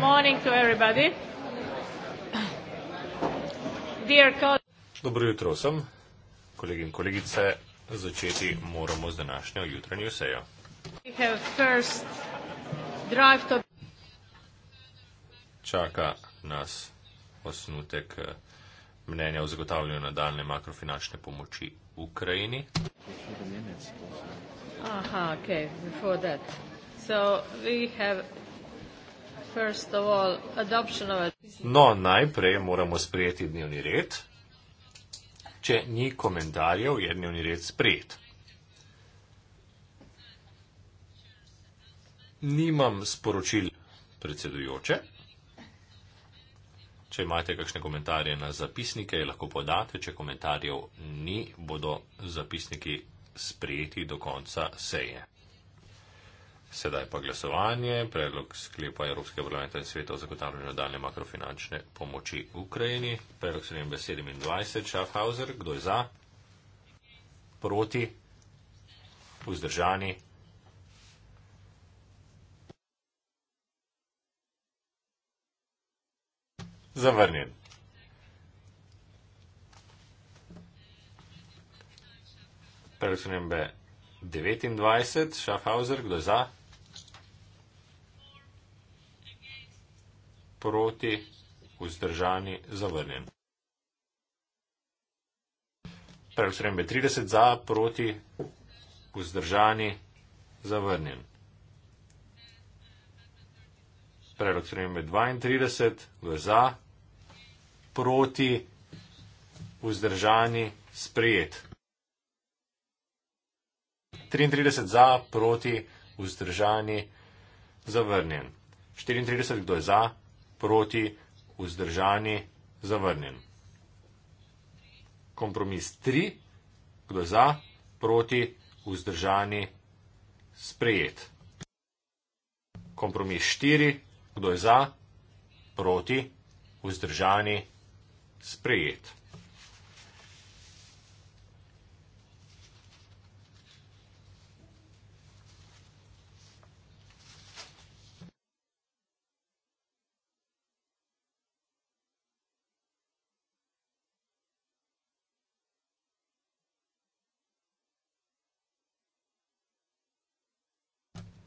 morning to everybody. Dear Dobro jutro vsem, kolegi in kolegice. Začeti moramo z današnjo jutranjo sejo. Čaka nas osnutek eh, mnenja o zagotavljanju nadaljne makrofinančne pomoči Ukrajini. Aha, okay, before that. So we have first of all adoption of a... No, najprej moramo sprejeti dnevni red. Če ni komentarjev, je dnevni red sprejet. Nimam sporočil predsedujoče. Če imate kakšne komentarje na zapisnike, lahko podate. Če komentarjev ni, bodo zapisniki sprejeti do konca seje. Sedaj pa glasovanje, predlog sklepa Evropske parlamenta in sveta o zagotavljanju nadaljne makrofinančne pomoči Ukrajini, predlog sklepa 27, Schaffhauser, kdo je za, proti, vzdržani. Zavrnjen. Personembe 29, Schaffhauser, kdo je za? Proti, vzdržani, zavrnjen. Personembe 30, za, proti, vzdržani, zavrnjen. Predlog spremembe 32, kdo je za, proti, vzdržani, sprejet. 33 za, proti, vzdržani, zavrnjen. 34 kdo je za, proti, vzdržani, zavrnjen. Kompromis 3, kdo je za, proti, vzdržani, sprejet. Kompromis 4, kdo je za, proti, vzdržani, sprejet.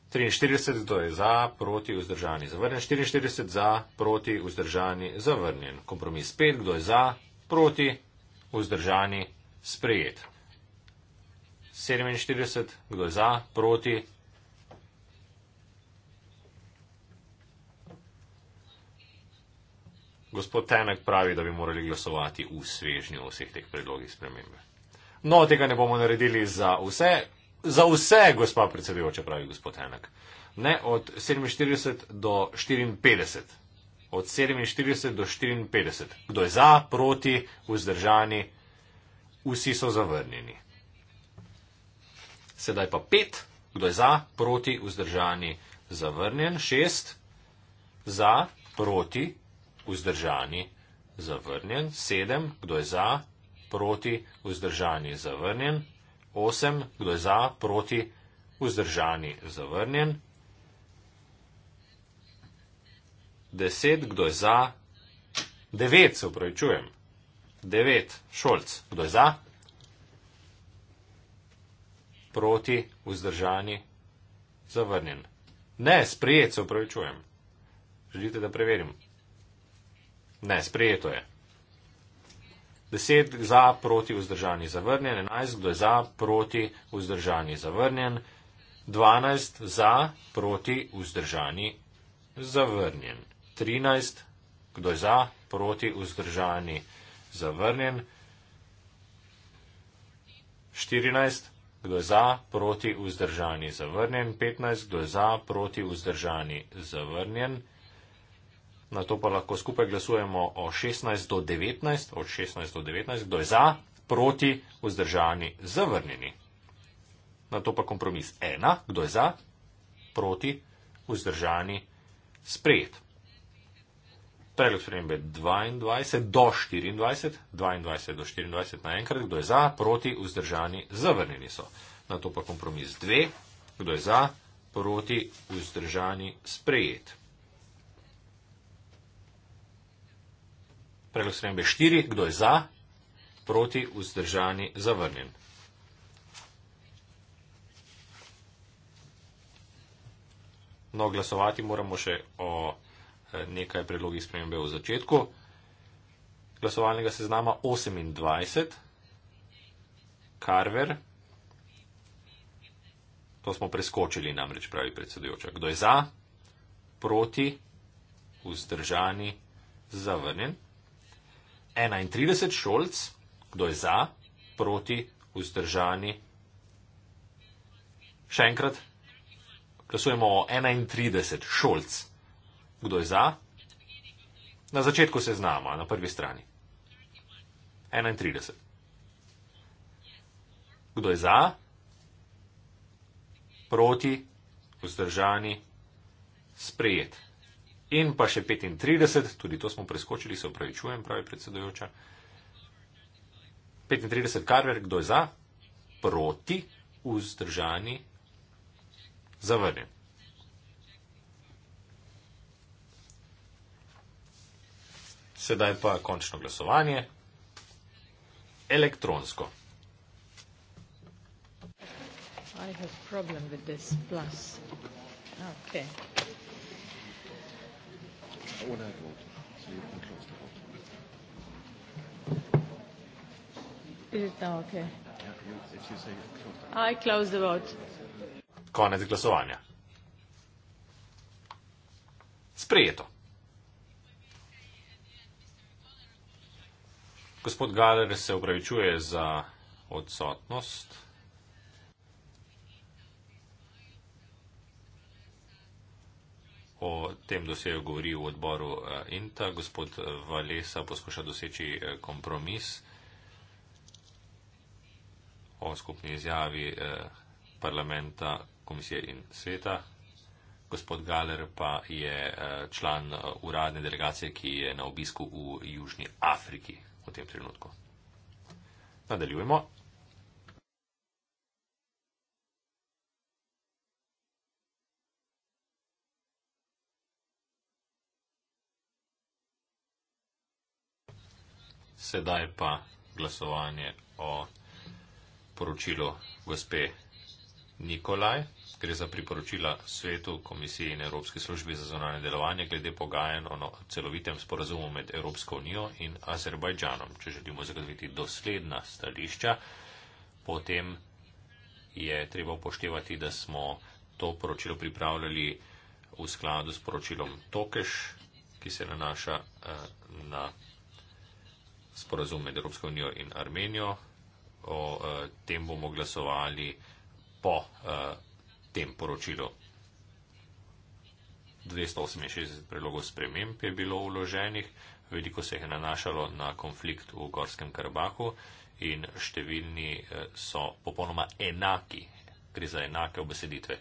43, kdo je za, proti, vzdržani, zavrnjen. 44, za, proti, vzdržani, zavrnjen. Kompromis 5, kdo je za, proti, vzdržani, sprejet. 47, kdo je za, proti. Gospod Tenek pravi, da bi morali glasovati v svežnju vseh teh predlogih spremembe. No, tega ne bomo naredili za vse, za vse, gospa predsedujoča, pravi gospod Henek. Ne od 47 do 54. Od 47 do 54. Kdo je za, proti, vzdržani, vsi so zavrnjeni. Sedaj pa pet. Kdo je za, proti, vzdržani, zavrnjen. Šest. Za, proti, vzdržani, zavrnjen. Sedem. Kdo je za, proti, vzdržani, zavrnjen. 8, kdo je za, proti, vzdržani, zavrnjen. 10, kdo je za, 9, se upravičujem. 9, šolc, kdo je za, proti, vzdržani, zavrnjen. Ne, sprijet, se upravičujem. Želite, da preverim? Ne, sprijeto je. 10 za, proti, vzdržani, zavrnjen, 11, kdo je za, proti, vzdržani, zavrnjen, 12 za, proti, vzdržani, zavrnjen, 13, kdo je za, proti, vzdržani, zavrnjen, 14, kdo je za, proti, vzdržani, zavrnjen, 15, kdo je za, proti, vzdržani, zavrnjen, 15, Na to pa lahko skupaj glasujemo o 16 do 19, od 16 do 19, kdo je za, proti, vzdržani, zavrnjeni. Na to pa kompromis 1, kdo je za, proti, vzdržani, sprejet. Predlog spremembe 22 do 24, 22 do 24 naenkrat, kdo je za, proti, vzdržani, zavrnjeni so. Na to pa kompromis 2, kdo je za, proti, vzdržani, sprejet. predlog spremembe 4, kdo je za, proti, vzdržani, zavrnjen. No, glasovati moramo še o eh, nekaj predlogih spremembe v začetku. Glasovalnega seznama 28, Karver. To smo preskočili, namreč pravi predsedujoča. Kdo je za, proti, vzdržani, zavrnjen. 31 šolc, kdo je za, proti, vzdržani. Še enkrat, glasujemo o 31 šolc, kdo je za. Na začetku se znamo, na prvi strani. 31. Kdo je za, proti, vzdržani, sprejet in pa še 35, tudi to smo preskočili, se upravičujem, pravi predsedujoča. 35 karver, kdo je za, proti, vzdržani, zavrnjen. Sedaj pa končno glasovanje. Elektronsko. I have problem with this plus. Okay. Er oh, ja, ja, Konec glasovanja. Sprejeto. Gospod Galer se upravičuje za odsotnost. O tem dosegu govori v odboru eh, INTA. Gospod eh, Valesa poskuša doseči eh, kompromis o skupni izjavi parlamenta, komisije in sveta. Gospod Galer pa je član uradne delegacije, ki je na obisku v Južni Afriki v tem trenutku. Nadaljujemo. sedaj pa glasovanje o poročilu gospe Nikolaj. Gre za priporočila svetu, komisiji in Evropski službi za zonanje delovanje glede pogajen o no-, celovitem sporazumu med Evropsko unijo in Azerbajdžanom. Če želimo zagotoviti dosledna stališča, potem je treba upoštevati, da smo to poročilo pripravljali v skladu s poročilom Tokeš, ki se nanaša eh, na sporazum med Evropsko unijo in Armenijo. O eh, tem bomo glasovali po eh, tem poročilu. 268 predlogov sprememb je bilo vloženih, veliko se je nanašalo na konflikt v Gorskem Karabahu in številni eh, so popolnoma enaki, gre za enake obeseditve.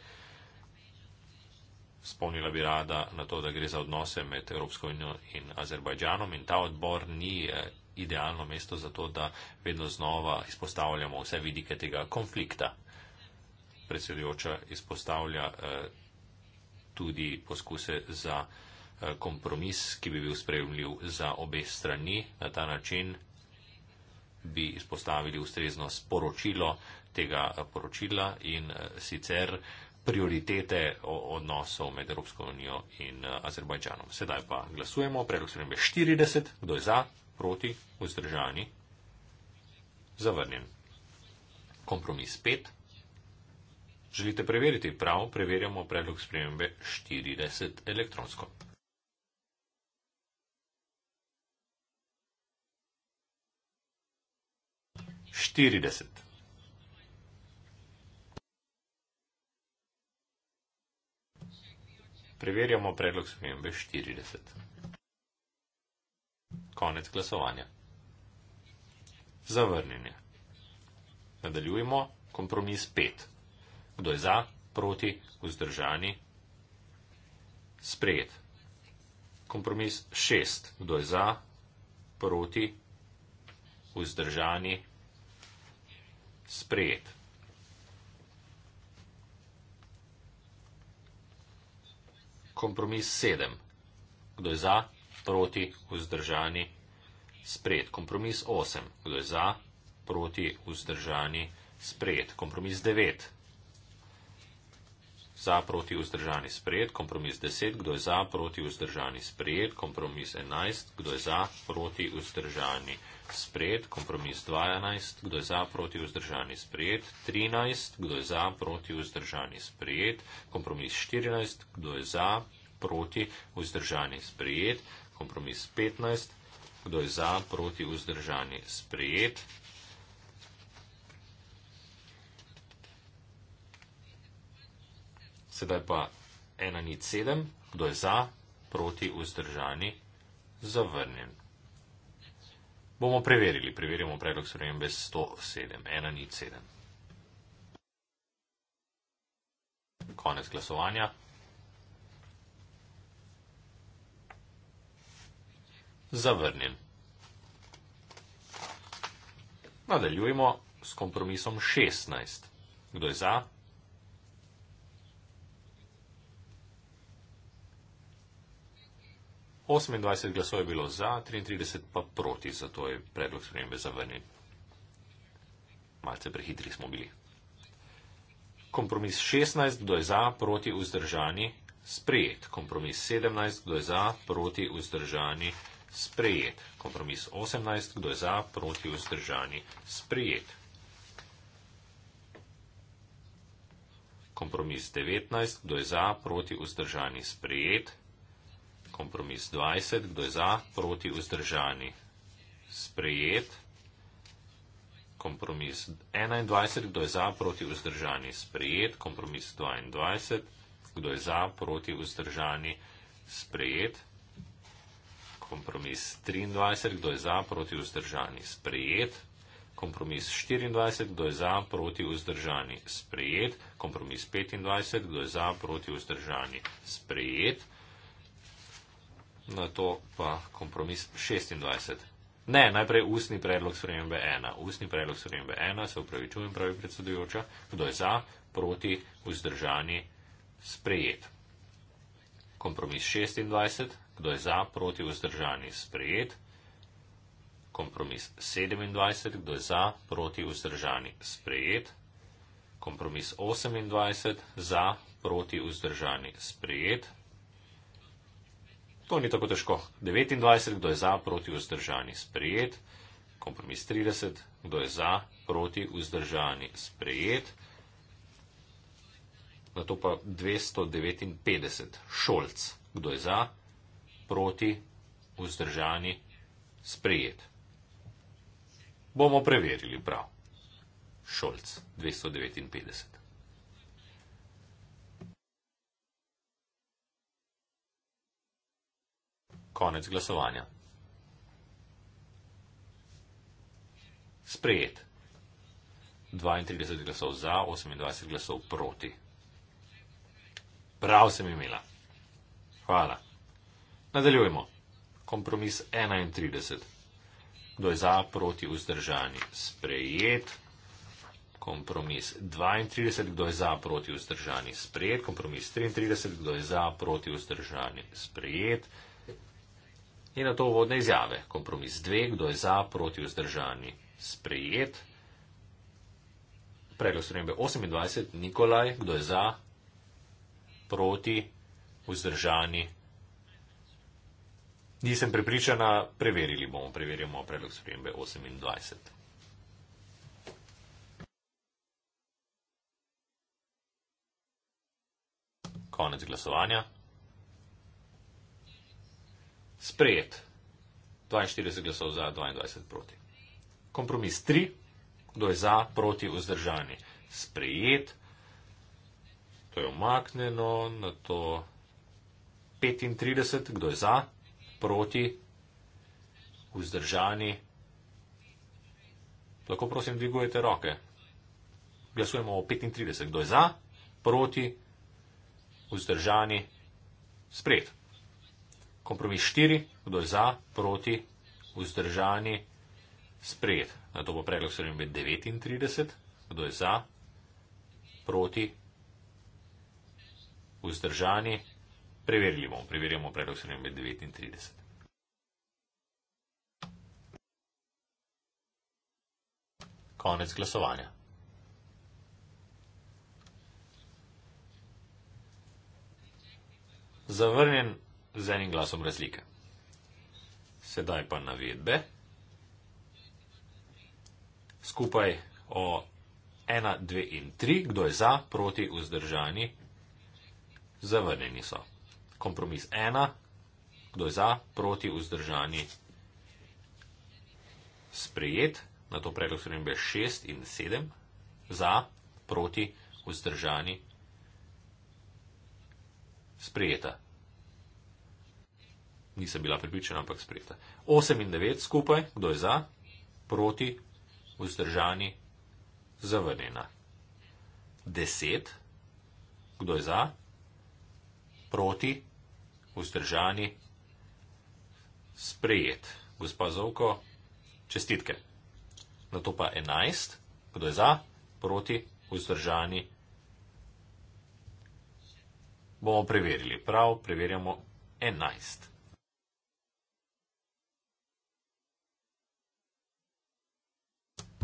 Spomnila bi rada na to, da gre za odnose med Evropsko unijo in Azerbajdžanom in ta odbor ni idealno mesto za to, da vedno znova izpostavljamo vse vidike tega konflikta. Predsedujoča izpostavlja eh, tudi poskuse za eh, kompromis, ki bi bil sprejemljiv za obe strani. Na ta način bi izpostavili ustrezno sporočilo tega eh, poročila in sicer prioritete odnosov med Evropsko unijo in Azerbajdžanom. Sedaj pa glasujemo, predlog se nam je 40, kdo je za? proti, vzdržani, zavrnjen. Kompromis 5. Želite preveriti prav, preverjamo predlog spremembe 40 elektronsko. Štirideset. Preverjamo predlog spremembe štirideset. Konec glasovanja. Zavrnjenje. Nadaljujemo kompromis 5. Kdo je za, proti, vzdržani? Sprejet. Kompromis 6. Kdo je za, proti, vzdržani? Sprejet. Kompromis 7. Kdo je za, proti, vzdržani, sprejet. Kompromis 8. Kdo je za, proti, vzdržani, sprejet. Kompromis 9. Za, proti, vzdržani, sprejet. Kompromis 10. Kdo je za, proti, vzdržani, sprejet. Kompromis 11. Kdo je za, proti, vzdržani, sprejet. Kompromis 12. Kdo je za, proti, vzdržani, sprejet. 13. Kdo je za, proti, vzdržani, sprejet. Kompromis 14. Kdo je za, proti, vzdržani, sprejet kompromis 15, kdo je za, proti, vzdržani, sprejet. Sedaj pa 1 nič 7, kdo je za, proti, vzdržani, zavrnjen. Bomo preverili, preverimo predlog spremembe 107, 1 nič 7. Konec glasovanja. zavrnjen. Nadaljujemo s kompromisom 16. Kdo je za? Osemindvajset glasov je bilo za, triintrideset pa proti, zato je predlog spremembe zavrnjen. Malce prehitri smo bili. Kompromis šestnajst, kdo je za, proti, vzdržani, sprejet. Kompromis sedemnajst, kdo je za, proti, vzdržani, sprejet sprejet. Kompromis 18, kdo je za, proti, vzdržani, sprejet. Kompromis 19, kdo je za, proti, vzdržani, sprejet. Kompromis 20, kdo je za, proti, vzdržani, sprejet. Kompromis 21, kdo je za, proti, vzdržani, sprejet. Kompromis 22, kdo je za, proti, vzdržani, sprejet. Sprejet. Kompromis 23, kdo je za, proti vzdržani, sprejet. Kompromis 24, kdo je za, proti vzdržani, sprejet. Kompromis 25, kdo je za, proti vzdržani, sprejet. Na to pa kompromis 26. Ne, najprej ustni predlog spremembe 1. Ustni predlog spremembe 1, se upravičujem, pravi predsedujoča, kdo je za, proti vzdržani, sprejet. Kompromis 26, kdo je za, proti, vzdržani, sprejet. Kompromis 27, kdo je za, proti, vzdržani, sprejet. Kompromis 28, za, proti, vzdržani, sprejet. To ni tako težko. 29, kdo je za, proti, vzdržani, sprejet. Kompromis 30, kdo je za, proti, vzdržani, sprejet. Na to pa 259, šolc, kdo je za, proti, vzdržani, sprejet. Bomo preverili prav. Šolc 259. Konec glasovanja. Sprejet. 32 glasov za, 28 glasov proti. Prav sem imela. Hvala. Nadaljujemo. Kompromis 31. Kdo je za, proti, vzdržani? Sprejet. Kompromis 32. Kdo je za, proti, vzdržani? Sprejet. Kompromis 33. Kdo je za, proti, vzdržani? Sprejet. In na to vodne izjave. Kompromis 2. Kdo je za, proti, vzdržani? Sprejet. Predlog spremembe 28. Nikolaj. Kdo je za, proti, vzdržani? Sprejet. Nisem pripričana, preverili bomo, preverimo predlog spremembe 28. Konec glasovanja. Sprejet. 42 glasov za, 22 proti. Kompromis 3. Kdo je za, proti, vzdržani. Sprejet. To je omaknjeno na to 35. Kdo je za? proti, vzdržani. Lahko prosim, dvigujete roke. Glasujemo o 35. Kdo je za, proti, vzdržani, sprejet. Kompromis 4. Kdo je za, proti, vzdržani, sprejet. Na to bo predlog sprejem 39. Kdo je za, proti, vzdržani, sprejet. Preverili bomo, preverjamo predlog se ne med 9 in 30. Konec glasovanja. Zavrnjen z enim glasom razlike. Sedaj pa navedbe. Skupaj o 1, 2 in 3, kdo je za, proti, vzdržani, zavrnjeni so kompromis ena, kdo je za, proti, vzdržani, sprejet, na to predlog spremembe šest in sedem, za, proti, vzdržani, sprejeta. Nisem bila pripričana, ampak sprejeta. Osem in devet skupaj, kdo je za, proti, vzdržani, zavrnjena. Deset, kdo je za, proti, vzdržani, sprejet. Gospa Zovko, čestitke. Na to pa 11. Kdo je za, proti, vzdržani? Bomo preverili. Prav, preverjamo 11.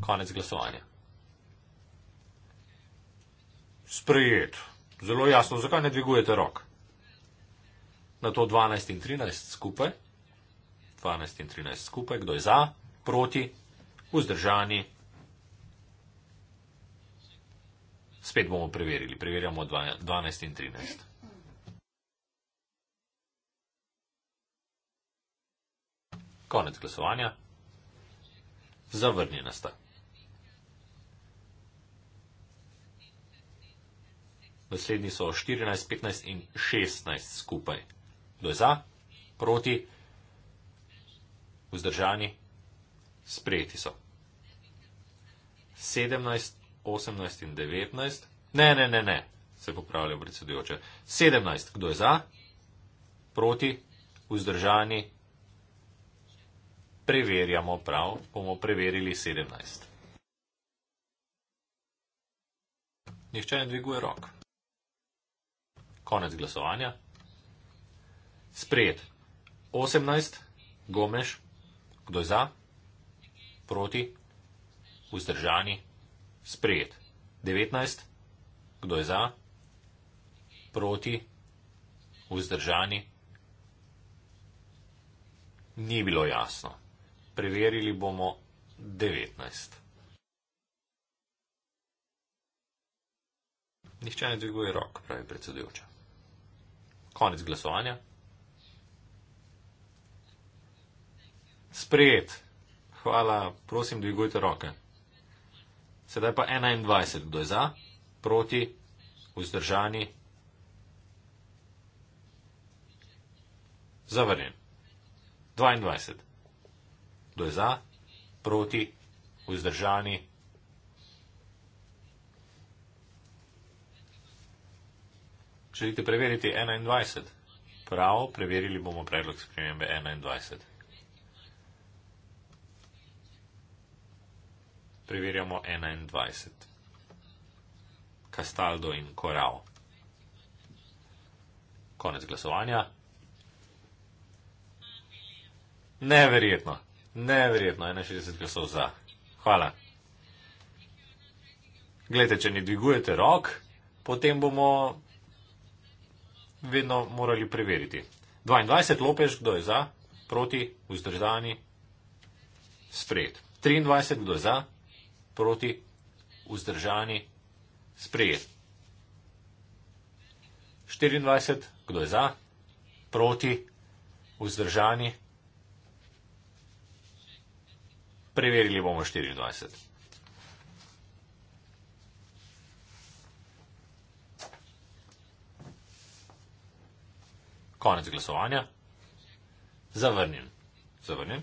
Konec glasovanja. Sprejet. Zelo jasno, zakaj ne dvigujete roke? na to 12 in 13 skupaj. 12 in 13 skupaj, kdo je za, proti, vzdržani. Spet bomo preverili, preverjamo 12 in 13. Konec glasovanja. Zavrnjena sta. Naslednji so 14, 15 in 16 skupaj. Kdo je za, proti, vzdržani, sprejeti so. 17, 18 in 19. Ne, ne, ne, ne, se popravlja predsedujoče. 17, kdo je za, proti, vzdržani, preverjamo prav, bomo preverili 17. Nihče ne dviguje rok. Konec glasovanja. Sprejet. 18, Gomeš, kdo je za, proti, vzdržani, sprejet. 19, kdo je za, proti, vzdržani, ni bilo jasno. Preverili bomo 19. Nihče ne dviguje rok, pravi predsedujoča. Konec glasovanja. Sprejet. Hvala, prosim, dvigujte roke. Sedaj pa 21, kdo je za, proti, vzdržani. Zavrnjen. 22. Kdo je za, proti, vzdržani. Želite preveriti 21? Prav, preverili bomo predlog spremembe 21. preverjamo 21. Castaldo in Corao. Konec glasovanja. Neverjetno, neverjetno, 61 glasov za. Hvala. Glejte, če ne dvigujete rok, potem bomo vedno morali preveriti. 22 lopež, kdo je za, proti, vzdržani, sprejet. 23, kdo je za, proti, vzdržani, sprejet. 24, kdo je za, proti, vzdržani, preverili bomo 24. Konec glasovanja. Zavrnjen. Zavrnjen.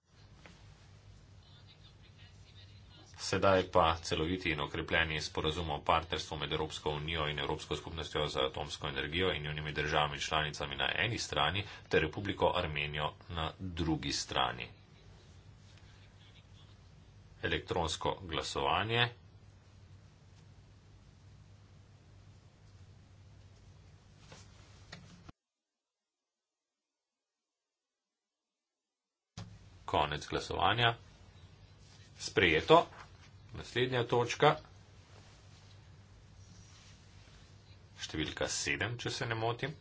sedaj pa celoviti in okrepljeni sporazum o partnerstvu med Evropsko unijo in Evropsko skupnostjo za atomsko energijo in njunimi državami članicami na eni strani ter Republiko Armenijo na drugi strani. Elektronsko glasovanje. Konec glasovanja. Sprejeto. Naslednja točka, številka 7, če se ne motim,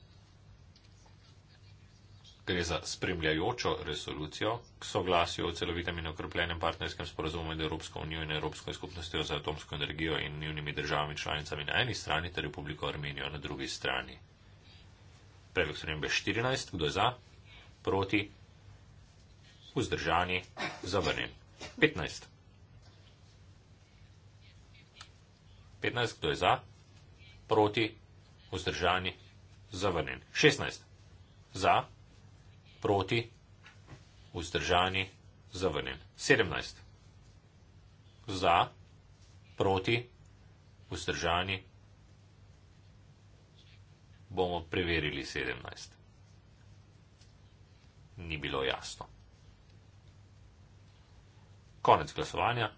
gre za spremljajočo resolucijo k soglasju o celovitem in okrepljenem partnerskem sporazumu med Evropsko unijo in Evropsko skupnostjo za atomsko energijo in njunimi državami članicami na eni strani ter Republiko Armenijo na drugi strani. Predlog spremembe 14, kdo je za, proti, vzdržani, zavrnjen. 15. 15, kdo je za, proti, vzdržani, zavrnjen. 16, za, proti, vzdržani, zavrnjen. 17, za, proti, vzdržani, bomo preverili 17. Ni bilo jasno. Konec glasovanja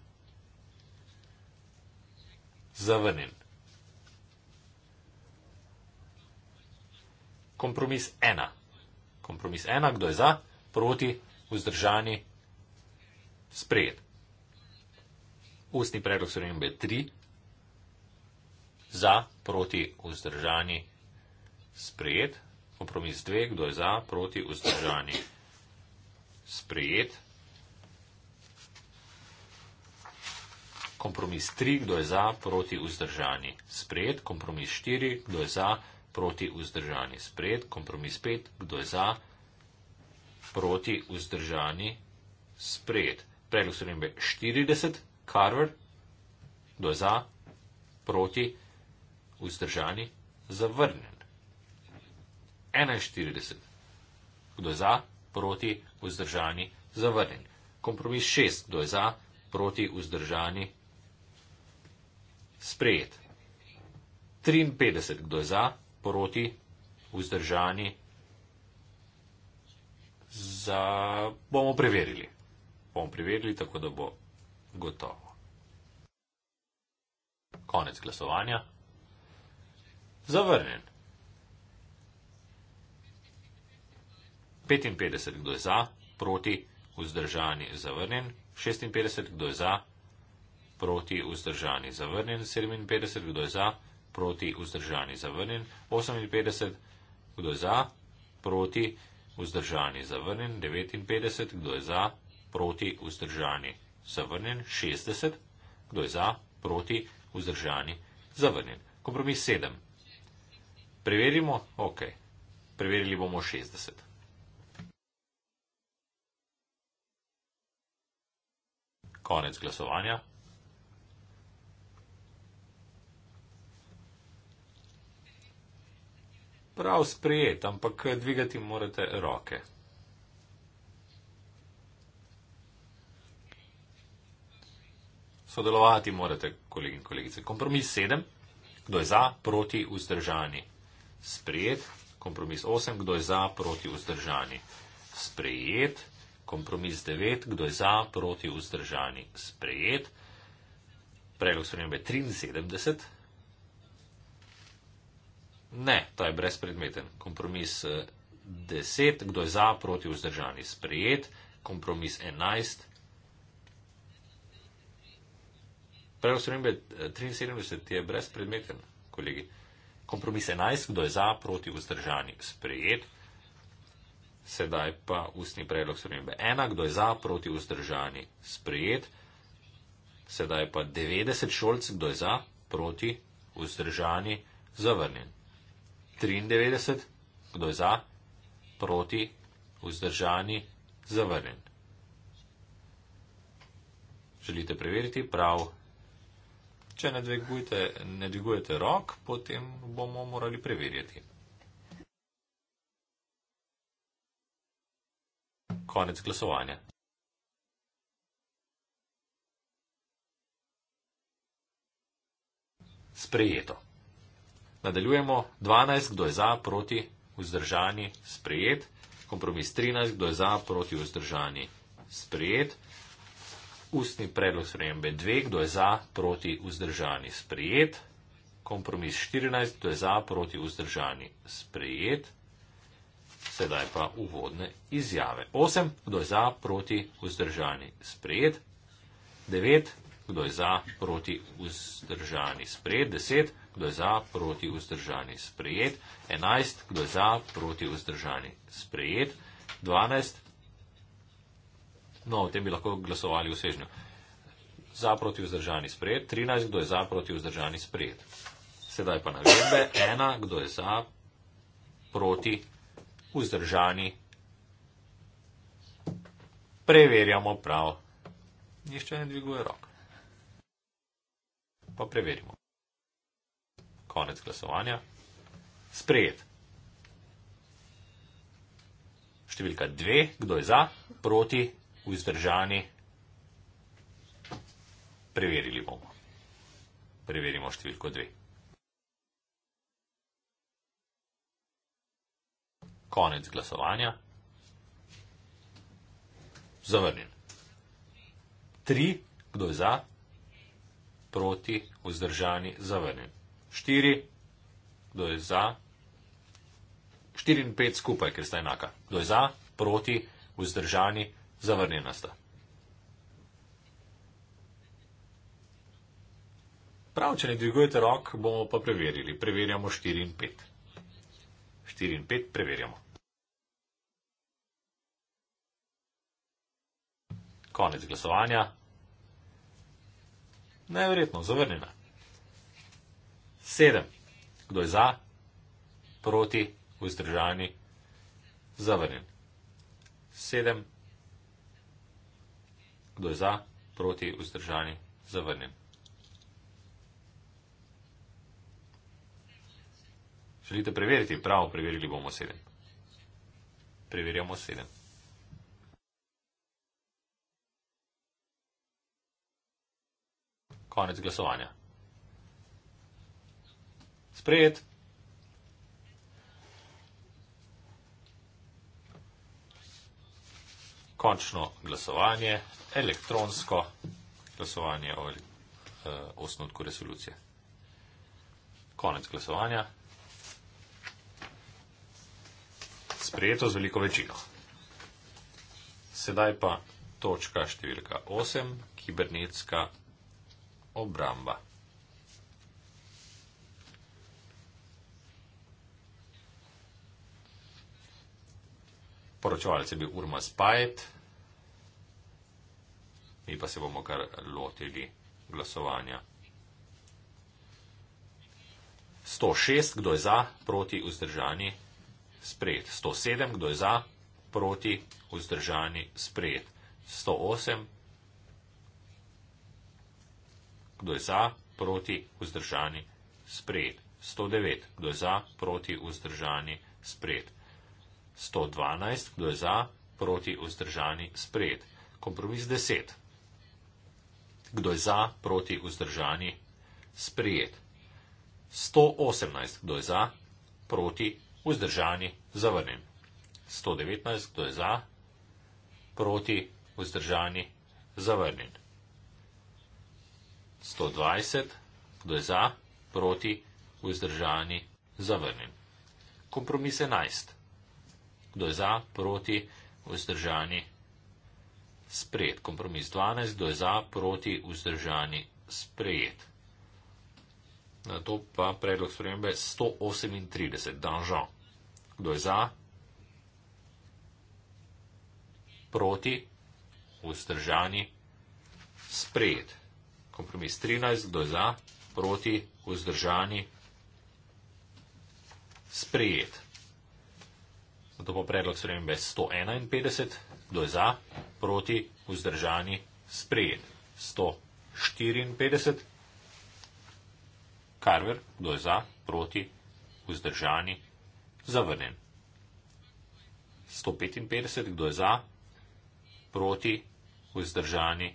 zavrnjen. Kompromis ena. Kompromis ena, kdo je za, proti, vzdržani, sprejet. Ustni predlog spremembe je tri. Za, proti, vzdržani, sprejet. Kompromis dve, kdo je za, proti, vzdržani, sprejet. kompromis 3, kdo je za, proti vzdržani, sprejet, kompromis 4, kdo je za, proti vzdržani, sprejet, kompromis 5, kdo je za, proti vzdržani, sprejet. Predlog spremembe 40, Carver, kdo je za, proti vzdržani, zavrnjen. 41, kdo je za, proti vzdržani, zavrnjen. Kompromis 6, kdo je za, proti vzdržani, sprejet. 53, kdo je za, proti, vzdržani, za, bomo preverili. Bomo preverili, tako da bo gotovo. Konec glasovanja. Zavrnjen. 55, kdo je za, proti, vzdržani, zavrnjen. 56, kdo je za, proti vzdržani zavrnjen, 57, kdo je za, proti vzdržani zavrnjen, 58, kdo je za, proti vzdržani zavrnjen, 59, kdo je za, proti vzdržani zavrnjen, 60, kdo je za, proti vzdržani zavrnjen. Kompromis 7. Preverimo, ok, preverili bomo 60. Konec glasovanja. prav sprejet, ampak dvigati morate roke. Sodelovati morate, kolegi in kolegice. Kompromis 7. Kdo je za, proti, vzdržani? Sprejet. Kompromis 8. Kdo je za, proti, vzdržani? Sprejet. Kompromis 9. Kdo je za, proti, vzdržani? Sprejet. Predlog spremembe 73. Ne, to je brezpredmeten. Kompromis 10, eh, kdo je za, proti, vzdržani, sprejet. Kompromis 11. Preostrembe 73 je brezpredmeten, kolegi. Kompromis 11, kdo je za, proti, vzdržani, sprejet. Sedaj pa ustni predlog spremembe 1, kdo je za, proti, vzdržani, sprejet. Sedaj pa 90 šolc, kdo je za, proti, vzdržani, zavrnjen. 93, kdo je za, proti, vzdržani, zavrnjen. Želite preveriti prav? Če ne dvigujete, ne dvigujete rok, potem bomo morali preverjati. Konec glasovanja. Sprejeto. Nadaljujemo 12, kdo je za, proti, vzdržani, sprejet. Kompromis 13, kdo je za, proti, vzdržani, sprejet. Ustni predlog spremembe 2, kdo je za, proti, vzdržani, sprejet. Kompromis 14, kdo je za, proti, vzdržani, sprejet. Sedaj pa uvodne izjave. 8, kdo je za, proti, vzdržani, sprejet. 9, kdo je za, proti, vzdržani, sprejet. 10, kdo je za, proti, vzdržani, sprejet kdo je za, proti vzdržani, sprejet, 11, kdo je za, proti vzdržani, sprejet, 12, no, o tem bi lahko glasovali v svežnju, za, proti vzdržani, sprejet, 13, kdo je za, proti vzdržani, sprejet. Sedaj pa navedbe, 1, kdo je za, proti vzdržani, preverjamo prav. Nihče ne dviguje rok. Pa preverimo konec glasovanja, sprejet. Številka dve, kdo je za, proti, vzdržani, preverili bomo. Preverimo številko dve. Konec glasovanja, zavrnjen. Tri, kdo je za, proti, vzdržani, zavrnjen. 4, kdo je za, 4 in 5 skupaj, ker sta enaka. Kdo je za, proti, vzdržani, zavrnjena sta. Prav, če ne dvigujete rok, bomo pa preverili. Preverjamo 4 in 5. 4 in 5 preverjamo. Konec glasovanja. Najverjetno, zavrnjena. 7. Kdo je za, proti, vzdržani, zavrnjen. 7. Kdo je za, proti, vzdržani, zavrnjen. Želite preveriti? Pravo, preverili bomo 7. Preverjamo 7. Konec glasovanja. Sprejet. Končno glasovanje, elektronsko glasovanje o eh, osnutku resolucije. Konec glasovanja. Sprejeto z veliko večino. Sedaj pa točka številka 8, kibernetska obramba. poročevalec je bil Urma Spajet, mi pa se bomo kar lotili glasovanja. 106, kdo je za, proti, vzdržani, sprejet. 107, kdo je za, proti, vzdržani, sprejet. 108, kdo je za, proti, vzdržani, sprejet. 109, kdo je za, proti, vzdržani, sprejet. 112, kdo je za, proti, vzdržani, sprejet. Kompromis 10. Kdo je za, proti, vzdržani, sprejet. 118, kdo je za, proti, vzdržani, zavrnjen. 119, kdo je za, proti, vzdržani, zavrnjen. 120, kdo je za, proti, vzdržani, zavrnjen. Kompromis 11 kdo je za, proti, vzdržani, sprejet. Kompromis 12, kdo je za, proti, vzdržani, sprejet. Na to pa predlog spremembe 138, danžan. Kdo je za, proti, vzdržani, sprejet. Kompromis 13, kdo je za, proti, vzdržani, sprejet. Zato bo predlog spremembe 151, kdo je za, proti, vzdržani, sprejet. 154, karver, kdo je za, proti, vzdržani, zavrnen. 155, kdo je za, proti, vzdržani,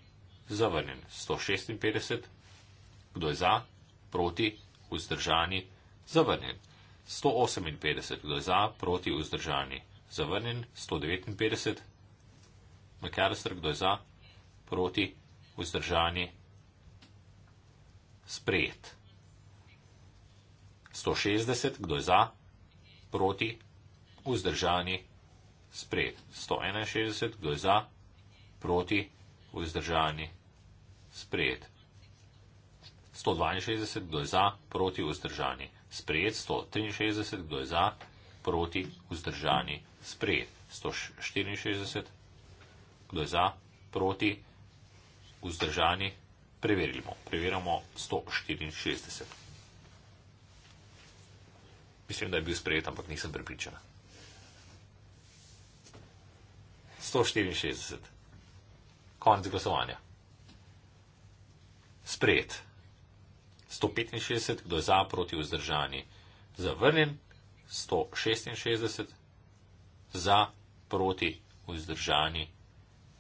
zavrnen. 156, kdo je za, proti, vzdržani, zavrnen. 158 kdo je za, proti, vzdržani, zavrnjen 159, McAllister kdo je za, proti, vzdržani, sprejet 160 kdo je za, proti, vzdržani, sprejet 161 kdo je za, proti, vzdržani, sprejet 162 kdo je za, proti, vzdržani, sprejet sprejet 163, kdo je za, proti, vzdržani, sprejet 164, kdo je za, proti, vzdržani, preverimo, preverimo 164. Mislim, da je bil sprejet, ampak nisem pripričan. 164. Konec glasovanja. Sprejet. 165, kdo je za, proti vzdržani. Zavrnjen, 166, za, proti vzdržani,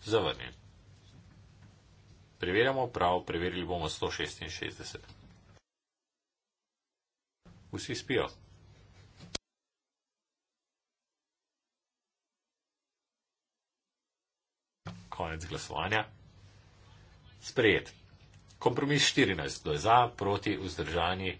zavrnjen. Preverjamo prav, preverili bomo 166. Vsi spijo. Konec glasovanja. Sprejet. Kompromis 14, kdo je za, proti, vzdržani,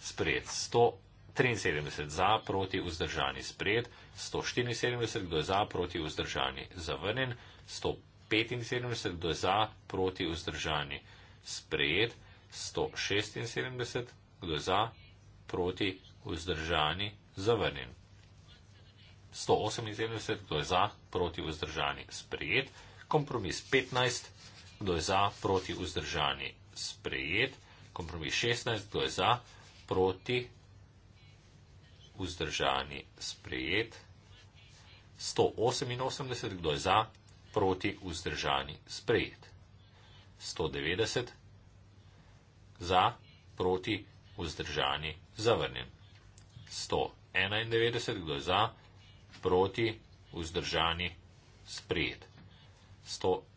sprejet. 173 za, proti, vzdržani, sprejet. 174, kdo je za, proti, vzdržani, zavrnjen. 175, kdo je za, proti, vzdržani, sprejet. 176, kdo je za, proti, vzdržani, zavrnjen. 178, kdo je za, proti, vzdržani, sprejet. Kompromis 15 kdo je za, proti, vzdržani, sprejet. Kompromis 16, kdo je za, proti, vzdržani, sprejet. 188, kdo je za, proti, vzdržani, sprejet. 190, za, proti, vzdržani, zavrnjen. 191, kdo je za, proti, vzdržani, sprejet.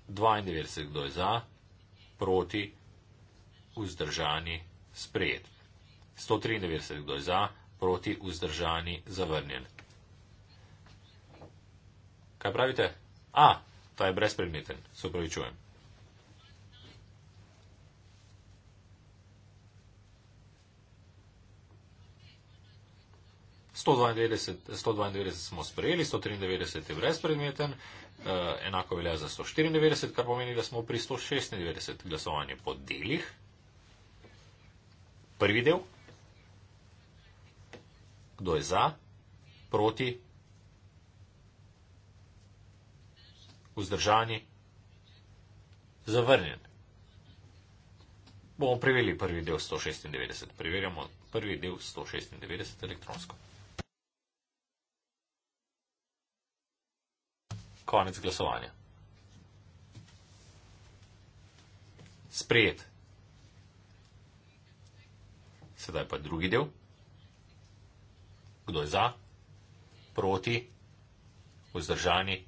92 kdo je za, proti, vzdržani, sprejet. 193 kdo je za, proti, vzdržani, zavrnjen. Kaj pravite? A, ta je brezpredmeten, se upravičujem. Sto dvaindevetdeset smo sprejeli, sto triindevetdeset je brezpredmeten, sto Eh, enako velja za 194, kar pomeni, da smo pri 196 glasovanju po delih. Prvi del. Kdo je za, proti, vzdržani, zavrnjen. Bomo preverili prvi del 196. Preverjamo prvi del 196 elektronsko. Konec glasovanja. Sprejet. Sedaj pa drugi del. Kdo je za? Proti? Vzdržani?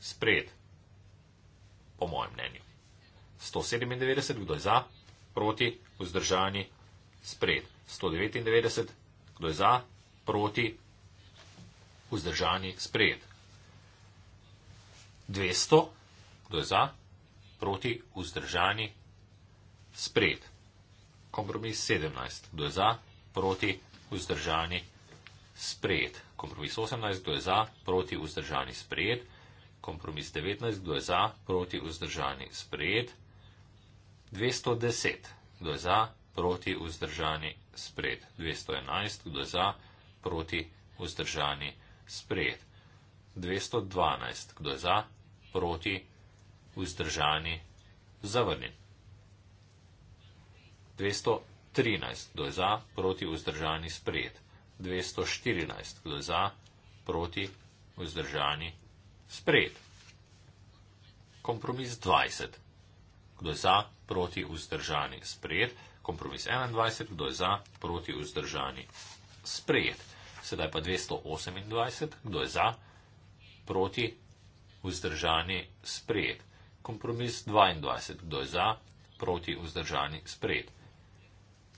Sprejet. Po mojem mnenju. 197. Kdo je za? Proti? Vzdržani? Sprejet. 199. Kdo je za? Proti? Vzdržani? Sprejet. 200, kdo je za, proti, vzdržani, sprejet. Kompromis 17, kdo je za, proti, vzdržani, sprejet. Kompromis 18, kdo je za, proti, vzdržani, sprejet. Kompromis 19, kdo je za, proti, vzdržani, sprejet. 210, kdo je za, proti, vzdržani, sprejet. 211, kdo je za, proti, vzdržani, sprejet. 212, kdo je za, proti, vzdržani, zavrnjen. 213, kdo je za, proti, vzdržani, sprejet. 214, kdo je za, proti, vzdržani, sprejet. Kompromis 20, kdo je za, proti, vzdržani, sprejet. Kompromis 21, kdo je za, proti, vzdržani, sprejet. Sedaj pa 228, kdo je za, proti, vzdržani, sprejet vzdržani sprejet. Kompromis 22, kdo je za, proti vzdržani sprejet.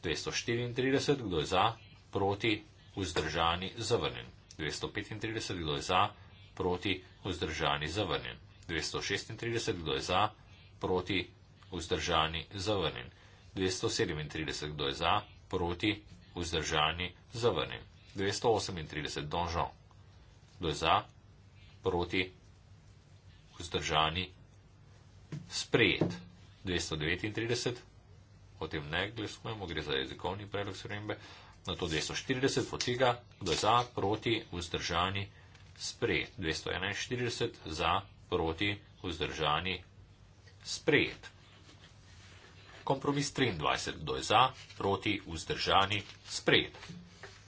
234, kdo je za, proti vzdržani zavrnjen. 235, kdo je za, proti vzdržani zavrnjen. 236, kdo je za, proti vzdržani zavrnjen. 237, kdo je za, proti vzdržani zavrnjen. 238, donžon. Kdo je za, proti vzdržani zavrnjen vzdržani, sprejet 239, o tem ne glasujemo, gre za jezikovni predlog sprembe, na to 240, od tega, kdo je za, proti, vzdržani, sprejet 241, za, proti, vzdržani, sprejet. Kompromis 23, kdo je za, proti, vzdržani, sprejet.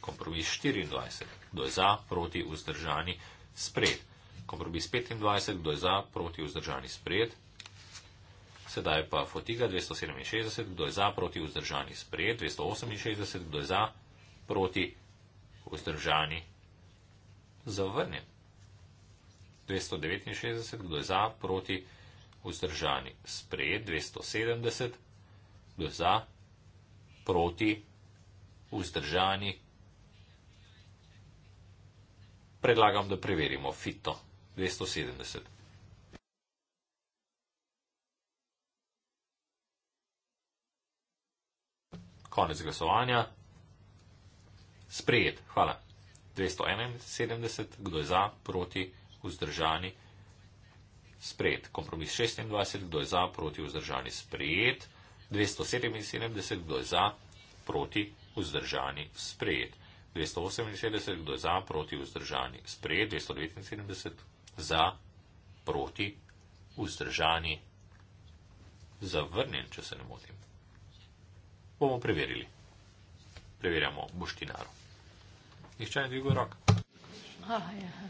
Kompromis 24, kdo je za, proti, vzdržani, sprejet. Kompromis 25, kdo je za, proti, vzdržani, sprejet. Sedaj pa fotiga 267, kdo je za, proti, vzdržani, sprejet. 268, kdo je za, proti, vzdržani, zavrnjen. 269, kdo je za, proti, vzdržani, sprejet. 270, kdo je za, proti, vzdržani. Predlagam, da preverimo fito. 270. Konec glasovanja. Sprejet. Hvala. 271. Kdo je za, proti, vzdržani? Sprejet. Kompromis 26. Kdo je za, proti, vzdržani? Sprejet. 277. Kdo je za, proti, vzdržani? Sprejet. 278. Kdo je za, proti, vzdržani? Sprejet. 279 za, proti, vzdržani, zavrnjen, če se ne motim. Bomo preverili. Preverjamo boštinaru. Nihče ne dviguje rok. Ah, ja. yeah.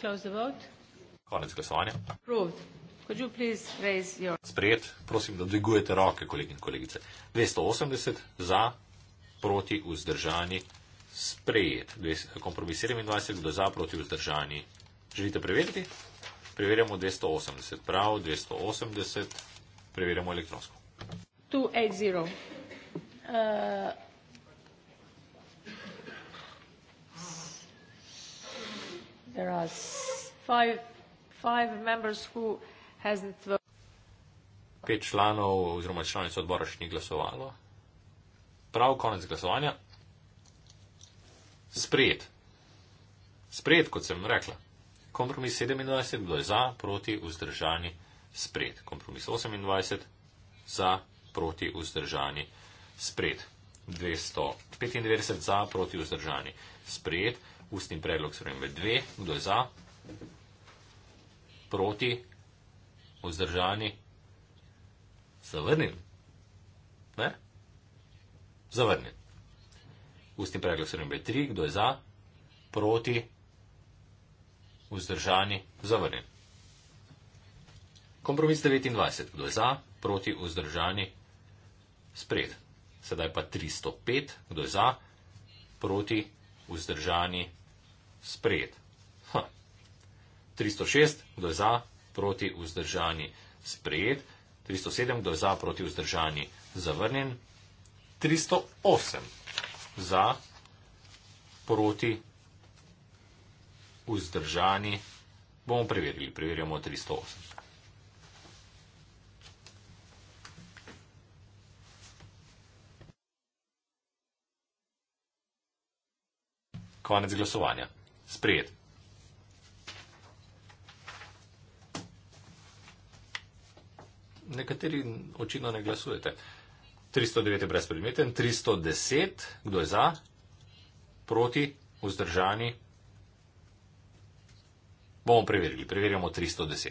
Uh, Konec glasovanja. Your... Sprejet, prosim, da dvigujete roke, kolegi in kolegice. 280 za, proti, vzdržani, sprejet. Kompromis 27, kdo za proti vzdržani. Želite preveriti? Preverjamo 280. Prav, 280. Preverjamo elektronsko. 280. Uh, Pet članov oziroma članic odbora še ni glasovalo. Prav, konec glasovanja sprejet. Sprejet, kot sem rekla. Kompromis 27 bilo je za, proti, vzdržani, sprejet. Kompromis 28 za, proti, vzdržani, sprejet. 295 za, proti, vzdržani, sprejet. Ustni predlog spremembe 2, kdo je za, proti, vzdržani, zavrnjen. Ne? Zavrnjen. Ustni pregled se nam je tri, kdo je za, proti, vzdržani, zavrnjen. Kompromis 29, kdo je za, proti, vzdržani, spred. Sedaj pa 305, kdo je za, proti, vzdržani, spred. Ha. 306, kdo je za, proti, vzdržani, spred. 307, kdo je za, proti, vzdržani, zavrnjen. 308 za, proti, vzdržani. Bomo preverili, preverjamo 308. Konec glasovanja. Sprejet. Nekateri očitno ne glasujete. 309 je brezpredmeten, 310, kdo je za, proti, vzdržani, bomo preverili, preverjamo 310.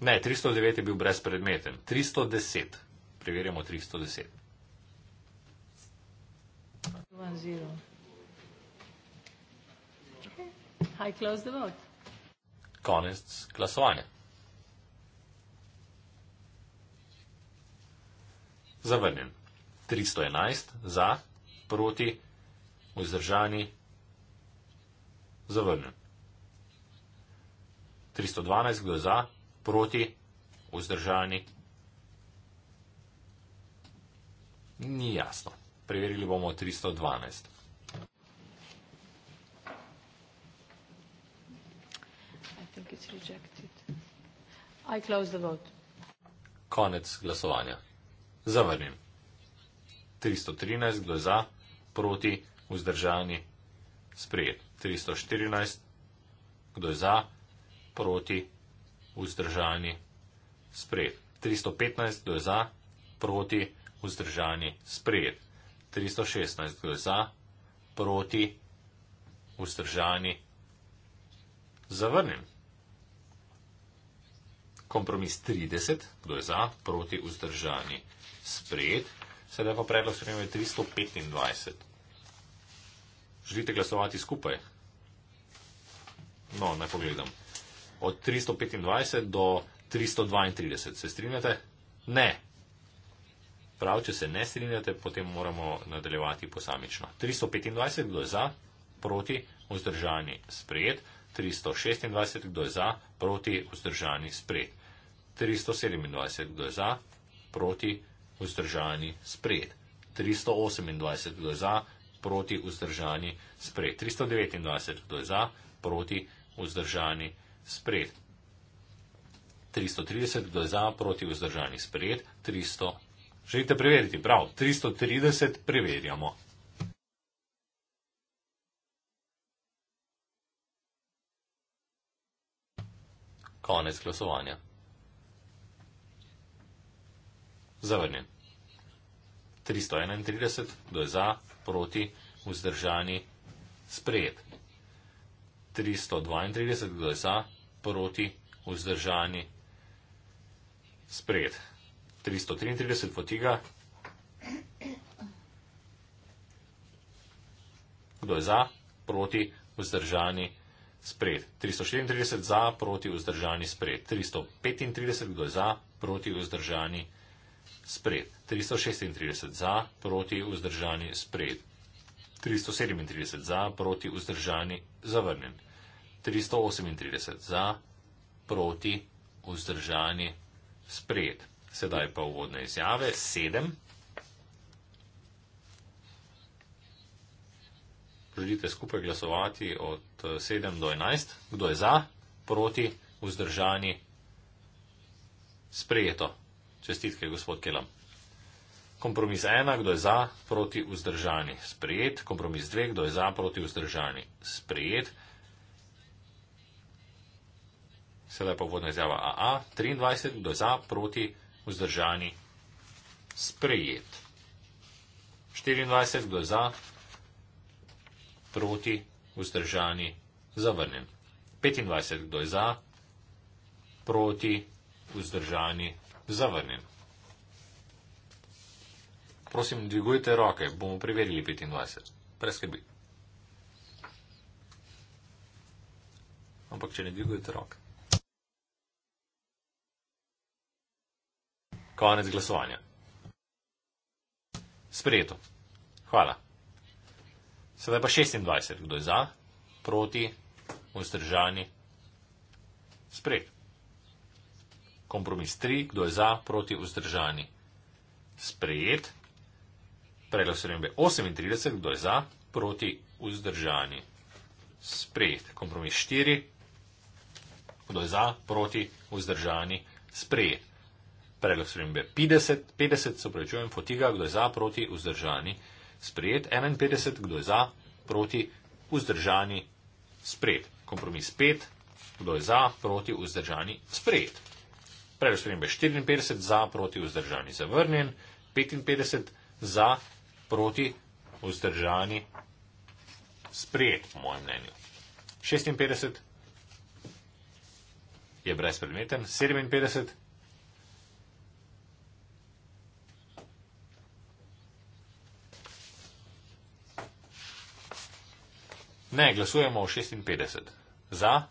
Ne, 309 je bil brezpredmeten, 310, preverjamo 310. Konec glasovanja. zavrnjen. 311 za, proti, vzdržani, zavrnjen. 312 kdo za, proti, vzdržani. Ni jasno. Preverili bomo 312. Konec glasovanja zavrnjen. 313 glasa proti vzdržani sprejet. 314 kdo je za, proti vzdržani sprejet. 315 kdo je za, proti vzdržani sprejet. 316 kdo je za, proti vzdržani zavrnjen. Kompromis 30 kdo je za, proti vzdržani sprejet sprejet, sedaj pa predlog spremembe 325. Želite glasovati skupaj? No, naj pogledam. Od 325 do 332. Se strinjate? Ne. Prav, če se ne strinjate, potem moramo nadaljevati posamično. 325, kdo je za, proti, vzdržani, sprejet. 326, kdo je za, proti, vzdržani, sprejet. 327, kdo je za, proti, vzdržani vzdržani, sprejet. 328 kdo je za, proti vzdržani, sprejet. 329 kdo je za, proti vzdržani, sprejet. 330 kdo je za, proti vzdržani, sprejet. 300. Želite preveriti? Prav, 330 preverjamo. Konec glasovanja. zavrnjen. 331, kdo je za, proti, vzdržani, sprejet. 332, kdo je za, proti, vzdržani, sprejet. 333, fotiga. Kdo je za, proti, vzdržani, sprejet. 334, za, proti, vzdržani, sprejet. 335, kdo je za, proti, vzdržani, sprejet sprejet. 336 za, proti vzdržani sprejet. 337 za, proti vzdržani zavrnjen. 338 za, proti vzdržani sprejet. Sedaj pa uvodne izjave 7. Želite skupaj glasovati od 7 eh, do 11. Kdo je za, proti, vzdržani, sprejeto. Čestitke, gospod Kelam. Kompromis ena, kdo je za, proti vzdržani, sprejet. Kompromis dve, kdo je za, proti vzdržani, sprejet. Sedaj pa vodna izjava AA. 23, kdo je za, proti vzdržani, sprejet. 24, kdo je za, proti vzdržani, zavrnjen. 25, kdo je za, proti vzdržani, Zavrnjen. Prosim, dvigujte roke, bomo preverili 25. Preskrbi. Ampak, če ne dvigujete roke. Konec glasovanja. Sprejeto. Hvala. Sedaj pa 26. Kdo je za? Proti? Ustržani? Sprejeto. Kompromis 3. Kdo je za, proti, vzdržani? Sprejet. Predlog spremembe 38. Kdo je za, proti, vzdržani? Sprejet. Kompromis 4. Kdo je za, proti, vzdržani? Sprejet. Predlog spremembe 50. 50 se upravičujem, fotiga. Kdo je za, proti, vzdržani? Sprejet. 51. Kdo je za, proti, vzdržani? Sprejet. Kompromis 5. Kdo je za, proti, vzdržani? Sprejet. Predlog spremembe 54 za, proti, vzdržani, zavrnjen, 55 za, proti, vzdržani, sprejet, po mojem mnenju. 56 je brezpredmeten, 57 ne, glasujemo o 56 za,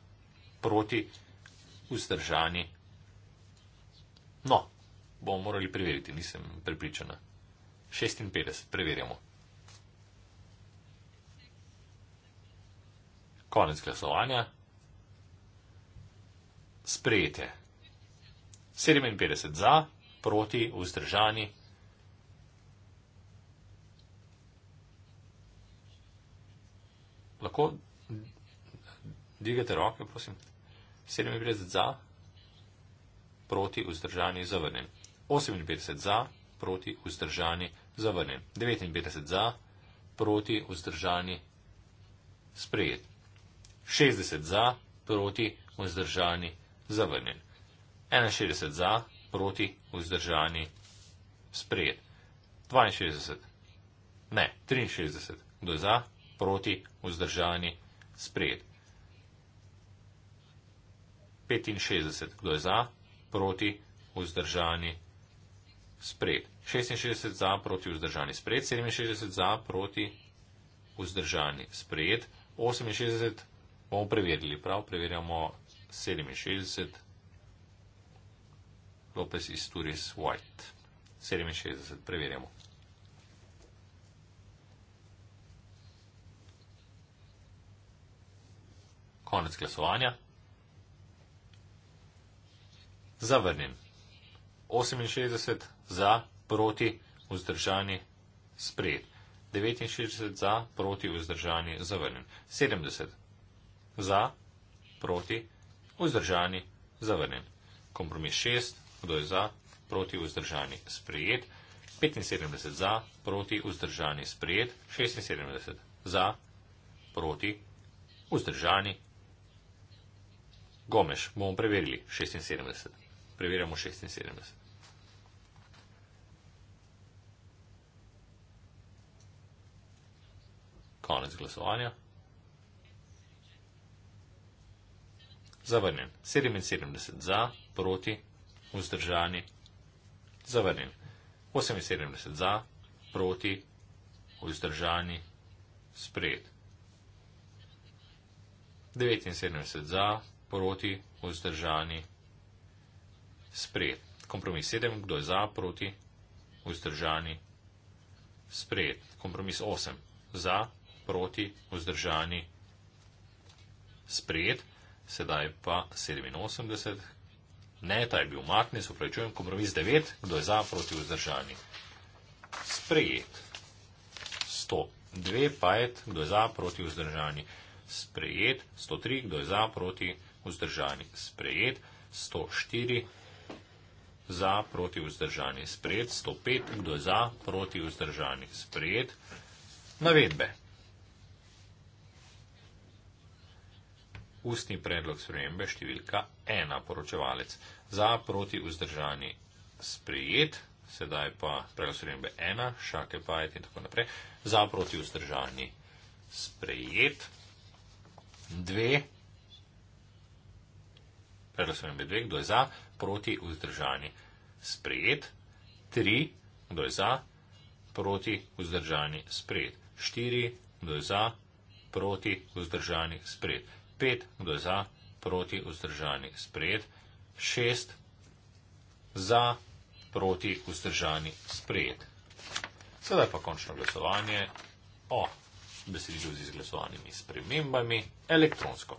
proti, vzdržani, sprejet. No, bomo morali preveriti, nisem prepričana. 56, preverjamo. Konec glasovanja. Sprejete. 57 za, proti, vzdržani. Lahko dvigate roke, prosim. 57 za, proti vzdržani zavrnjen. 58 za, proti vzdržani zavrnjen. 59 za, proti vzdržani sprejet. 60 za, proti vzdržani zavrnjen. 61 za, proti vzdržani sprejet. 62. Ne, 63. Kdo je za, proti vzdržani sprejet. 65. Kdo je za, proti vzdržani spred. 66 za proti vzdržani spred, 67 za proti vzdržani spred, 68 bomo preverili, prav preverjamo 67. Lopez iz Turis White. 67, preverjamo. Konec glasovanja zavrnjen. 68 za, proti, vzdržani, sprejet. 69 za, proti, vzdržani, zavrnjen. 70 za, proti, vzdržani, zavrnjen. Kompromis 6, kdo je za, proti, vzdržani, sprejet. 75 za, proti, vzdržani, sprejet. 76 za, proti, vzdržani. Gomeš, bomo preverili. 76 preverjamo 76. Konec glasovanja. Zavrnjen. 77 za, proti, vzdržani. Zavrnjen. 78 za, proti, vzdržani, sprejet. 79 za, proti, vzdržani, sprejet sprejet. Kompromis 7, kdo je za, proti, vzdržani, sprejet. Kompromis 8, za, proti, vzdržani, sprejet. Sedaj pa 87, ne, ta je bil umaknjen, se upravičujem, kompromis 9, kdo je za, proti, vzdržani, sprejet. 102, pa je, kdo je za, proti, vzdržani, sprejet. 103, kdo je za, proti, vzdržani, sprejet. 104 za, proti vzdržani, sprejet, 105, kdo je za, proti vzdržani, sprejet. Navedbe. Ustni predlog spremembe številka 1, poročevalec. Za, proti vzdržani, sprejet, sedaj pa predlog spremembe 1, šake pajet in tako naprej. Za, proti vzdržani, sprejet. 2. Predlog spremembe 2, kdo je za, proti vzdržani. Sprejet. 3. Kdo je za? Proti vzdržani. Sprejet. 4. Kdo je za? Proti vzdržani. Sprejet. 5. Kdo je za? Proti vzdržani. Sprejet. 6. Za. Proti vzdržani. Sprejet. Sedaj pa končno glasovanje o besedilu z izglasovanimi spremembami elektronsko.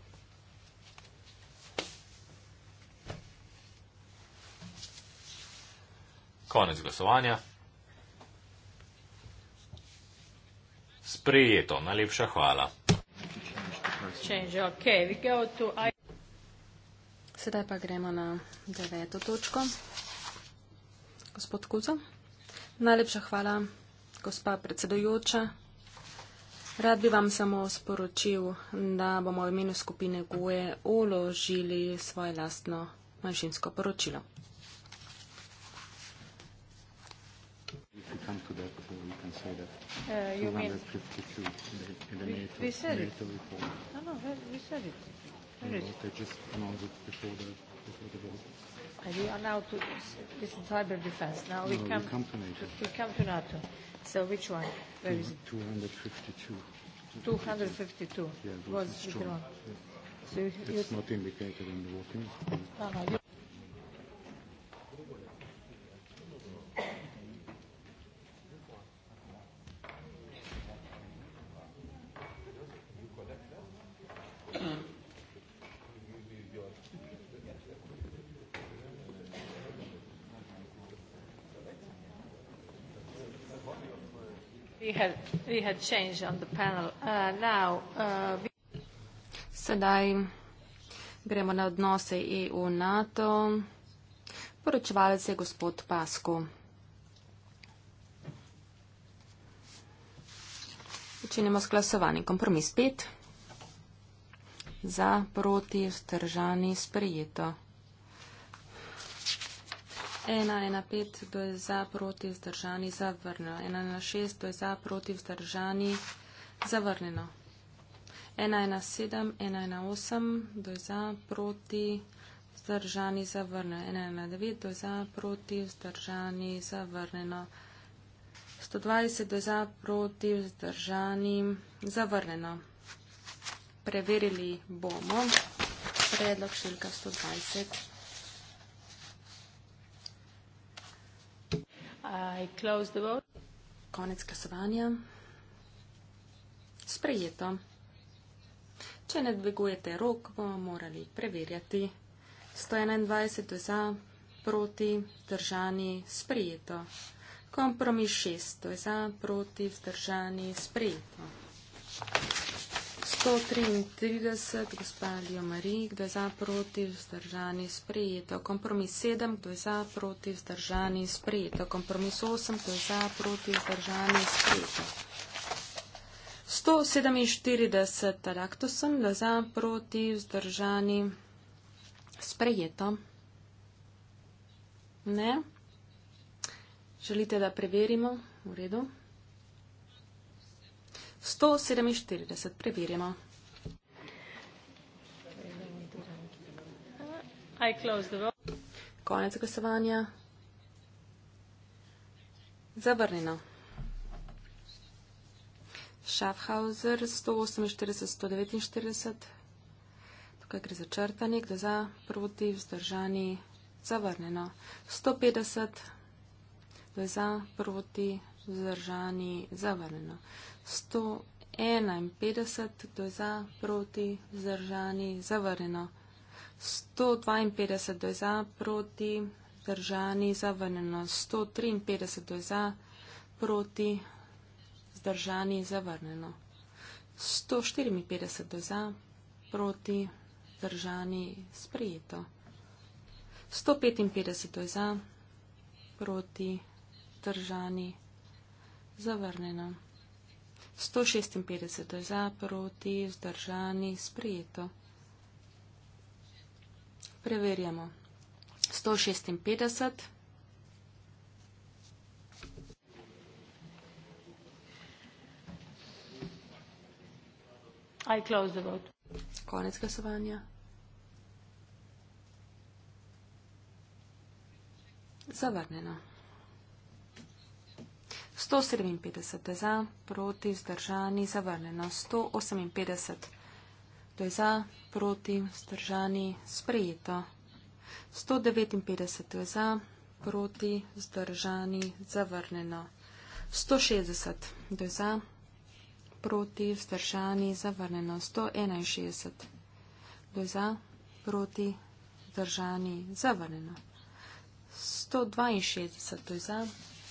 Konec glasovanja. Sprejeto. Najlepša hvala. Sedaj pa gremo na deveto točko. Gospod Kuzo. Najlepša hvala, gospa predsedojoča. Rad bi vam samo sporočil, da bomo v imenu skupine GUE uložili svoje lastno manjšinsko poročilo. come to that before we can say that. Uh, you mean? In the, in the we, NATO, we said NATO it. Report. No, no, we, we said it. Vote, they just announced it before the, before the vote. And we are now to this cyber defense. Now no, we, come, we come to NATO. We come to NATO. So which one? Where Two, is it? 252. 252. 252. Yeah, it was, was strong. Yeah. So you, you it's not indicated in the voting. No, no. You, We had change on the panel. Uh, now, uh, Sedaj gremo na odnose EU-NATO. Poročevalec je gospod Pasko. Začenjamo s glasovanjem. Kompromis 5. Za, proti, vzdržani, sprejeto. 1, 1, 5, kdo je za, proti, vzdržani, zavrnjeno. 1, 1, 6, kdo je za, proti, vzdržani, zavrnjeno. 1, 1, 7, 1, 1, 8, kdo je za, proti, vzdržani, zavrnjeno. 1, 1, 9, kdo je za, proti, vzdržani, zavrnjeno. 120 za, proti, vzdržani, zavrnjeno. Preverili bomo predlog številka 120. I close the vote. Konec glasovanja. Sprejeto. Če ne dvigujete rok, bomo morali preverjati. 121 za, proti, držani, sprejeto. Kompromis 6 za, proti, držani, sprejeto. 133, gospa Alija Marij, kdo je za, proti, vzdržani, sprejeto. Kompromis 7, kdo je za, proti, vzdržani, sprejeto. Kompromis 8, kdo je za, proti, vzdržani, sprejeto. 147, lahko sem, kdo je za, proti, vzdržani, sprejeto. Ne? Želite, da preverimo? V redu. 147 preverjeno. Konec glasovanja. Zavrnjeno. Schaffhauser 148, 149. Tukaj gre za črtanje, kdo za, proti, vzdržani, zavrnjeno. 150, kdo za, proti, vzdržani vzdržani, zavrnjeno. 151, kdo je za, proti, vzdržani, zavrnjeno. 152, kdo je za, proti, vzdržani, zavrnjeno. 153, kdo je za, proti, vzdržani, zavrnjeno. 154, kdo je za, proti, vzdržani, sprijeto. 155, kdo je za, proti, vzdržani, sprijeto. Zavrnjeno. 156 za, proti, vzdržani, sprijeto. Preverjamo. 156. I close the vote. Konec glasovanja. Zavrnjeno. 157 za, proti vzdržani, zavrnjeno. 158 to je za, proti vzdržani, sprejeto. 159 to je za, proti vzdržani, zavrnjeno. 160 to je za, proti vzdržani, zavrnjeno. 161 to je za, proti vzdržani, zavrnjeno. 162 to je za.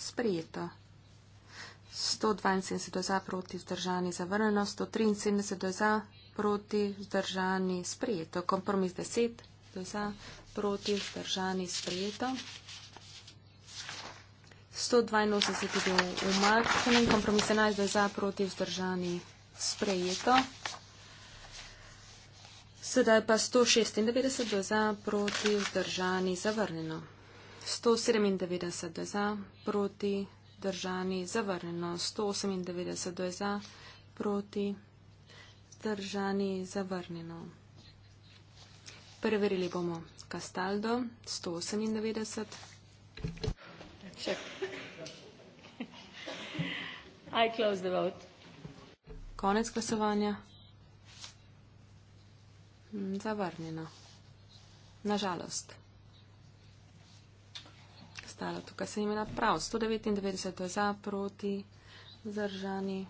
sprejeto. 172 za proti vzdržani zavrnjeno, 173 za proti vzdržani sprejeto. Kompromis 10 za proti vzdržani sprejeto. 182 je bil umaknjen, kompromis 11 za proti vzdržani sprejeto. Sedaj pa 196 za proti vzdržani zavrnjeno. 197 je za, proti držani, zavrnjeno. 198 je za, proti držani, zavrnjeno. Preverili bomo Kastaldo, 198. I close the vote. Konec glasovanja. Hm, zavrnjeno. Nažalost ostala. Tukaj sem imela prav 199, to je za, proti, zdržani.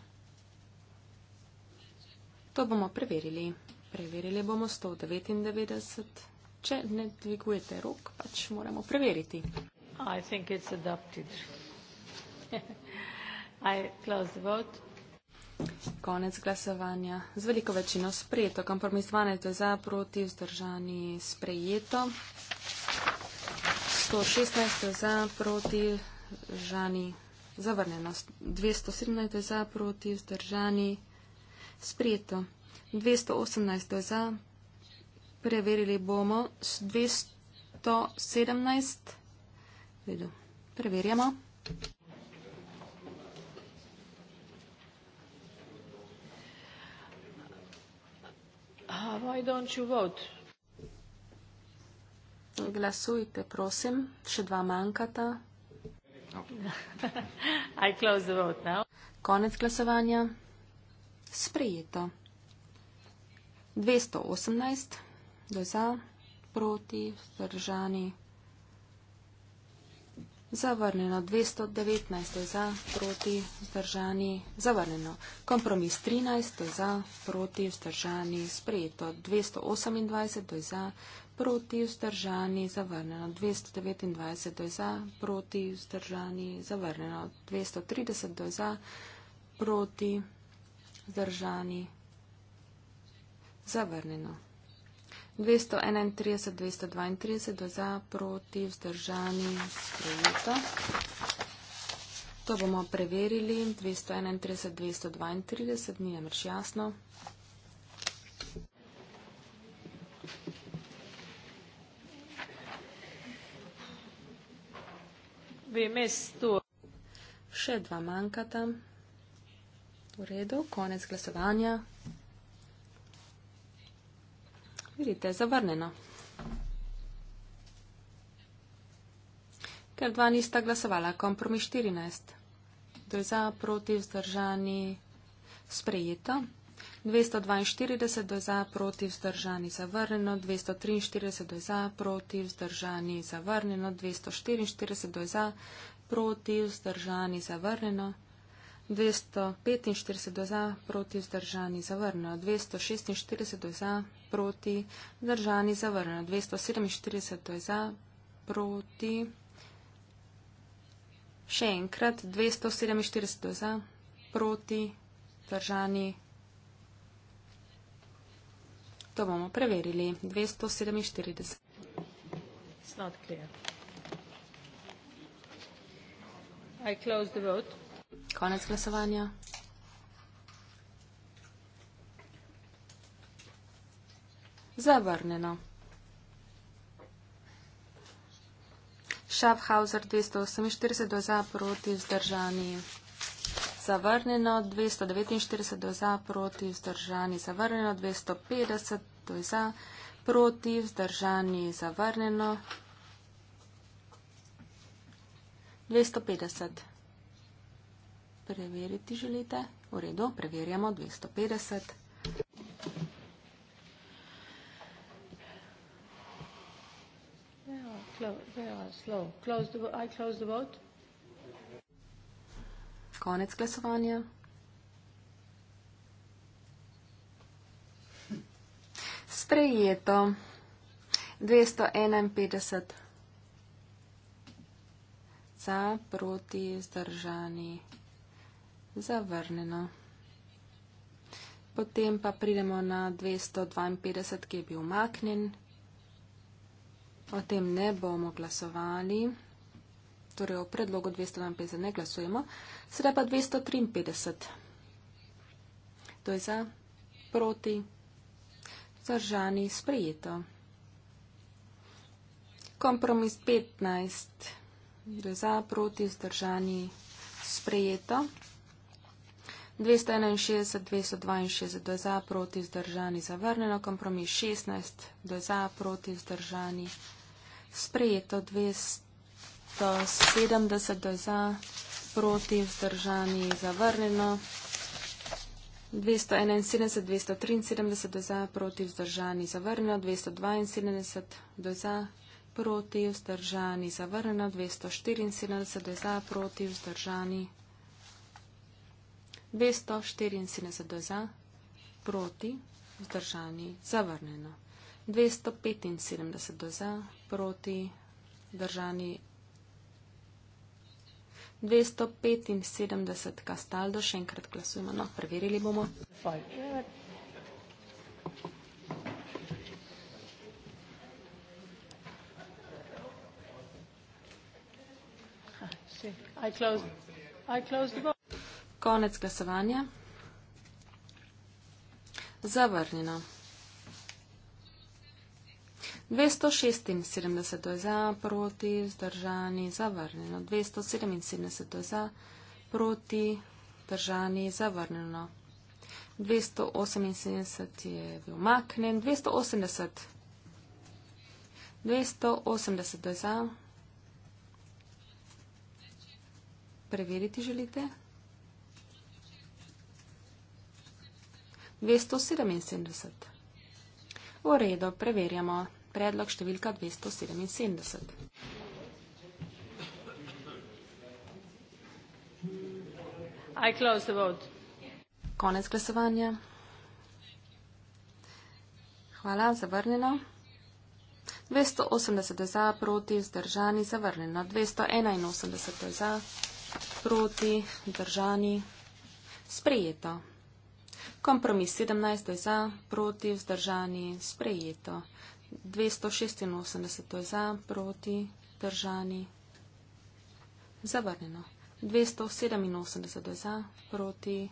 To bomo preverili. Preverili bomo 199. Če ne dvigujete rok, pač moramo preveriti. Konec glasovanja. Z veliko večino sprejeto, kompromis 12 za, proti, vzdržani sprejeto. 116 za proti Žani zavrnjeno. 217 za proti vzdržani sprijeto. 218 za preverili bomo. 217. Vedu. Preverjamo. Ah, why don't you vote? Glasujte, prosim. Še dva manjkata. I close the vote now. Konec glasovanja. Sprejeto. 218 do za, proti, vzdržani. Zavrnjeno. 219 do za, proti, vzdržani. Zavrnjeno. Kompromis 13 do za, proti, vzdržani. Sprejeto. 228 do za, proti vzdržani, zavrnjeno 229 do za, proti vzdržani, zavrnjeno 230 do za, proti vzdržani, zavrnjeno 231, 232 do za, proti vzdržani, sprejeto. To bomo preverili 231, 232, ni namreč jasno. Še dva manjkata. V redu, konec glasovanja. Vidite, zavrnjeno. Ker dva nista glasovala, kompromis 14. Kdo je za, proti, vzdržani, sprejeto. 242 do za, proti vzdržani, zavrnjeno, 243 do za, proti vzdržani, zavrnjeno, 244 do za, proti vzdržani, zavrnjeno, 245 do za, proti vzdržani, zavrnjeno, 246 do za, proti vzdržani, zavrnjeno, 247 do za, proti. Še enkrat, 247 do za, proti, držani, zavrnjeno to bomo preverili. 247. Konec glasovanja. Zavrnjeno. Schaffhauser 248 do za proti zdržani zavrnjeno, 249 do za, proti vzdržani, zavrnjeno, 250 do za, proti vzdržani, zavrnjeno, 250. Preveriti želite? V redu, preverjamo 250. Yeah, close, yeah, slow. Close the, I close the vote. Konec glasovanja. Sprejeto. 251. Za, proti, zdržani. Zavrnjeno. Potem pa pridemo na 252, ki je bil umaknen. O tem ne bomo glasovali torej o predlogu 252 ne glasujemo. Sedaj pa 253. To je za, proti, zdržani, sprejeto. Kompromis 15. To je za, proti, zdržani, sprejeto. 261, 262, do za, proti, zdržani, zavrneno, kompromis 16, do za, proti, zdržani, sprejeto, 200 so 70 za, proti vzdržani zavrnjeno. 271, 273 za, proti vzdržani zavrnjeno. 272 za, proti vzdržani zavrnjeno. 274 za, proti vzdržani. 274 za, proti vzdržani zavrnjeno. 275 za, proti vzdržani zavrnjeno. 275 kastaldo, še enkrat glasujemo, no, preverili bomo. I close. I close the Konec glasovanja. Zavrnjeno. 276 je za, proti, zdržani, zavrnjeno. 277 je za, proti, zdržani, zavrnjeno. 278 je bil maknen. 280. 280 je za. Preveriti želite? 277. V redu, preverjamo predlog številka 277. I close the vote. Konec glasovanja. Hvala, zavrnjeno. 280 za, proti, zdržani, zavrnjeno. 281 za, proti, zdržani, sprejeto. Kompromis 17 za, proti, zdržani, sprejeto. 286, to je za, proti, držani, zavrnjeno. 287, to je za, proti,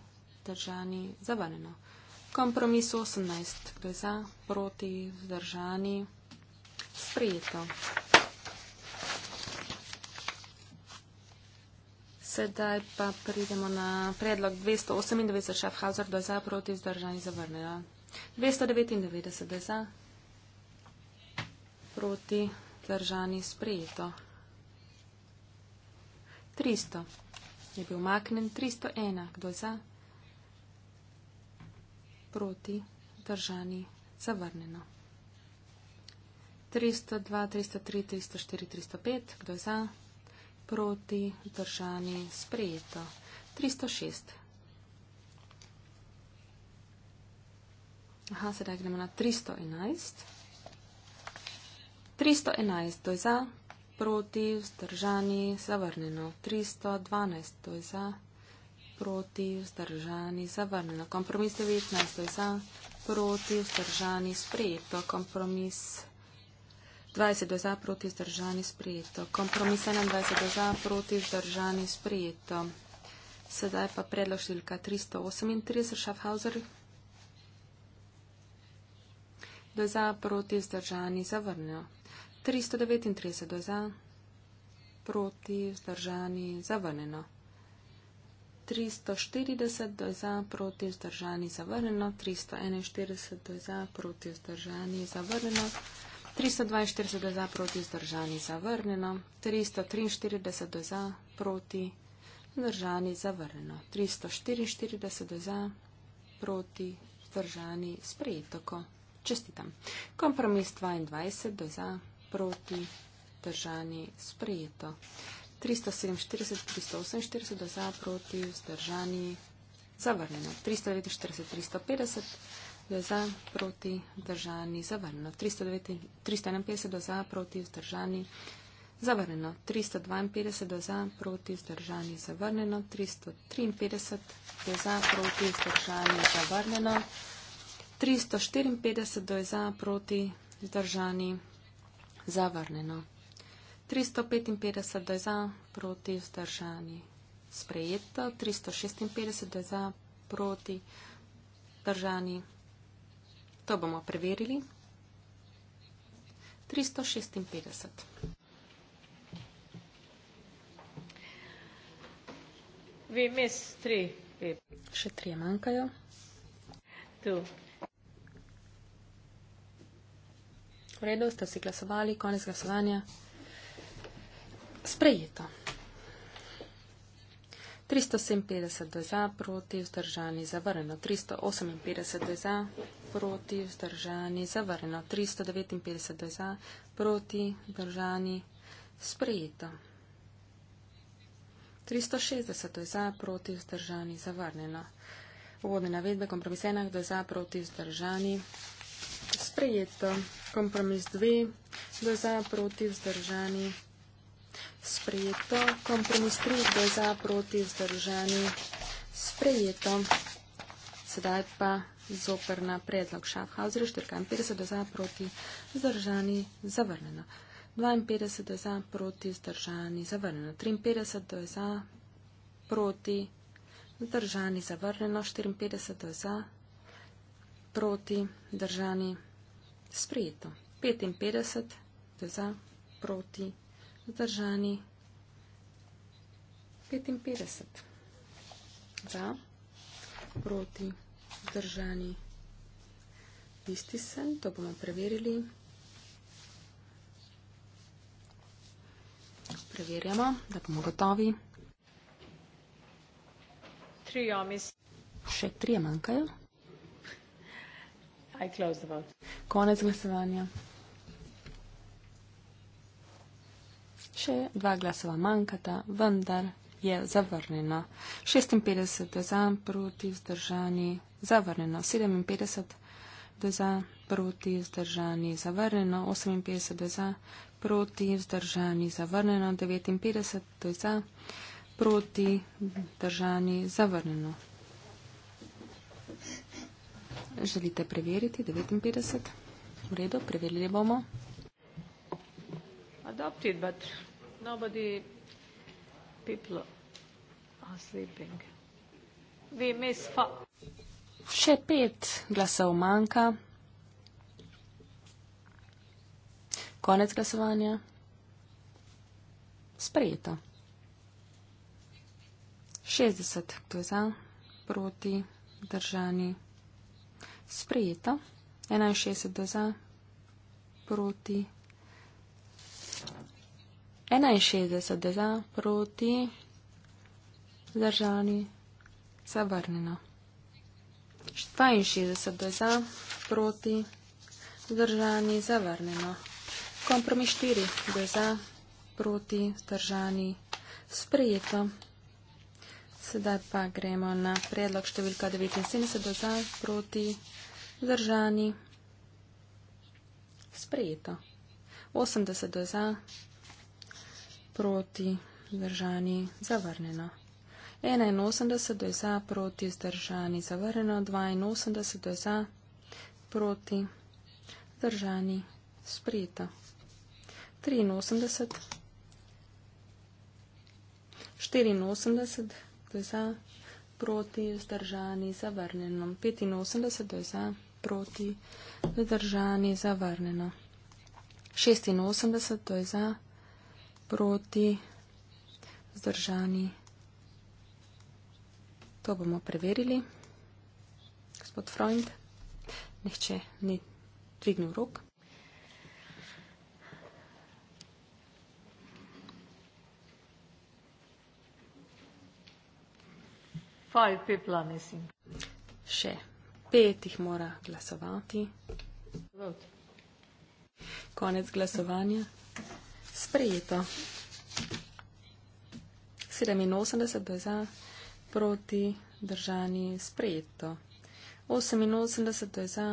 držani, zavrnjeno. Kompromis 18, to je za, proti, držani, sprijeto. Sedaj pa pridemo na predlog 298, Schaffhauser, to je za, proti, zdržani, zavrnjeno. 299, to je za proti, zdržani sprejeto. 300. Je bil maknen 301. Kdo je za? Proti, zdržani zavrnjeno. 302, 303, 304, 305. Kdo je za? Proti, zdržani sprejeto. 306. Aha, sedaj gremo na 311. 311 to je za, proti, vzdržani, zavrnjeno. 312 to je za, proti, vzdržani, zavrnjeno. Kompromis 19 to je za, proti, vzdržani, sprejeto. Kompromis 20 je za, proti, vzdržani, sprejeto. Kompromis 21 je za, proti, vzdržani, sprejeto. Sedaj pa predlog številka 338 Schaffhauser. Do za, proti, vzdržani, zavrnjeno. 339 je za, proti, vzdržani, zavrnjeno. 340 je za, proti, vzdržani, zavrnjeno. 341 je za, proti, vzdržani, zavrnjeno. 342 je za, proti, vzdržani, zavrnjeno. 343 je za, proti, vzdržani, zavrnjeno. 344 je za, proti, vzdržani, sprejeto. Čestitam. Kompromis 22 je za proti držani sprejeto. 347, 348, da za proti vzdržani zavrnjeno. 349, 350. Da za proti držani zavrnjeno. 351 do za proti vzdržani zavrnjeno. 352 do za proti vzdržani zavrnjeno. 353 do za proti vzdržani zavrnjeno. 354 do za proti vzdržani zavrnjeno zavrnjeno. 355 je za, proti vzdržani sprejeto, 356 je za, proti vzdržani. To bomo preverili. 356. Vi mis tri. Še tri manjkajo. Tu. V redu, ste vsi glasovali, konec glasovanja. Sprejeto. 357 za, proti, vzdržani, zavrnjeno. 358 za, proti, vzdržani, zavrnjeno. 359 za, proti, vzdržani, sprejeto. 360 za, proti, vzdržani, zavrnjeno. Uvodne navedbe, kompromis enak, za, proti, vzdržani, Sprejeto. Kompromis 2. Do za, proti, vzdržani. Sprejeto. Kompromis 3. Do za, proti, vzdržani. Sprejeto. Sedaj pa zoper na predlog Schaffhauser 54 do za proti zdržani zavrnjeno. 52 do za proti zdržani zavrnjeno. 53 do za proti zdržani zavrnjeno. 54 do za proti, držani, sprejeto. 55, to je za, proti, držani, 55, za, proti, držani, isti sen, to bomo preverili. Preverjamo, da bomo gotovi. Tri omis. Ja, Še tri manjkajo. I close the vote. Konec glasovanja. Še dva glasova manjkata, vendar je zavrnjeno. 56 za, proti vzdržani, zavrnjeno. 57 za, proti vzdržani, zavrnjeno. 58 za, proti vzdržani, zavrnjeno. 59 za, proti vzdržani, zavrnjeno. Želite preveriti 59? V redu, preverili bomo. Adopted, but nobody people are sleeping. We miss Še pet glasov manjka. Konec glasovanja. Sprejeta. 60, kdo je za, proti, držani sprejeta. 61 za, proti. 61 za, proti. Zdržani, zavrnjeno. 62 za, proti. Zdržani, zavrnjeno. Kompromis 4 za, proti. Zdržani, sprejeta. Sedaj pa gremo na predlog številka 79 za proti zdržani. Sprejeto. 80 za proti zdržani zavrnjeno. 81 za proti zdržani zavrnjeno. 82 za proti zdržani sprejeto. 83. 84. To je za, proti, zdržani, zavrnjeno. 85, to je za, proti, zdržani, zavrnjeno. 86, to je za, proti, zdržani. To bomo preverili. Gospod Freund, nihče ni dvignil rok. five people are missing. Še pet jih mora glasovati. Vote. Konec glasovanja. Sprejeto. 87 za, proti držani sprejeto. 88 za,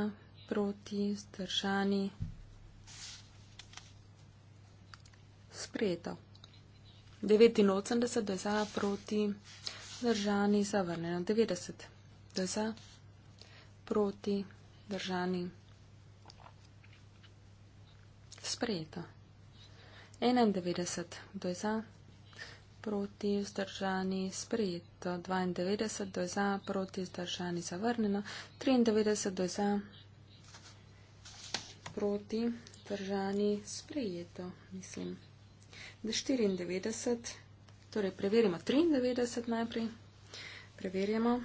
proti držani sprejeto. 89 za, proti. Držani zavrnjeno 90. Za proti držani. Sprejeto. 91 do za, proti vzdržani, sprejeto. 92 do za, proti vzdržani, zavrnjeno. 93 do za, proti vzdržani, sprejeto, mislim. 94 do za. Torej, preverimo 93 najprej. Preverjamo.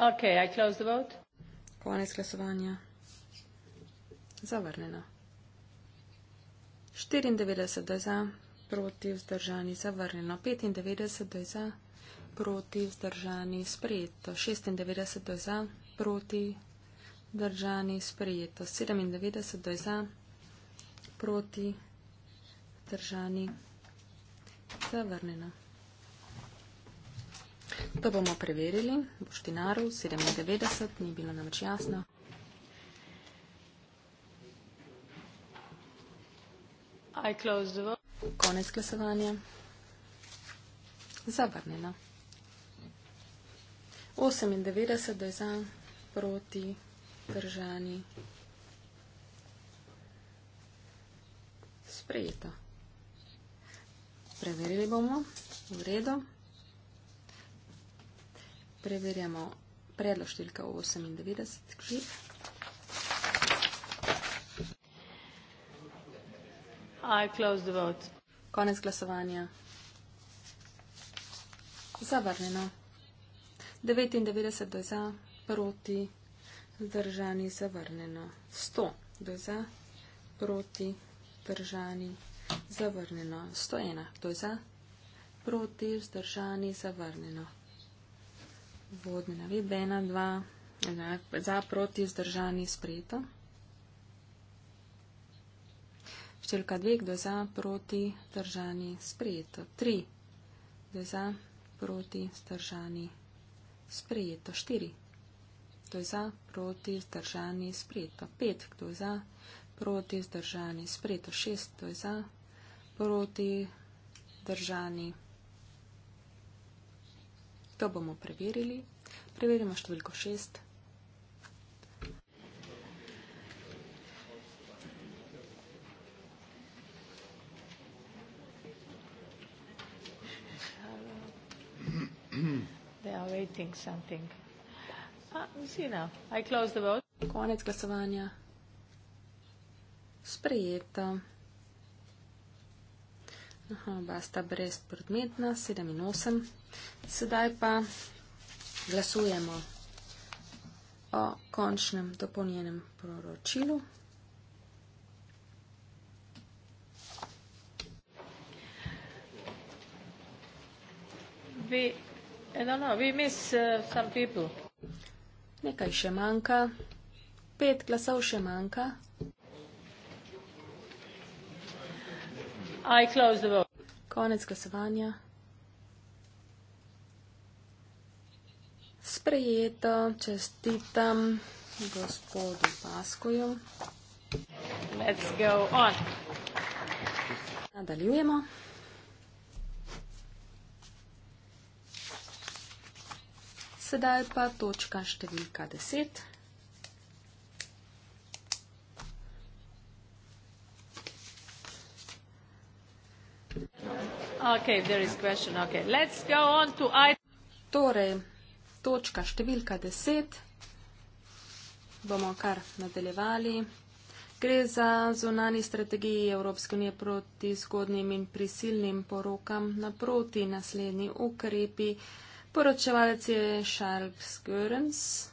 Ok, I close the vote. Konec glasovanja. Zavrnjeno. 94 je za, proti vzdržani, zavrnjeno. 95 je za, proti vzdržani, sprejeto. 96 je za, proti vzdržani vzdržani, sprejeto 97, da je za, proti, vzdržani, zavrnjeno. To bomo preverili. Boštinaru 97, ni bilo namreč jasno. Konec glasovanja. Zavrnjeno. 98 do je za, proti, vzdržani. Sprejeto. Preverili bomo. V redu. Preverjamo predlog številka 98. Klik. I close the vote. Konec glasovanja. Zavrnjeno. 99 do za, proti. Držani zavrnjeno. 100 do za, proti, držani zavrnjeno. 101 do za, proti, zdržani zavrnjeno. Vodne navedbe 1, 2, enak, za, proti, zdržani sprejeto. Številka 2, kdo za, proti, držani sprejeto. 3, kdo za, proti, zdržani sprejeto. 4. Кто за? Против? Держани? Спрето. Пет. Кто за? Против? Держани? Спрето. Шест. Кто за? Против? Držani. To bomo preverili. Preverimo številko šest. They are waiting something. Ah, Konec glasovanja. Sprejeto. Aha, oba sta brezpredmetna, 7 in 8. Sedaj pa glasujemo o končnem dopolnjenem poročilu. We, I don't know, we miss uh, some people. Nekaj še manjka, pet glasov še manjka. Konec glasovanja. Sprejeto, čestitam gospodu Paskoju. Let's go on. Nadaljujemo. Sedaj pa točka številka 10. Okay, there is question. Okay, let's go on to item. Torej, točka številka 10. Bomo kar nadaljevali. Gre za zunani strategiji Evropske unije proti zgodnim in prisilnim porokam naproti naslednji ukrepi. Uh, Poročevalec je Šarlps Görens.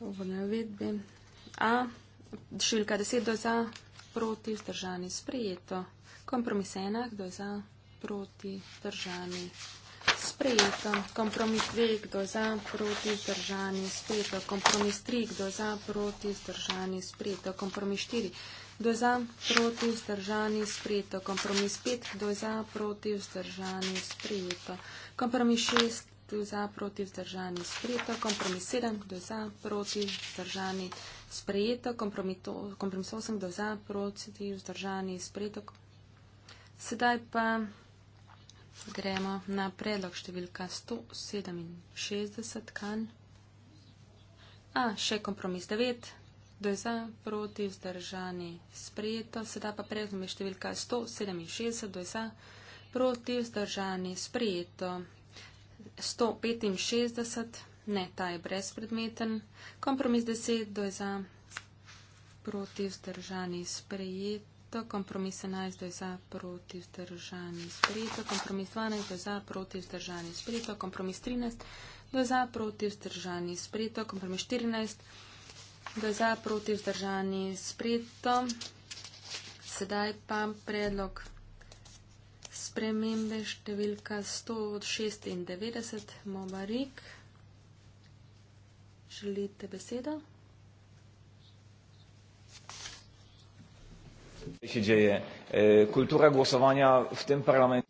V navedbi. A. Šilka 10 do za, proti, vzdržani, sprejeto. Kompromis 1, kdo je za, proti, vzdržani, sprejeto. Kompromis 2, kdo je za, proti, vzdržani, sprejeto. Kompromis 3, kdo je za, proti, vzdržani, sprejeto. Kompromis 4, kdo je za, proti, vzdržani, sprejeto. Kompromis 5, kdo je za, proti, vzdržani, sprejeto. Kompromis 6, kdo je za, proti, vzdržani, sprejeto. Kompromis 7, kdo je za, proti, vzdržani, sprejeto. Kompromis 8, kdo je za, proti, vzdržani, sprejeto. Sedaj pa gremo na predlog številka 167, kan. A, še kompromis 9, kdo je za, proti, vzdržani, sprejeto. Sedaj pa predlog številka 167, kdo je za proti vzdržani sprejeto 165, ne, ta je brezpredmeten, kompromis 10, do je za, proti vzdržani sprejeto, kompromis 11, do je za, proti vzdržani sprejeto, kompromis 12, do je za, proti vzdržani sprejeto, kompromis 13, do je za, proti vzdržani sprejeto, kompromis 14, do je za, proti vzdržani sprejeto. Sedaj pa predlog spremembe številka 196, Mobarik. Želite besedo? Eh, kultura glasovanja v tem parlamentu.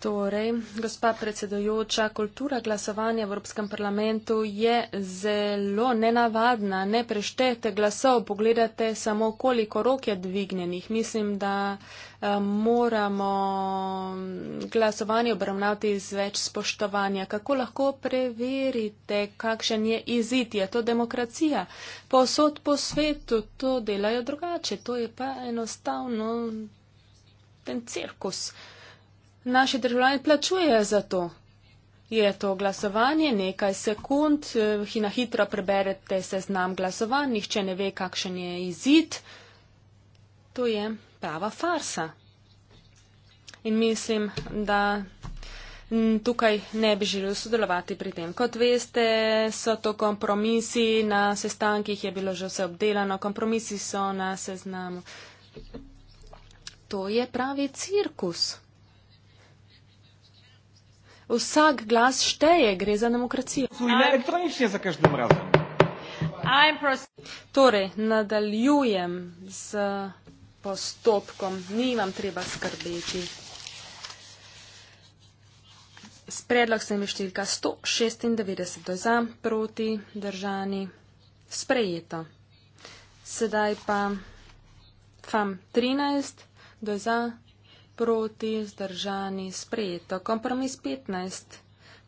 Torej, gospa predsedojoča, kultura glasovanja v Evropskem parlamentu je zelo nenavadna. Ne preštete glasov, pogledate samo koliko rok je dvignjenih. Mislim, da eh, moramo mm, glasovanje obravnavati z več spoštovanja. Kako lahko preverite, kakšen je izid? Je to demokracija? Posod po svetu to delajo drugače. To je pa enostavno ten cirkus. Naši državljani plačujejo za to. Je to glasovanje, nekaj sekund, eh, hina hitro preberete seznam glasovanj, nihče ne ve, kakšen je izid. To je prava farsa. In mislim, da mm, tukaj ne bi želel sodelovati pri tem. Kot veste, so to kompromisi, na sestankih je bilo že vse obdelano, kompromisi so na seznamu. To je pravi cirkus. Vsak glas šteje, gre za demokracijo. Torej, nadaljujem z postopkom, ni vam treba skrbeti. Spredlog sem je številka 196 za proti držani sprejeto. Sedaj pa fam 13 do za proti, zdržani, sprejeto. Kompromis 15,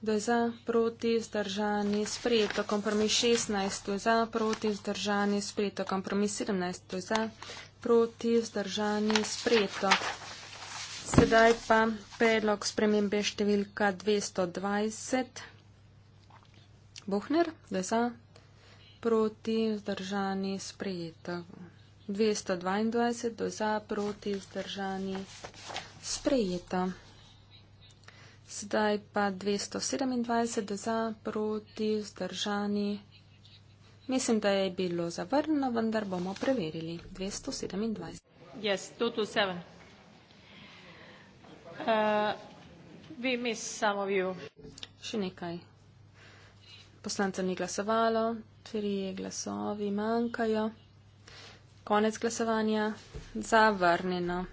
to je za, proti, zdržani, sprejeto. Kompromis 16, to je za, proti, zdržani, sprejeto. Kompromis 17, to je za, proti, zdržani, sprejeto. Sedaj pa predlog spremembe številka 220. Buhner, to je za, proti, zdržani, sprejeto. 222 do za, proti, vzdržani, sprejeta. Zdaj pa 227 do za, proti, vzdržani. Mislim, da je bilo zavrnjeno, vendar bomo preverili. 227. Yes, 227. Uh, Še nekaj. Poslancem ni glasovalo, tri glasovi manjkajo. Konec glasovanja. Zavrnjeno.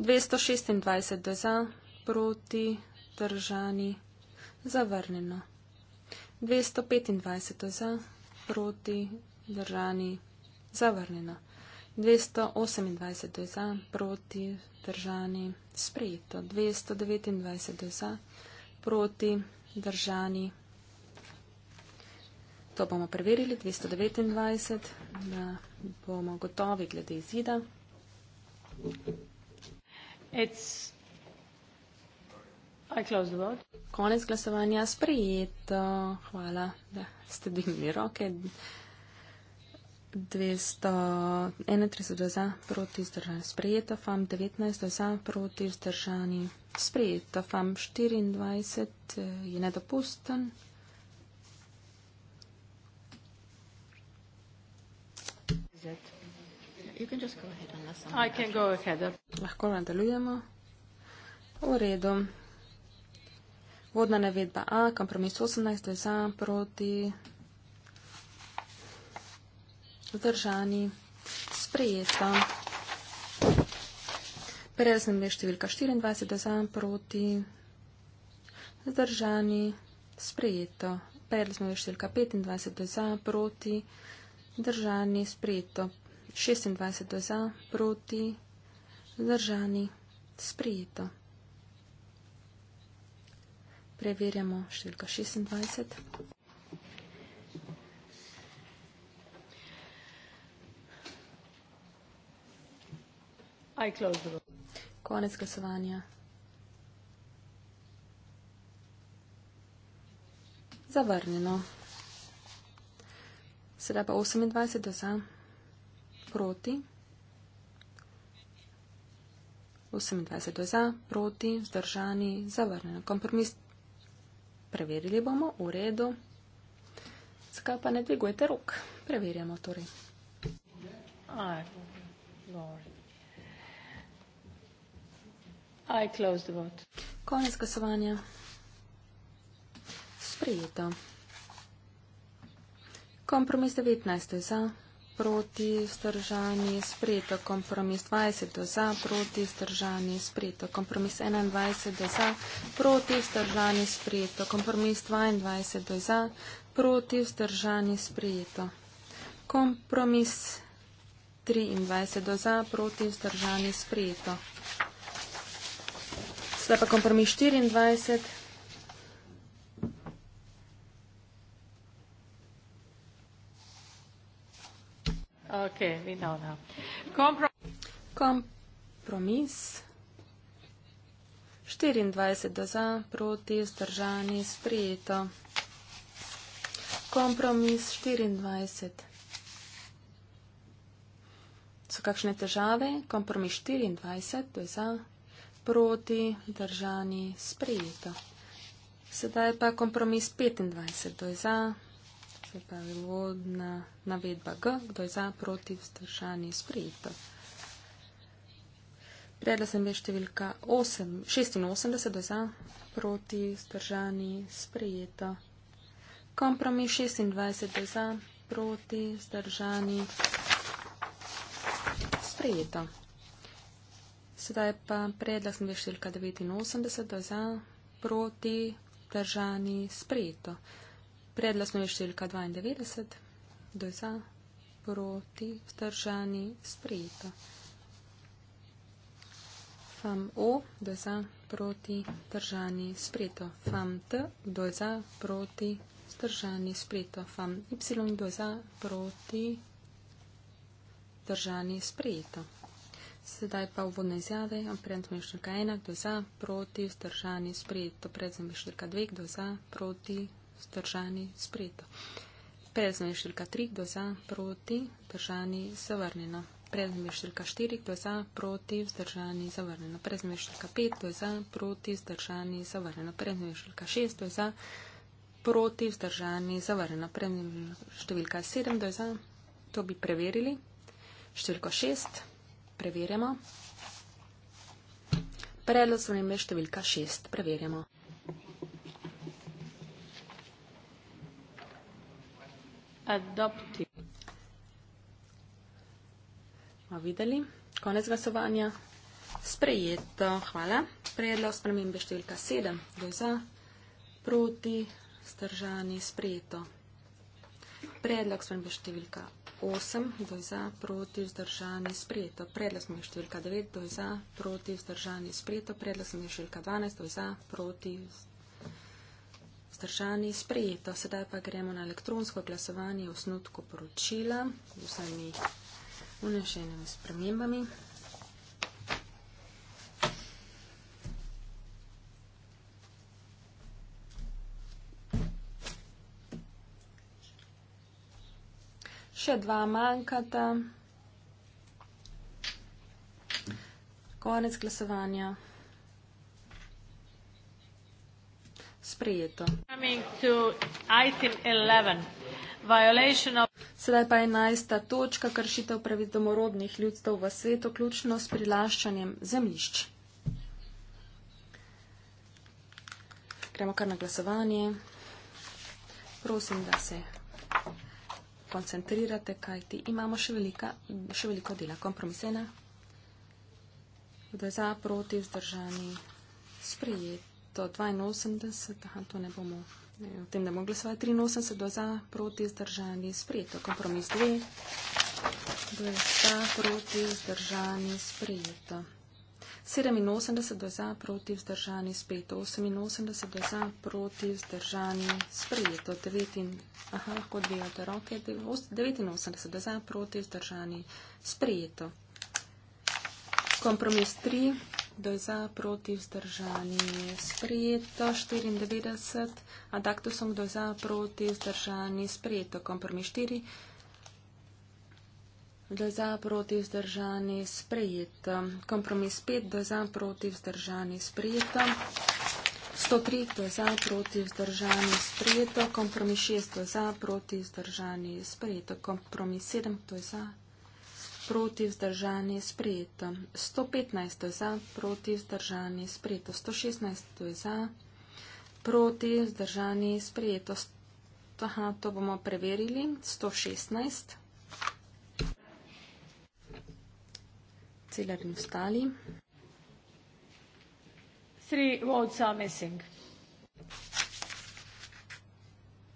226 za, proti, držani. Zavrnjeno. 225 za, proti, držani. Zavrnjeno. 228 za, proti, držani. Sprejeto. 229 za, proti, držani. To bomo preverili, 229, da bomo gotovi glede izida. Konec glasovanja sprejeto. Hvala, da ste dvignili roke. 231 za, proti zdržani, sprejeto, fam 19 za, proti zdržani, sprejeto, fam 24 eh, je nedopusten. Lahko nadaljujemo. V redu. Vodna nevedba A, kompromis 18, to je za, proti, zdržani, sprejeta. Prejasnem le številka 24, to je za, proti, zdržani, sprejeto. Prejasnem le številka 25, to je za, proti, zdržani. Vzdržani, sprejeto. 26 za, proti, vzdržani, sprejeto. Preverjamo številka 26. Konec glasovanja. Zavrnjeno sedaj pa 28 za proti. 28 za proti, zdržani, zavrnen kompromis. Preverili bomo, v redu. Zakaj pa ne dvigujete rok? Preverjamo torej. I, I close the vote. Konec glasovanja. Sprejeto. Kompromis 19 za, proti stržani spreto. Kompromis 20 za, proti stržani spreto. Kompromis 21 za, proti stržani spreto. Kompromis 22 za, proti stržani spreto. Kompromis 23 za, proti stržani spreto. Zdaj pa kompromis 24. Okay, we know now. Comprom Kompromis. 24 za, proti, zdržani, sprijeto. Kompromis 24. So kakšne težave? Kompromis 24, to je za, proti, zdržani, sprijeto. Sedaj pa kompromis 25, to je za, Se pravi, vodna navedba G, kdo je za, proti, vzdržani, sprejet. Predla sem je številka 8, 86, kdo je za, proti, vzdržani, sprejet. Kompromis 26, kdo je za, proti, vzdržani, sprejet. Sedaj pa predla sem je številka 89, kdo je za, proti, vzdržani, sprejet. Predla smo je številka 92. Kdo je za? Proti? Vzdržani? Sprejeta. Fam O, kdo je za, proti, držani, spreto. Fam T, kdo je za, proti, držani, spreto. Fam Y, kdo je za, proti, držani, spreto. Sedaj pa uvodne izjave. Pred smo ještelka 1, kdo je za, proti, držani, spreto. Pred smo ještelka 2, kdo je za, proti, držani, spreto vzdržani spredo. Prezno je številka 3, kdo za, proti, vzdržani zavrnjeno. Prezno je številka 4, kdo za, proti, vzdržani zavrnjeno. Prezno je številka 5, kdo za, proti, vzdržani zavrnjeno. Prezno je številka 6, kdo za, proti, vzdržani zavrnjeno. Prezno je številka 7, kdo za, to bi preverili. Številko 6, preverjamo. Predlog so nime številka 6, preverjamo. adopted. Ma videli? Konec glasovanja. Sprejeto. Hvala. Predlog spremembe številka 7. Kdo je za? Proti? Stržani? Sprejeto. Predlog spremembe številka 8. Kdo je za? Proti? Stržani? Sprejeto. Predlog spremembe številka 9. Kdo je za? Proti? Stržani? Sprejeto. Predlog spremembe številka 12. Kdo je za? Proti? Stržani? vzdržani, sprejeto. Sedaj pa gremo na elektronsko glasovanje v snutku poročila z vsemi unešenimi spremembami. Še dva manjkata. Konec glasovanja. sprejeto. Sedaj pa je enajsta točka kršitev pravic domorodnih ljudstev v svetu, ključno s prilaščanjem zemljišč. Gremo kar na glasovanje. Prosim, da se koncentrirate, kajti imamo še, velika, še veliko dela. Kompromisena. Kdo je za, proti, vzdržani, sprejet to 82, aha, to ne bomo, ne, v tem ne bomo glasovati, 83 do za, proti, zdržani, sprejeto. Kompromis 2, za, proti, zdržani, sprejeto. 87 do za, proti, zdržani, sprejeto. 88 do za, proti, zdržani, sprejeto. 9, aha, lahko dvijate roke, 89 do za, proti, zdržani, sprejeto. Kompromis 3 kdo je za, proti, vzdržani, sprejeto 94, adaktusom, kdo je za, proti, vzdržani, sprejeto kompromis 4, kdo je za, proti, vzdržani, sprejeto kompromis 5, kdo je za, proti, vzdržani, sprejeto 103, kdo je za, proti, vzdržani, sprejeto kompromis 6, kdo je za, proti, vzdržani, sprejeto kompromis 7, kdo je za proti vzdržani sprejeto. 115 za, proti vzdržani sprejeto. 116 za, proti vzdržani sprejeto. Aha, to bomo preverili. 116. Celer in ostali. 3 votes are missing.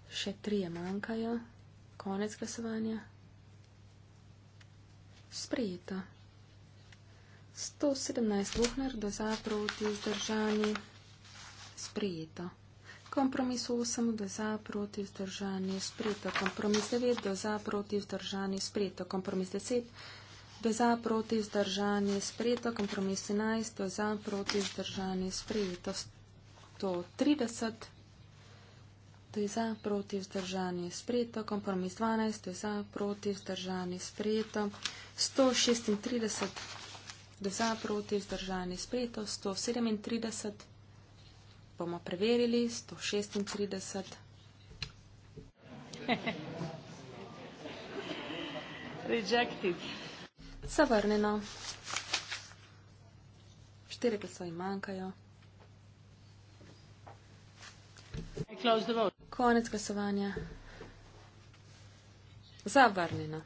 Še trije manjkajo. Konec glasovanja sprejeta. 117 vohner do za proti vzdržani sprejeta. Kompromis 8 do za proti vzdržani sprejeta. Kompromis 9 do za proti vzdržani sprejeta. Kompromis 10 do za proti vzdržani sprejeta. Kompromis 11 do za proti vzdržani sprejeta. 130 vohner to je za, proti vzdržanje sprejeto, kompromis 12, to je za, proti vzdržanje sprejeto, 136, to je za, proti vzdržanje sprejeto, 137, bomo preverili, 136. Rejected. Zavrneno. Štiri glasovi manjkajo. I close the vote. Konec glasovanja. Zavrnjeno.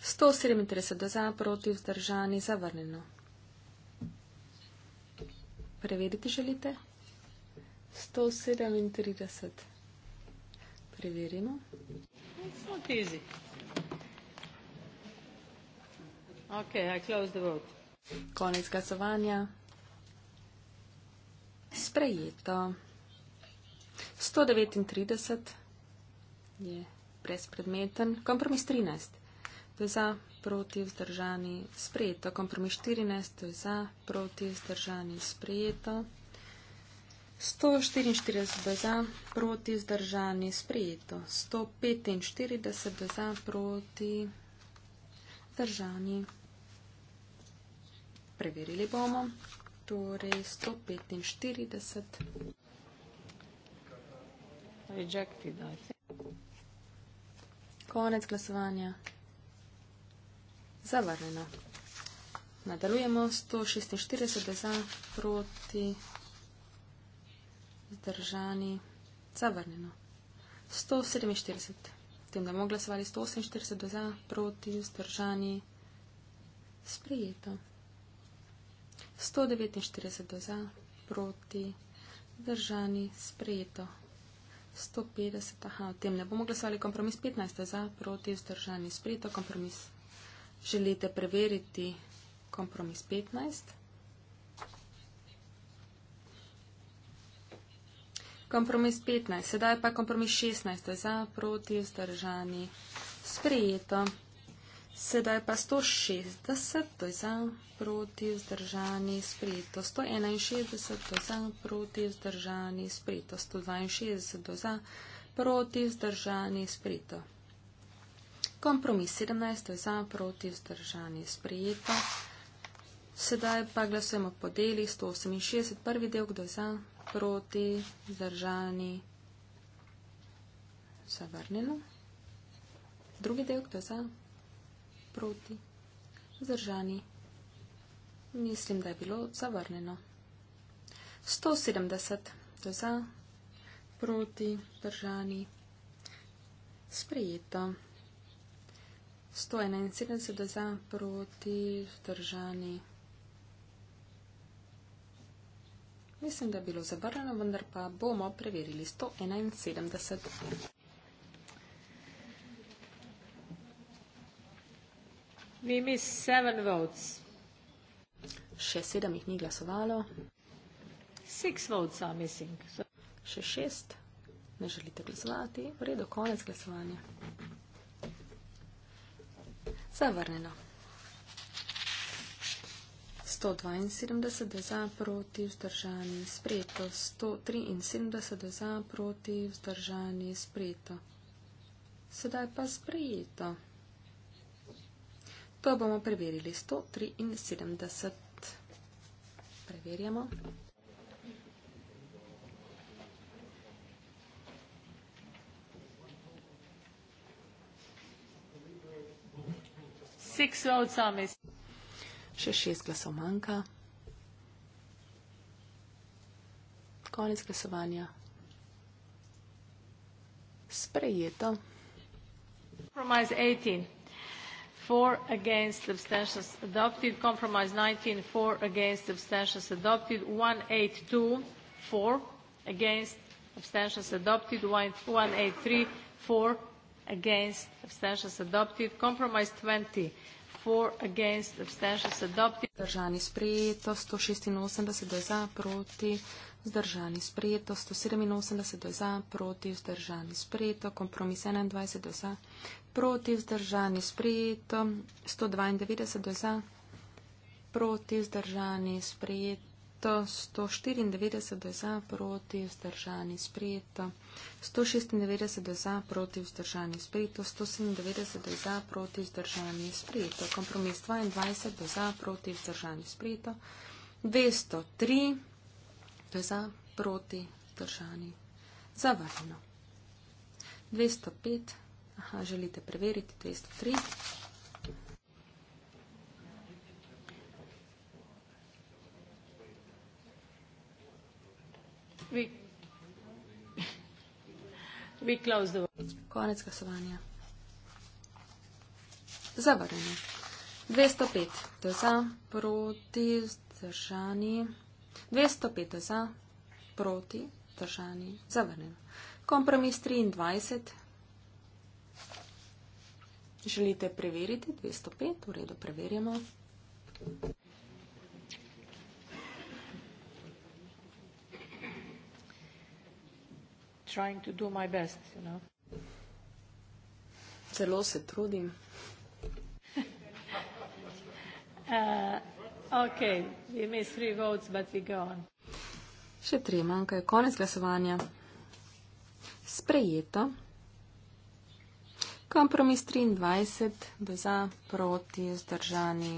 137 za, proti vzdržani, zavrnjeno. Preveriti želite? 137. Preverimo. Konec glasovanja. Sprejeto. 139 je brezpredmeten, kompromis 13, to je za, proti, vzdržani, sprejeto, kompromis 14, to je za, proti, vzdržani, sprejeto, 144 je za, proti, vzdržani, sprejeto, 145 je za, proti, vzdržani, preverili bomo, torej 145. Rejected, Konec glasovanja. Zavrnjeno. Nadaljujemo 146 za, proti, zdržani, zavrnjeno. 147, s tem, da bomo glasovali 148 za, proti, zdržani, sprijeto. 149 za, proti, zdržani, sprijeto. 150, aha, o tem ne bomo glasovali. Kompromis 15 za, proti, vzdržani, sprejeto. Kompromis želite preveriti. Kompromis 15. Kompromis 15. Sedaj pa kompromis 16 za, proti, vzdržani, sprejeto. Sedaj pa 160, to je za proti vzdržani sprejeto, 161, to je za proti vzdržani sprejeto, 162, to je za proti vzdržani sprejeto. Kompromis 17, to je za proti vzdržani sprejeto. Sedaj pa glasujemo po deli 168, prvi del, kdo je za proti vzdržani zavrnjeno. Drugi del, kdo je za proti. Zdržani. Mislim, da je bilo zavrnjeno. 170. To za. Proti. Zdržani. Sprejeto. 171. za. Proti. Zdržani. Mislim, da je bilo zavrnjeno, vendar pa bomo preverili 171. We miss seven votes. Še sedem jih ni glasovalo. Six votes are missing. So. Še šest. Ne želite glasovati. V redu, konec glasovanja. Zavrneno. 172 za proti vzdržani spreto. 173 za proti vzdržani spreto. Sedaj pa sprejeto. To bomo preverili. 173. Preverjamo. Še šest glasov manjka. Konec glasovanja. Sprejeto. Promise 18. 4 against abstentions adopted compromise 19 4 against abstentions adopted 182 4 against abstentions adopted 183 4 against abstentions adopted compromise 20 Zdržani sprejeto 186 do za proti, zdržani sprejeto 187 do za proti, zdržani sprejeto kompromis 21 do za proti, zdržani sprejeto 192 do za proti, zdržani sprejeto. 194 do za, proti, vzdržani, sprejeto. 196 do za, proti, vzdržani, sprejeto. 197 do za, proti, vzdržani, sprejeto. Kompromis 22 do za, proti, vzdržani, sprejeto. 203 do za, proti, vzdržani, zavrnjeno. 205, aha, želite preveriti 203. We close the vote. Konec glasovanja. Zavrnjeno. 205 je za, proti, zdržani. 205 je za, proti, zdržani, zavrnjeno. Kompromis 23. Želite preveriti 205? V redu, preverjamo. trying to do my best, you know. Zelo se trudim. uh, okay, we missed three votes, but we go on. Še tri manjkajo. Konec glasovanja. Sprejeto. Kompromis 23, bo za, proti, zdržani.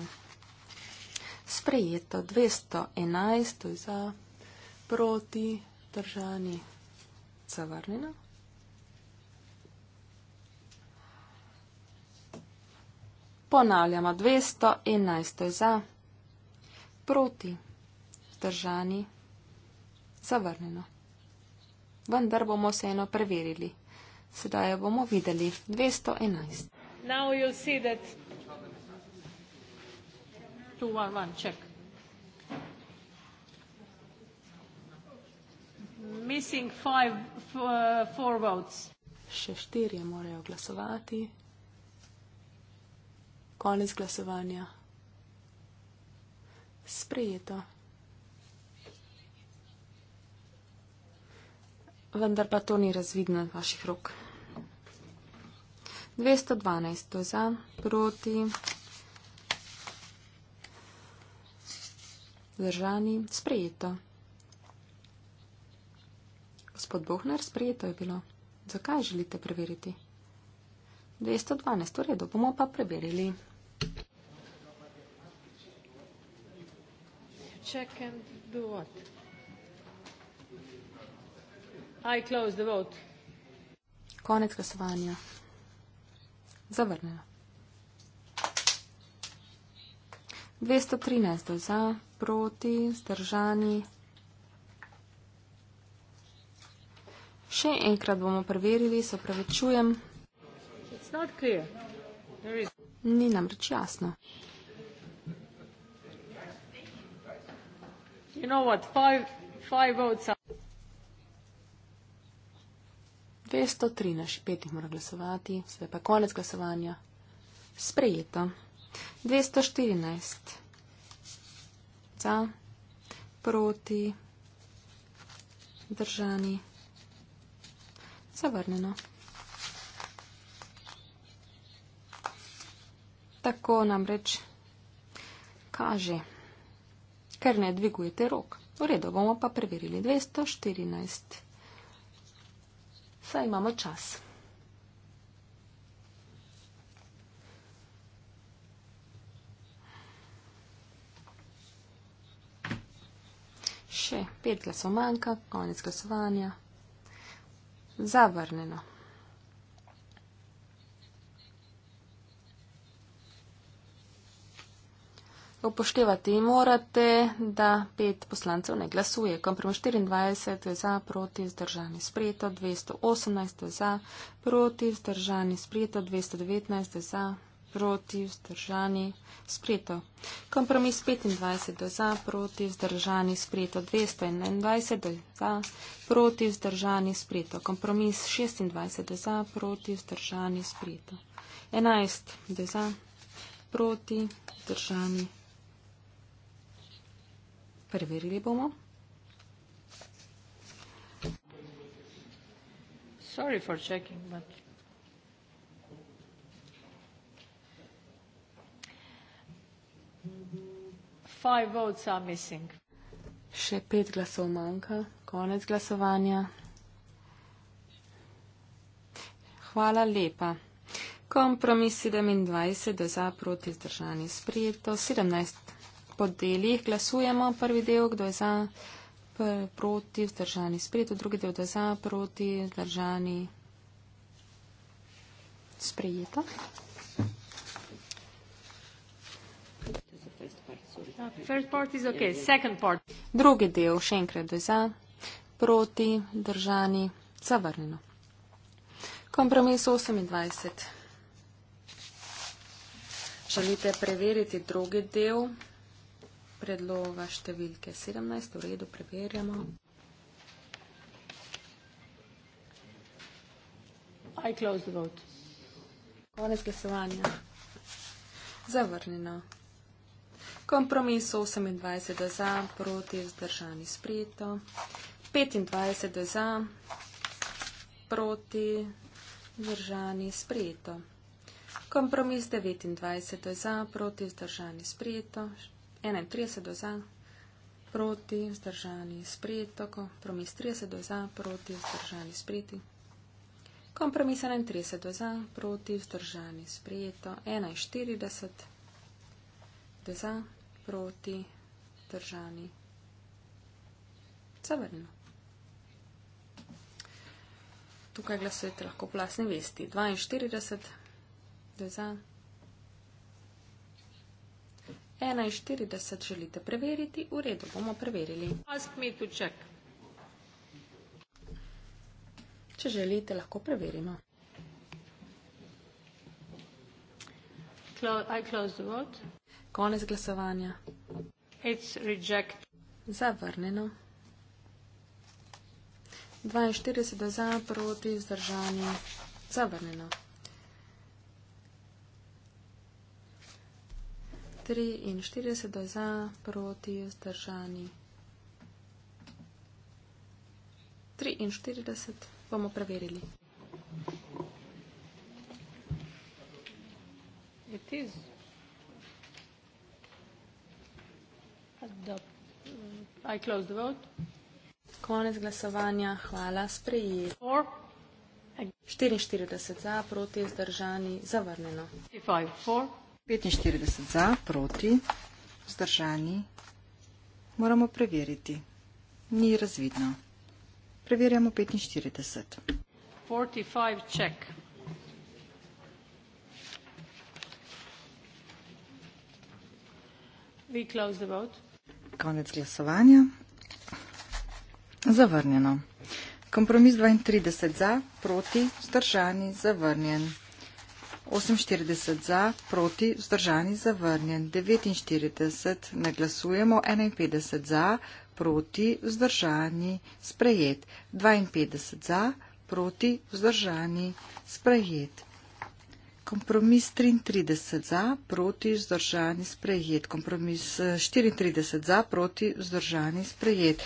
Sprejeto 211, to je za, proti, držani srca vrnjena. Ponavljamo 211 za, proti, vzdržani, zavrnjeno. Vendar bomo se eno preverili. Sedaj jo bomo videli. 211. Now you'll see that 211, check. missing five uh, four votes. Še štirje morajo glasovati. Konec glasovanja. Sprejeto. Vendar pa to ni razvidno iz vaših rok. 212 za, proti, zdržani, sprejeto gospod Bohner, sprejeto je bilo. Zakaj želite preveriti? 212, v redu, bomo pa preverili. Check and do what? I close the vote. Konec glasovanja. Zavrnejo. 213 za, proti, zdržani. Še enkrat bomo preverili, se upravičujem. Ni namreč jasno. You know what, five, five Vesto trinaš, petih mora glasovati, sve pa konec glasovanja. Sprejeto. 214. Za, proti, držani zavrnjeno. Tako namreč kaže, ker ne dvigujete rok. V redu, bomo pa preverili 214. Saj imamo čas. Še pet glasov manjka, konec glasovanja zavrnjeno. Upoštevati morate, da pet poslancev ne glasuje. Kompromis 24 je za, proti, zdržani sprejeto, 218 je za, proti, zdržani sprejeto, 219 je za proti, vzdržani, spreto. Kompromis 25 do za, proti, vzdržani, spreto. 221 do za, proti, vzdržani, spreto. Kompromis 26 do za, proti, vzdržani, spreto. 11 do za, proti, vzdržani. Preverili bomo. Sorry for checking, but five votes are missing. Še pet glasov manjka, konec glasovanja. Hvala lepa. Kompromis 27, da za proti zdržani sprijeto. 17 podelih glasujemo. Prvi del, kdo je za proti zdržani sprijeto. Drugi del, kdo je za proti zdržani sprijeto. Drugi del, še enkrat za, proti, držani, zavrnjeno. Kompromis 28. Želite preveriti drugi del predloga številke 17? V redu, preverjamo. Konec glasovanja. Zavrnjeno. Kompromis 28 za, proti vzdržani sprejeto. 25 za, proti vzdržani sprejeto. Kompromis 29 za, proti vzdržani sprejeto. 31 za, proti vzdržani sprejeto. Kompromis 30 za, proti vzdržani sprejeti. Kompromis 31 za, proti vzdržani sprejeto. 41 za proti, držani, zavrnjeno. Tukaj glasujete lahko po lasni vesti. 42, da je za. 41, želite preveriti, v redu, bomo preverili. Ask me to check. Če želite, lahko preverimo. Close, I close the vote. Konec glasovanja. Zavrnjeno. 42 za, proti, zdržanje. Zavrnjeno. 43 za, proti, zdržanje. 43 bomo preverili. It is. I close the vote. Konec glasovanja. Hvala. Sprejeti. 44 za, proti, zdržani, zavrnjeno. 45 za, proti, zdržani. Moramo preveriti. Ni razvidno. Preverjamo 45. 45 check. We close the vote konec glasovanja. Zavrnjeno. Kompromis 32 za, proti, vzdržani, zavrnjen. 48 za, proti, vzdržani, zavrnjen. 49 ne glasujemo, 51 za, proti, vzdržani, sprejet. 52 za, proti, vzdržani, sprejet kompromis 33 za, proti vzdržani sprejet. Kompromis 34 eh, za, proti vzdržani sprejet.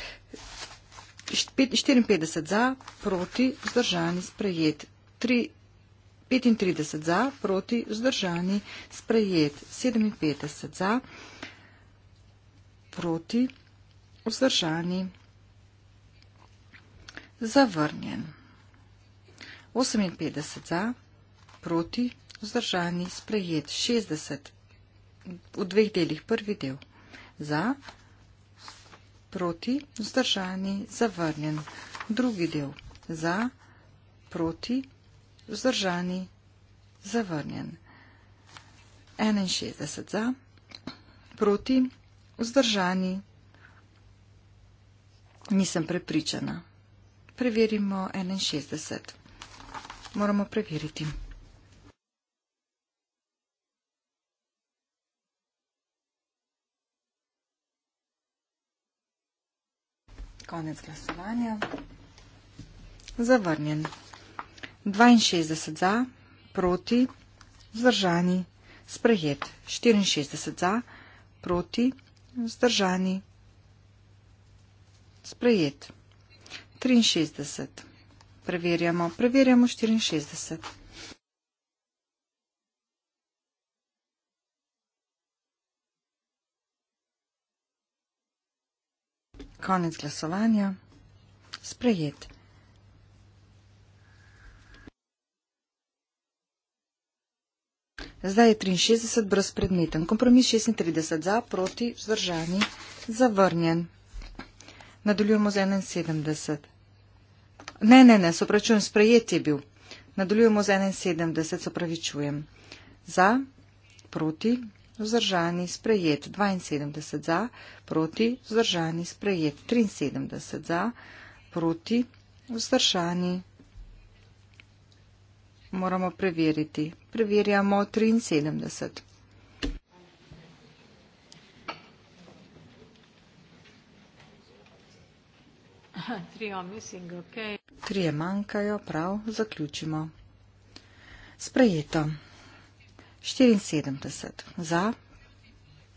54 za, proti vzdržani sprejet. 3, 35 za, proti vzdržani sprejet. 57 za, proti vzdržani zavrnjen. 58 za, proti vzdržani sprejet vzdržani, sprejet 60 v dveh delih, prvi del za, proti, vzdržani, zavrnjen, drugi del za, proti, vzdržani, zavrnjen, 61 za, proti, vzdržani, nisem prepričana. Preverimo 61. Moramo preveriti. konec glasovanja. Zavrnjen. 62 za, proti, vzdržani, sprejet. 64 za, proti, vzdržani, sprejet. 63. Preverjamo, preverjamo 64. Konec glasovanja. Sprejet. Zdaj je 63 brezpredmeten. Kompromis 36 za, proti, vzdržani, zavrnjen. Nadaljujemo z 71. Ne, ne, ne, sopravičujem, sprejet je bil. Nadaljujemo z 71, sopravičujem. Za, proti, vzdržani vzdržani, sprejet 72 za, proti, vzdržani, sprejet 73 za, proti, vzdržani. Moramo preveriti. Preverjamo 73. Trije manjkajo, prav, zaključimo. Sprejeto. 74 za,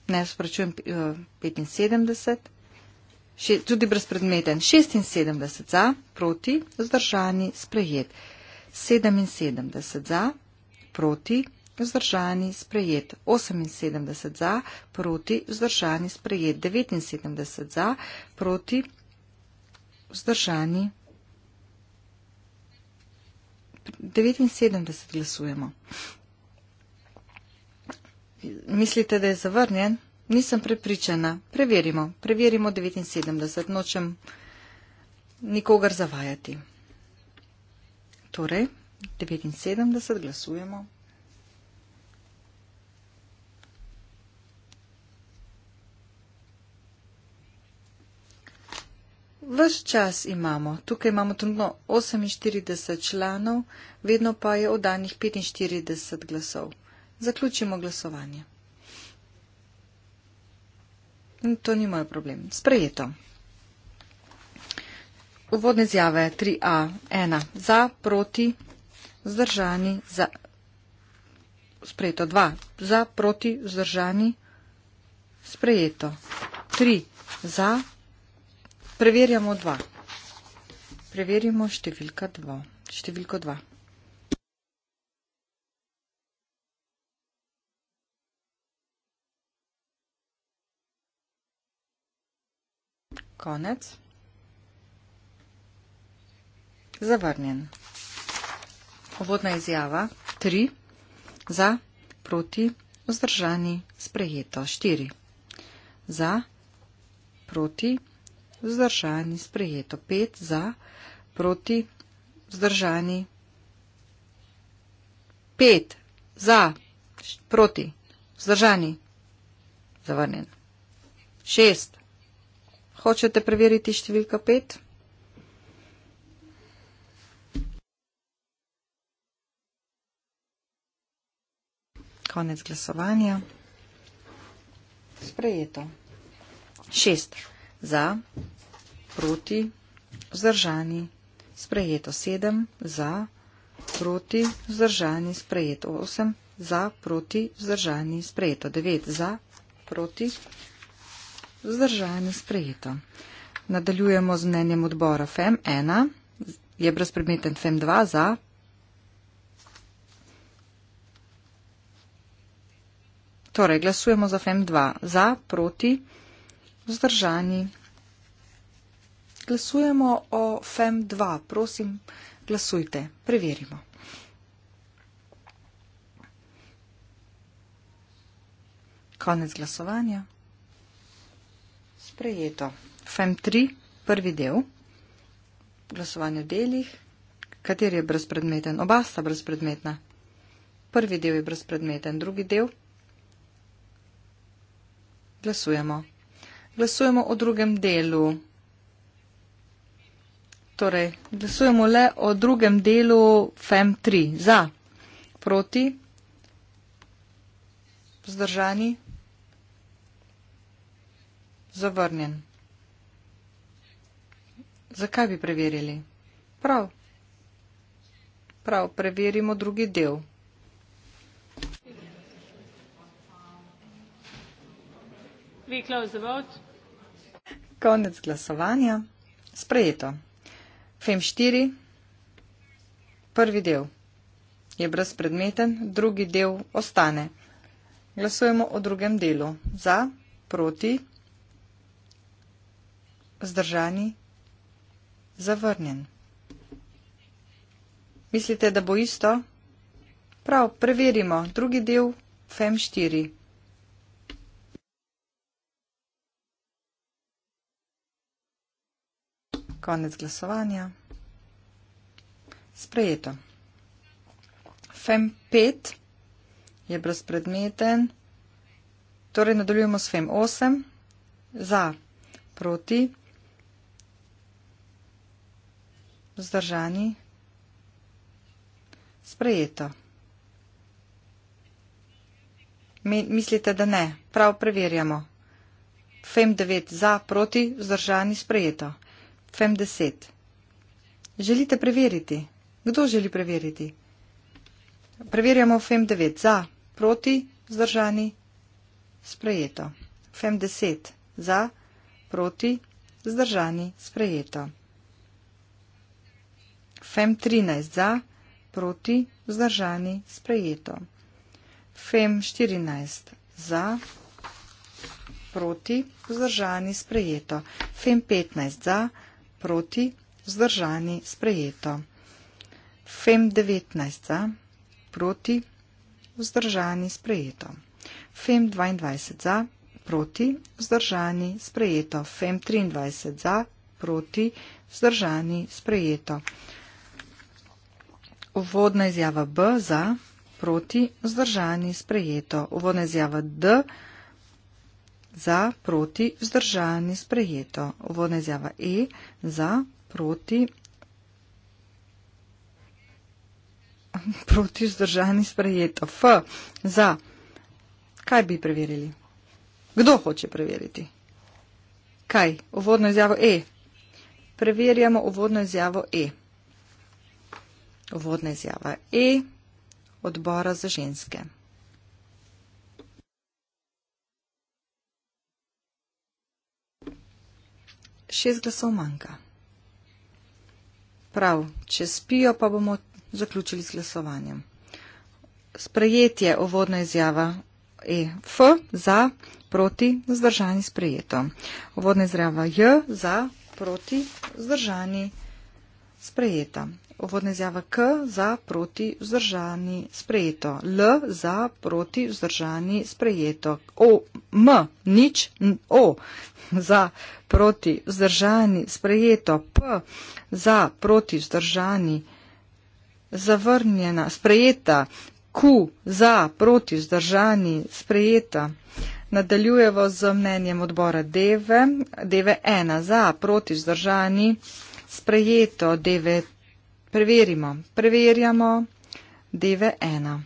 ne sprašujem 75, eh, še, tudi brezpredmeten 76 za, proti, vzdržani, sprejet. 77 za, proti, vzdržani, sprejet. 78 za, proti, vzdržani, sprejet. 79 za, proti, vzdržani. 79 glasujemo. Mislite, da je zavrnjen? Nisem prepričana. Preverimo. Preverimo 79. Nočem nikogar zavajati. Torej, 79 glasujemo. Ves čas imamo, tukaj imamo trenutno 48 članov, vedno pa je oddanih 45 glasov. Zaključimo glasovanje. In to ni moj problem. Sprejeto. Uvodne zjave 3a, 1 za, proti, zdržani, za, sprejeto 2, za, proti, zdržani, sprejeto 3, za, preverjamo 2, preverimo številka 2, številko 2. konec. Zavrnjen. Uvodna izjava 3. Za, proti, vzdržani, sprejeto 4. Za, proti, vzdržani, sprejeto 5. Za, proti, vzdržani 5. Za, proti, vzdržani, zavrnjen 6. Hočete preveriti številko 5? Konec glasovanja. Sprejeto. 6. Za, proti, vzdržani. Sprejeto. 7. Za, proti, vzdržani. Sprejeto. 8. Za, proti, vzdržani. Sprejeto. 9. Za, proti, vzdržani. Zdržanje sprejeto. Nadaljujemo z mnenjem odbora FEM1. Je brezpredmeten FEM2 za. Torej, glasujemo za FEM2. Za, proti, vzdržani. Glasujemo o FEM2. Prosim, glasujte. Preverimo. Konec glasovanja sprejeto. FEM3, prvi del, glasovanje o delih, kateri je brezpredmeten, oba sta brezpredmetna. Prvi del je brezpredmeten, drugi del. Glasujemo. Glasujemo o drugem delu. Torej, glasujemo le o drugem delu FEM3. Za, proti, vzdržani. Zavrnjen. Zakaj bi preverili? Prav. Prav, preverimo drugi del. Konec glasovanja. Sprejeto. FEM 4. Prvi del je brezpredmeten, drugi del ostane. Glasujemo o drugem delu. Za, proti zdržani, zavrnjen. Mislite, da bo isto? Prav, preverimo. Drugi del FEM4. Konec glasovanja. Sprejeto. FEM5 je brezpredmeten. Torej, nadaljujemo s FEM8. Za, proti. vzdržani, sprejeto. Mislite, da ne? Prav preverjamo. FEM 9 za, proti, vzdržani, sprejeto. FEM 10. Želite preveriti? Kdo želi preveriti? Preverjamo FEM 9 za, proti, vzdržani, sprejeto. FEM 10 za, proti, vzdržani, sprejeto. FEM 13 za, proti, vzdržani, sprejeto. FEM 14 za, proti, vzdržani, sprejeto. FEM 15 za, proti, vzdržani, sprejeto. FEM 19 za, proti, vzdržani, sprejeto. FEM 22 za, proti, vzdržani, sprejeto. FEM 23 za, proti, vzdržani, sprejeto uvodna izjava B za, proti, vzdržani, sprejeto. Uvodna izjava D za, proti, vzdržani, sprejeto. Uvodna izjava E za, proti, proti vzdržani, sprejeto. F za, kaj bi preverili? Kdo hoče preveriti? Kaj? Uvodno izjavo E. Preverjamo uvodno izjavo E. Vodna izjava E odbora za ženske. Šest glasov manjka. Prav, če spijo, pa bomo zaključili s glasovanjem. Sprejetje uvodna izjava E. F. Za, proti, zdržani sprejeto. Uvodna izjava J. Za, proti, zdržani sprejeta uvodna izjava K za proti vzdržani sprejeto. L za proti vzdržani sprejeto. O, M, nič, n, O za proti vzdržani sprejeto. P za proti vzdržani zavrnjena sprejeta. Q za proti vzdržani sprejeta. Nadaljujemo z mnenjem odbora DV. DV 1 za proti vzdržani sprejeto. DV Preverimo, preverjamo DV1.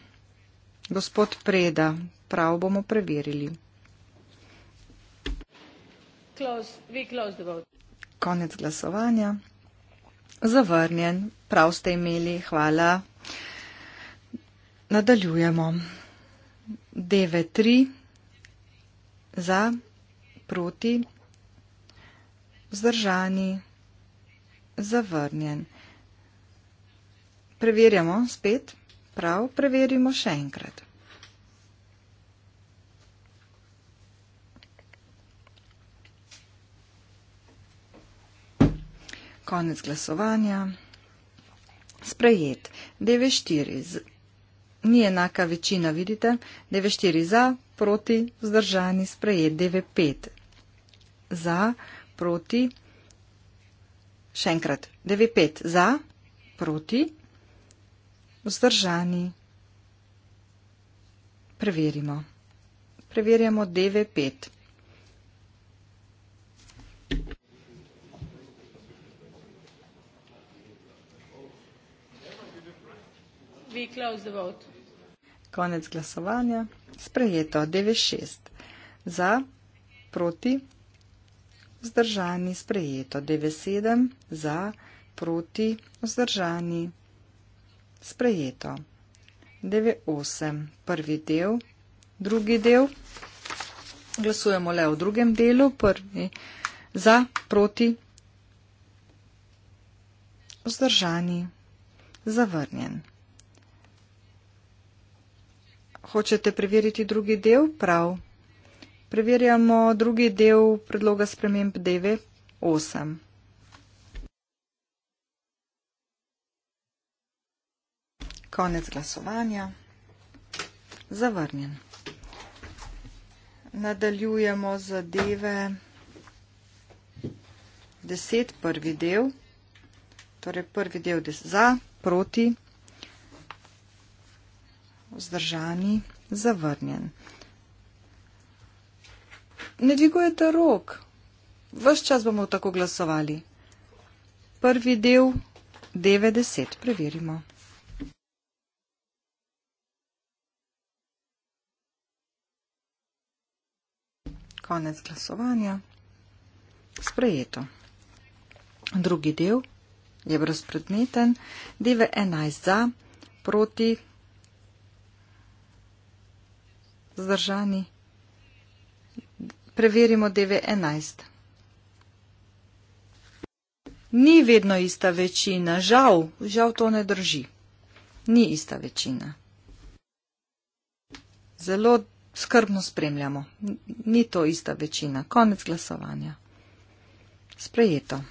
Gospod Preda, prav bomo preverili. Konec glasovanja. Zavrnjen, prav ste imeli, hvala. Nadaljujemo. DV3 za, proti, vzdržani, zavrnjen. Preverjamo spet. Prav, preverimo še enkrat. Konec glasovanja. Sprejet. 9-4. Ni enaka večina, vidite. 9-4 za, proti, vzdržani, sprejet. 9-5 za, proti, še enkrat. 9-5 za, proti, vzdržani vzdržani. Preverimo. Preverjamo DV5. Konec glasovanja. Sprejeto. DV6. Za, proti, vzdržani. Sprejeto. DV7. Za, proti, vzdržani sprejeto. 9.8. Prvi del, drugi del. Glasujemo le v drugem delu, prvi za, proti, vzdržani, zavrnjen. Hočete preveriti drugi del? Prav. Preverjamo drugi del predloga sprememb 9.8. Konec glasovanja. Zavrnjen. Nadaljujemo zadeve. Deset prvi del. Torej prvi del za, proti, vzdržani, zavrnjen. Ne dvigujete rok. Ves čas bomo tako glasovali. Prvi del 90. Preverimo. Konec glasovanja. Sprejeto. Drugi del je brezpredmeten. DV11 za, proti, zdržani. Preverimo DV11. Ni vedno ista večina. Žal, žal to ne drži. Ni ista večina. Zelo skrbno spremljamo. Ni to ista večina. Konec glasovanja. Sprejeto.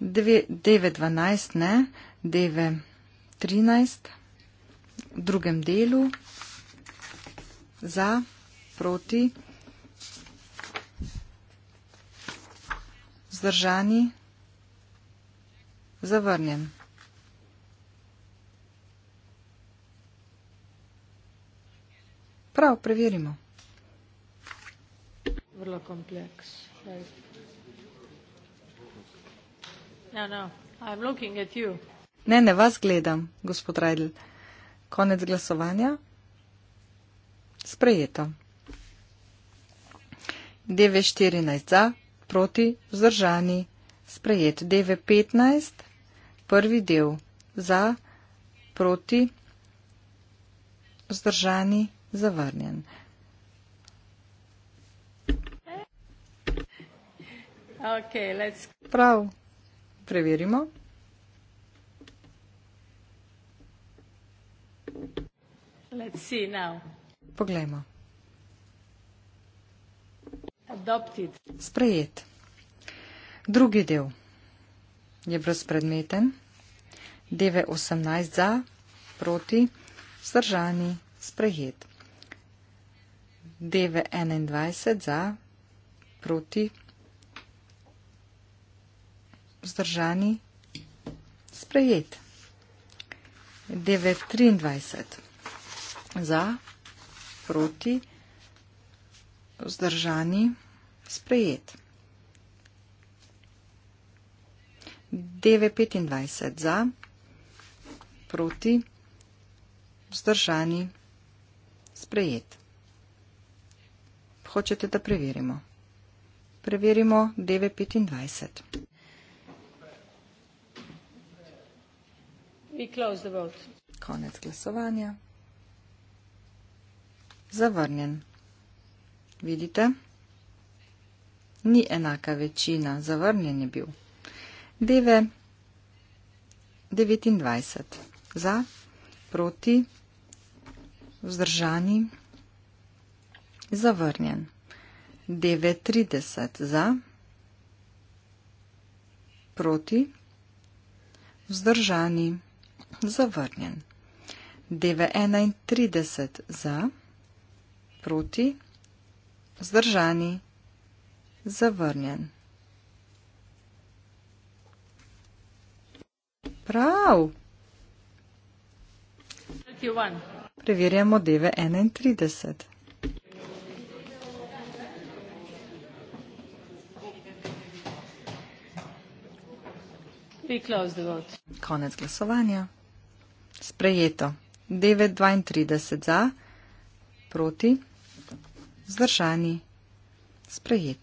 9.12. ne, 9.13. v drugem delu za, proti, zdržani, zavrnjen. Prav, preverimo. Vrlo kompleks. No, no, I'm looking at you. Ne, ne, vas gledam, gospod Rajdl. Konec glasovanja. Sprejeto. 9.14 za, proti, vzdržani. Sprejet. 9.15, prvi del. Za, proti, vzdržani. 9.16 zavrnjen. Okay, let's... Prav, preverimo. Let's see now. Poglejmo. Adopted. Sprejet. Drugi del je brezpredmeten. DV18 za, proti, zdržani, sprejet. DV21 za, proti, vzdržani, sprejet. DV23 za, proti, vzdržani, sprejet. DV25 za, proti, vzdržani, sprejet hočete, da preverimo? Preverimo 9.25. Konec glasovanja. Zavrnjen. Vidite? Ni enaka večina. Zavrnjen je bil. Deve 29. Za, proti, vzdržani. Zavrnjen. 9.30 za. Proti. Vzdržani. Zavrnjen. 9.31 za. Proti. Vzdržani. Zavrnjen. Prav. Preverjamo 9.31. Konec glasovanja. Sprejeto. 932 za, proti, zdržani. Sprejet.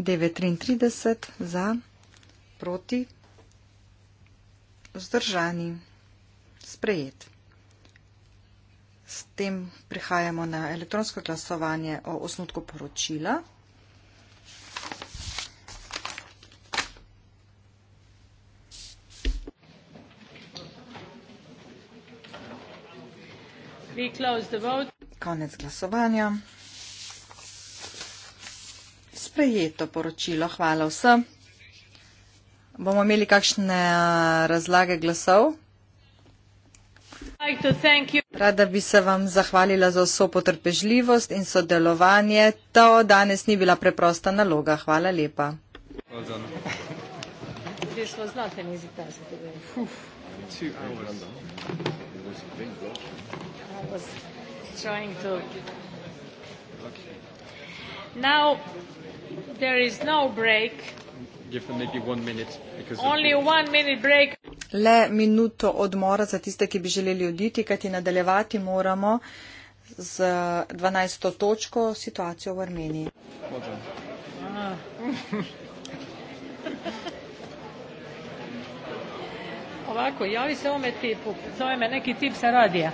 933 za, proti, zdržani. Sprejet. S tem prihajamo na elektronsko glasovanje o osnutku poročila. Konec glasovanja. Sprejeto poročilo. Hvala vsem. Bomo imeli kakšne razlage glasov? Rada bi se vam zahvalila za vso potrpežljivost in sodelovanje. To danes ni bila preprosta naloga. Hvala lepa. Well was trying to. Okay. Now there is no break. Le minuto odmora za tiste, ki bi želeli oditi, kajti nadaljevati moramo z 12. točko situacijo v Armeniji. Ovako, javi se ome tipu, zove me neki tip sa radija.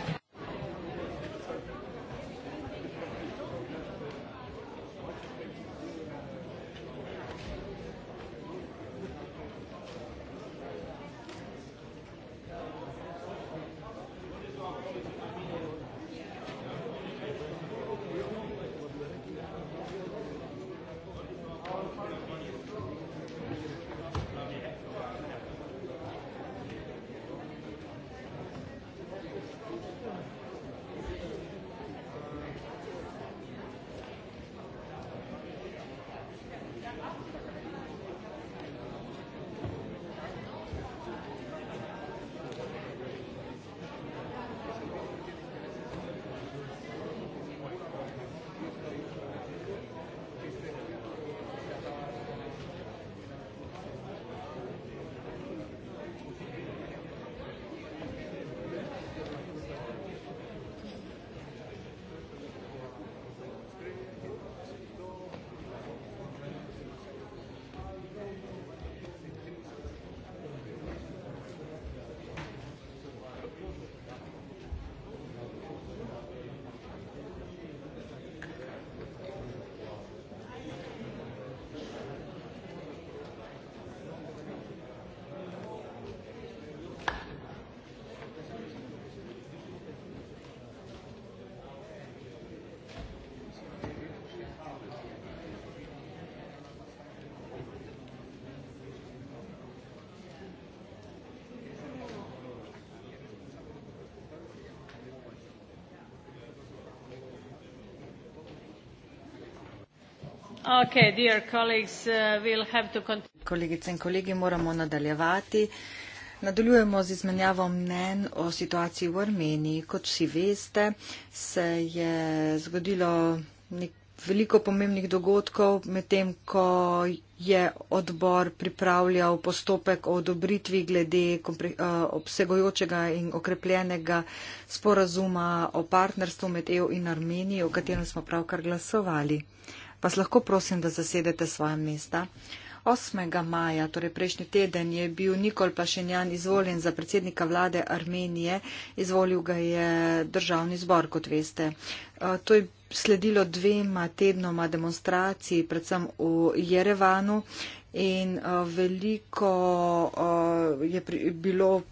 Okay, dear colleagues, uh, we'll have to Kolegice in kolegi, moramo nadaljevati. Nadaljujemo z izmenjavo mnen o situaciji v Armeniji. Kot vsi veste, se je zgodilo nek veliko pomembnih dogodkov, medtem ko je odbor pripravljal postopek o odobritvi glede uh, obsegojočega in okrepljenega sporazuma o partnerstvu med EU in Armenijo, o katerem smo pravkar glasovali. Vas lahko prosim, da zasedete svoje mesta. 8. maja, torej prejšnji teden, je bil Nikol Pašenjan izvoljen za predsednika vlade Armenije. Izvolil ga je državni zbor, kot veste. E, to je sledilo dvema tednoma demonstraciji, predvsem v Jerevanu, in uh, veliko uh, je bilo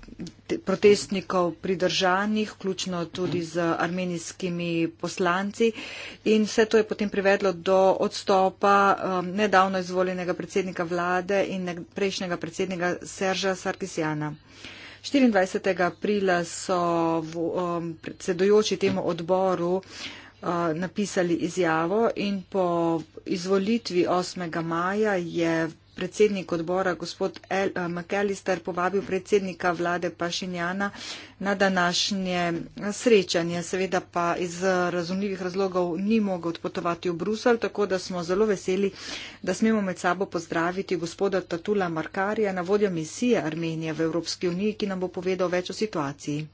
protestnikov pridržanih, vključno tudi z armenijskimi poslanci. In vse to je potem privedlo do odstopa um, nedavno izvoljenega predsednika vlade in prejšnjega predsednika Serža Sarkisjana. 24. aprila so v, um, predsedujoči temu odboru uh, napisali izjavo in po izvolitvi 8. maja je predsednik odbora gospod El, uh, McAllister povabil predsednika vlade Pašinjana na današnje srečanje. Seveda pa iz razumljivih razlogov ni mogel odpotovati v Brusel, tako da smo zelo veseli, da smemo med sabo pozdraviti gospoda Tatula Markarija, na vodjo misije Armenije v Evropski uniji, ki nam bo povedal več o situaciji.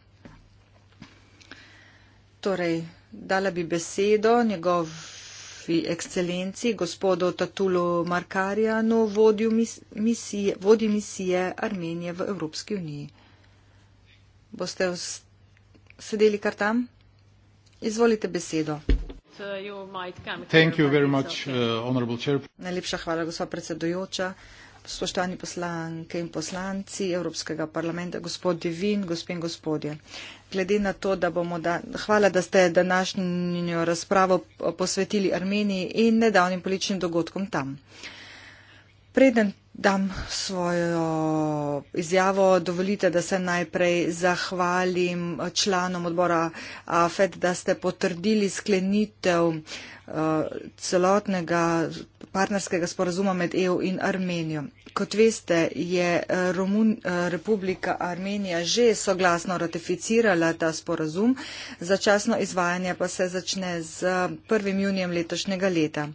Torej, dala bi besedo njegov njegovi ekscelenci gospodu Tatulu Markarjanu, vodju misije, vodji misije Armenije v Evropski uniji. Boste sedeli kar tam? Izvolite besedo. Uh, Najlepša hvala, gospod predsedujoča spoštovani poslanke in poslanci Evropskega parlamenta, gospod Devin, gospe in gospodje. Glede na to, da bomo, da, hvala, da ste današnjo razpravo posvetili Armeniji in nedavnim političnim dogodkom tam. Preden dam svojo izjavo, dovolite, da se najprej zahvalim članom odbora AFED, da ste potrdili sklenitev Eh, celotnega partnerskega sporazuma med EU in Armenijo. Kot veste, je eh, Romun, eh, Republika Armenija že soglasno ratificirala ta sporazum, začasno izvajanje pa se začne z 1. junijem letošnjega leta.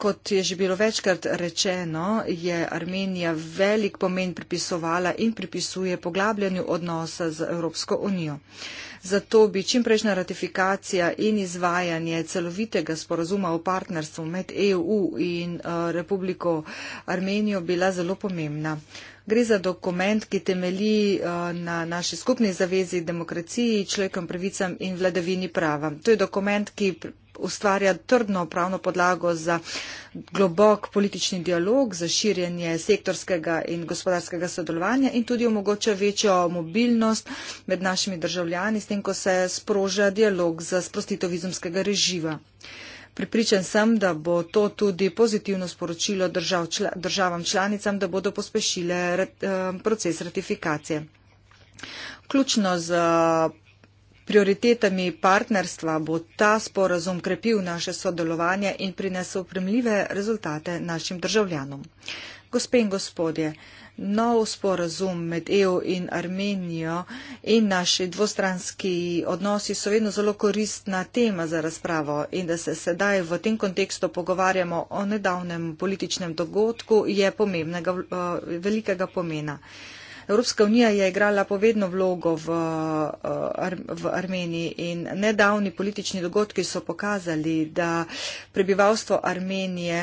Kot je že bilo večkrat rečeno, je Armenija velik pomen pripisovala in pripisuje poglabljanju odnosa z Evropsko unijo. Zato bi čimprejšnja ratifikacija in izvajanje celovitega sporazuma o partnerstvu med EU in eh, Republiko Armenijo bila zelo pomembna. Gre za dokument, ki temeli eh, na naši skupni zavezi demokraciji, človekom pravicam in vladavini prava. To je dokument, ki ustvarja trdno pravno podlago za globok politični dialog, za širjenje sektorskega in gospodarskega sodelovanja in tudi omogoča večjo mobilnost med našimi državljani, s tem, ko se sproža dialog za sprostitev vizumskega režima. Pripričan sem, da bo to tudi pozitivno sporočilo držav, čla, državam članicam, da bodo pospešile eh, proces ratifikacije. Ključno z prioritetami partnerstva bo ta sporazum krepil naše sodelovanje in prinesel premljive rezultate našim državljanom. Gospe in gospodje, nov sporazum med EU in Armenijo in naši dvostranski odnosi so vedno zelo koristna tema za razpravo in da se sedaj v tem kontekstu pogovarjamo o nedavnem političnem dogodku je velikega pomena. Evropska unija je igrala povedno vlogo v, eh, v Armeniji in nedavni politični dogodki so pokazali, da prebivalstvo Armenije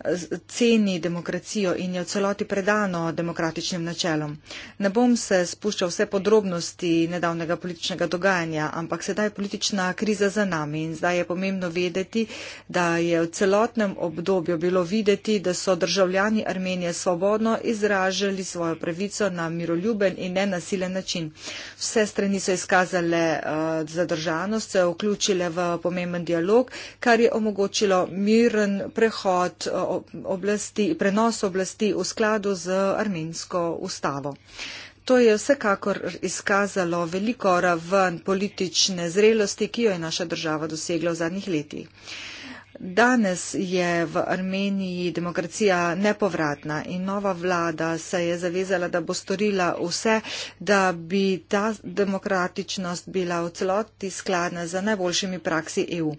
eh, ceni demokracijo in je v celoti predano demokratičnim načelom. Ne bom se spuščal vse podrobnosti nedavnega političnega dogajanja, ampak sedaj je politična kriza za nami in zdaj je pomembno vedeti, da je v celotnem obdobju bilo videti, da so državljani Armenije svobodno izražali svojo pravico na miro miroljuben in nenasilen način. Vse strani so izkazale uh, zadržanost, se vključile v pomemben dialog, kar je omogočilo miren prehod uh, oblasti, prenos oblasti v skladu z armensko ustavo. To je vsekakor izkazalo veliko raven politične zrelosti, ki jo je naša država dosegla v zadnjih letih. Danes je v Armeniji demokracija nepovratna in nova vlada se je zavezala, da bo storila vse, da bi ta demokratičnost bila v celoti skladna z najboljšimi praksi EU.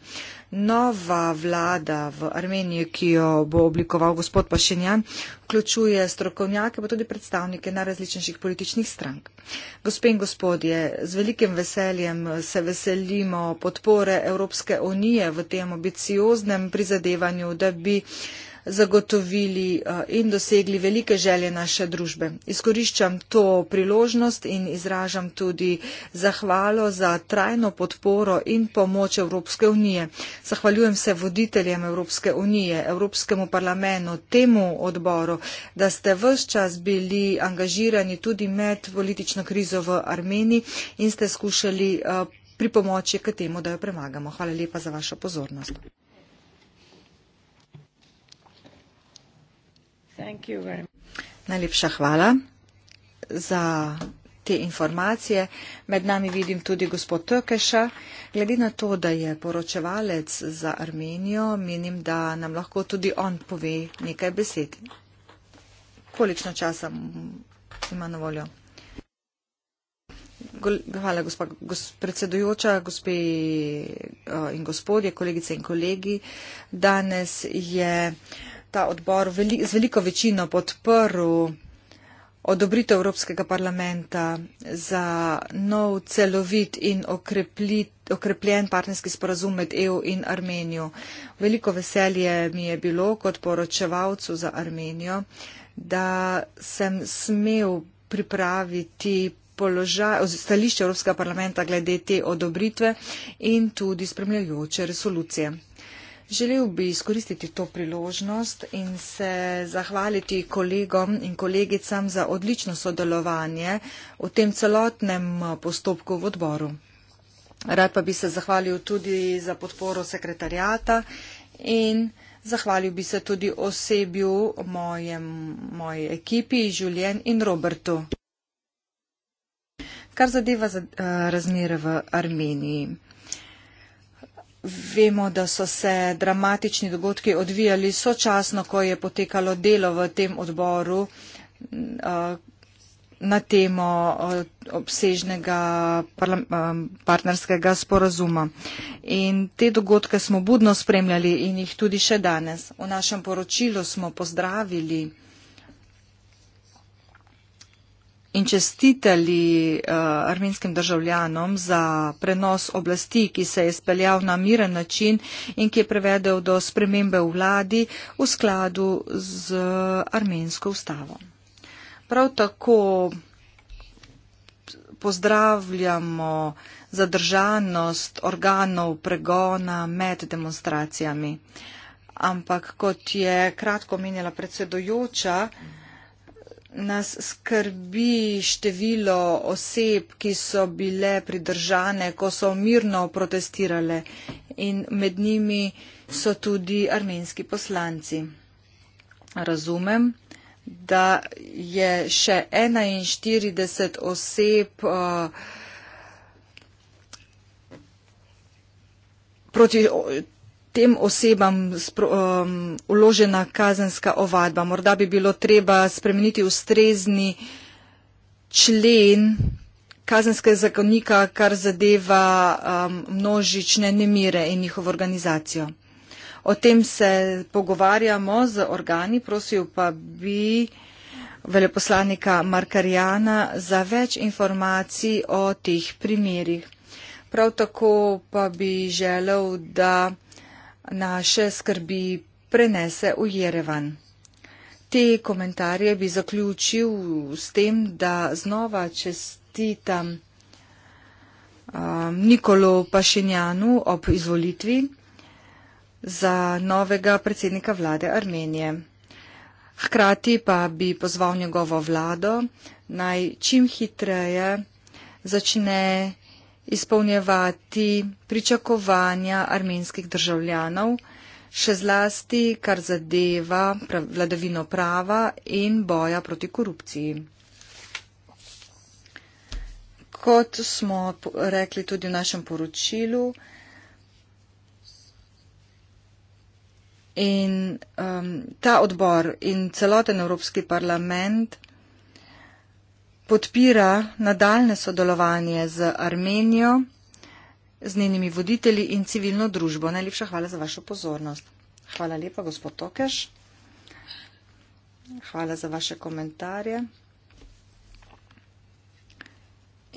Nova vlada v Armeniji, ki jo bo oblikoval gospod Pašenjan, vključuje strokovnjake, pa tudi predstavnike najrazličnejših političnih strank. Gospe in gospodje, z velikim veseljem se veselimo podpore Evropske unije v tem ambicioznem prizadevanju, da bi zagotovili eh, in dosegli velike želje naše družbe. Izkoriščam to priložnost in izražam tudi zahvalo za trajno podporo in pomoč Evropske unije. Zahvaljujem se voditeljem Evropske unije, Evropskemu parlamentu, temu odboru, da ste vse čas bili angažirani tudi med politično krizo v Armeniji in ste skušali eh, pripomoči k temu, da jo premagamo. Hvala lepa za vašo pozornost. Najlepša hvala za te informacije. Med nami vidim tudi gospod Tökeša. Glede na to, da je poročevalec za Armenijo, menim, da nam lahko tudi on pove nekaj besed. Kolikšno časa ima na voljo? Hvala, gospa gos, predsedujoča, gospe eh, in gospodje, kolegice in kolegi. Danes je uh, ta odbor veli, z veliko večino podprl odobritev Evropskega parlamenta za nov celovit in okrepli, okrepljen partnerski sporazum med EU in Armenijo. Veliko veselje mi je bilo kot poročevalcu za Armenijo, da sem smel pripraviti položaj, stališče Evropskega parlamenta glede te odobritve in tudi spremljajoče resolucije. Želel bi izkoristiti to priložnost in se zahvaliti kolegom in kolegicam za odlično sodelovanje v tem celotnem eh, postopku v odboru. Rad pa bi se zahvalil tudi za podporo sekretarjata in zahvalil bi se tudi osebju mojem, moji ekipi, Julien in Robertu. Kar zadeva eh, razmere v Armeniji. Vemo, da so se dramatični dogodki odvijali sočasno, ko je potekalo delo v tem odboru eh, na temo eh, obsežnega eh, partnerskega sporazuma. In te dogodke smo budno spremljali in jih tudi še danes. V našem poročilu smo pozdravili in čestitali uh, armenskim državljanom za prenos oblasti, ki se je speljal na miren način in ki je prevedel do spremembe vladi v skladu z armensko ustavo. Prav tako pozdravljamo zadržanost organov pregona med demonstracijami. Ampak kot je kratko omenjala predsedojoča, mm nas skrbi število oseb, ki so bile pridržane, ko so mirno protestirale in med njimi so tudi armenski poslanci. Razumem, da je še 41 oseb uh, proti. Uh, tem osebam um, uložena kazenska ovadba. Morda bi bilo treba spremeniti ustrezni člen kazenskega zakonika, kar zadeva um, množične nemire in njihovo organizacijo. O tem se pogovarjamo z organi, prosil pa bi veleposlanika Markarjana za več informacij o teh primerih. Prav tako pa bi želel, da naše skrbi prenese v Jerevan. Te komentarje bi zaključil s tem, da znova čestitam um, Nikolo Pašinjanu ob izvolitvi za novega predsednika vlade Armenije. Hkrati pa bi pozval njegovo vlado naj čim hitreje začne izpolnjevati pričakovanja armenskih državljanov, še zlasti kar zadeva vladavino prava in boja proti korupciji. Kot smo rekli tudi v našem poročilu in um, ta odbor in celoten Evropski parlament podpira nadaljne sodelovanje z Armenijo, z njenimi voditelji in civilno družbo. Najlepša hvala za vašo pozornost. Hvala lepa, gospod Tokeš. Hvala za vaše komentarje.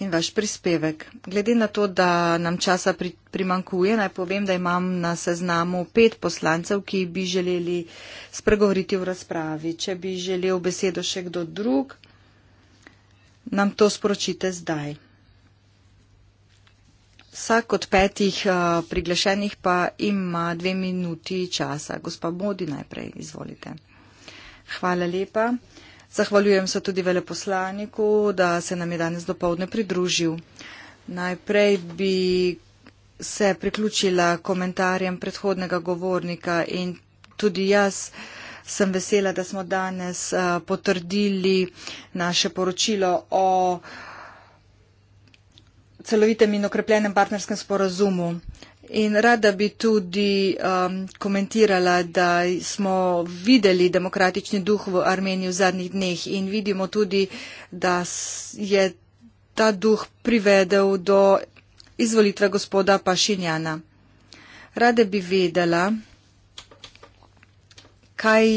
In vaš prispevek. Glede na to, da nam časa pri, primankuje, naj povem, da imam na seznamu pet poslancev, ki bi želeli spregovoriti v razpravi. Če bi želel besedo še kdo drug nam to sporočite zdaj. Vsak od petih uh, eh, priglašenih pa ima dve minuti časa. Gospa Modi, najprej izvolite. Hvala lepa. Zahvaljujem se tudi veleposlaniku, da se nam je danes dopovdne pridružil. Najprej bi se priključila komentarjem predhodnega govornika in tudi jaz uh, sem vesela, da smo danes eh, potrdili naše poročilo o celovitem in okrepljenem partnerskem sporazumu. In rada bi tudi um, komentirala, da smo videli demokratični duh v Armeniji v zadnjih dneh in vidimo tudi, da je ta duh privedel do izvolitve gospoda Pašinjana. Rada bi vedela, kaj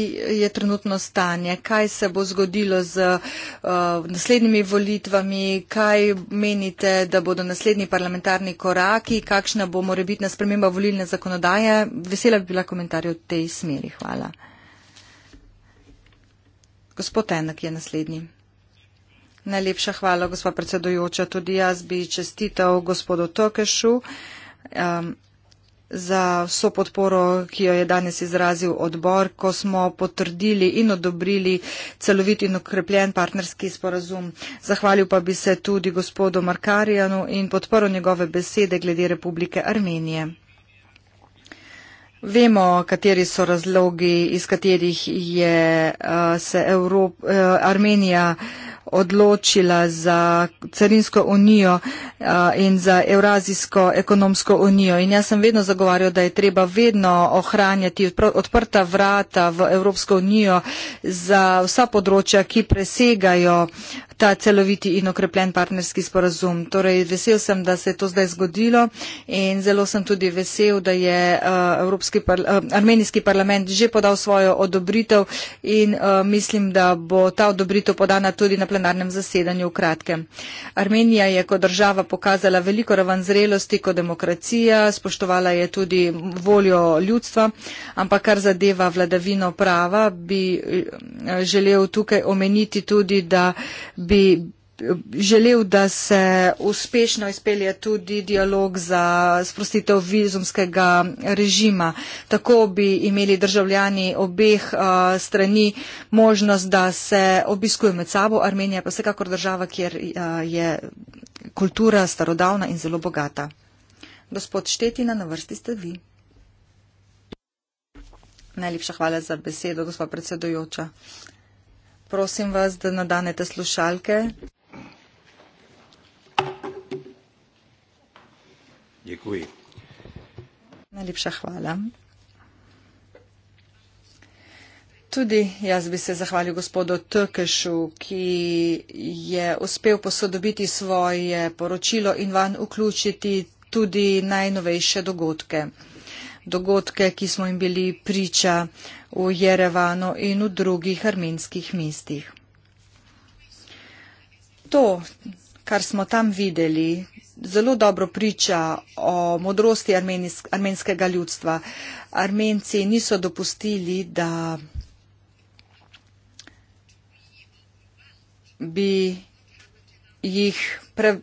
je trenutno stanje, kaj se bo zgodilo z uh, naslednjimi volitvami, kaj menite, da bodo naslednji parlamentarni koraki, kakšna bo morebitna sprememba volilne zakonodaje. Vesela bi bila komentarja v tej smeri. Hvala. Gospod Enak je naslednji. Najlepša hvala, gospod predsedujoča. Tudi jaz bi čestital gospodu Tokešu. Um, za vso podporo, ki jo je danes izrazil odbor, ko smo potrdili in odobrili celovit in okrepljen partnerski sporazum. Zahvalil pa bi se tudi gospodu Markarijanu in podporo njegove besede glede Republike Armenije. Vemo, kateri so razlogi, iz katerih je uh, se Evrop, uh, Armenija uh, odločila za carinsko unijo eh, in za Eurazijsko ekonomsko unijo. In jaz sem vedno zagovarjal, da je treba vedno ohranjati odprta vrata v Evropsko unijo za vsa področja, ki presegajo ta celoviti in okrepljen partnerski sporazum. Torej, vesel sem, da se je to zdaj zgodilo in zelo sem tudi vesel, da je uh, par, uh, armenijski parlament že podal svojo odobritev in uh, mislim, da bo ta odobritev podana tudi na plenarni plenarnem zasedanju v kratkem. Armenija je kot država pokazala veliko raven zrelosti kot demokracija, spoštovala je tudi voljo ljudstva, ampak kar zadeva vladavino prava, bi eh, želel tukaj omeniti tudi, da bi želel, da se uspešno izpelje tudi dialog za sprostitev vizumskega režima. Tako bi imeli državljani obeh uh, strani možnost, da se obiskujejo med sabo. Armenija pa vsekakor država, kjer uh, je kultura starodavna in zelo bogata. Gospod Štetina, na vrsti ste vi. Najlepša hvala za besedo, gospod predsedujoča. Prosim vas, da nadanete slušalke. Děkuji. Najlepša hvala. Tudi jaz bi se zahvalil gospodu Tkešu, ki je uspel posodobiti svoje poročilo in van vključiti tudi najnovejše dogodke. Dogodke, ki smo jim bili priča v Jerevanu in v drugih armenskih mestih. To, kar smo tam videli, zelo dobro priča o modrosti armenskega ljudstva. Armenci niso dopustili, da bi jih pre,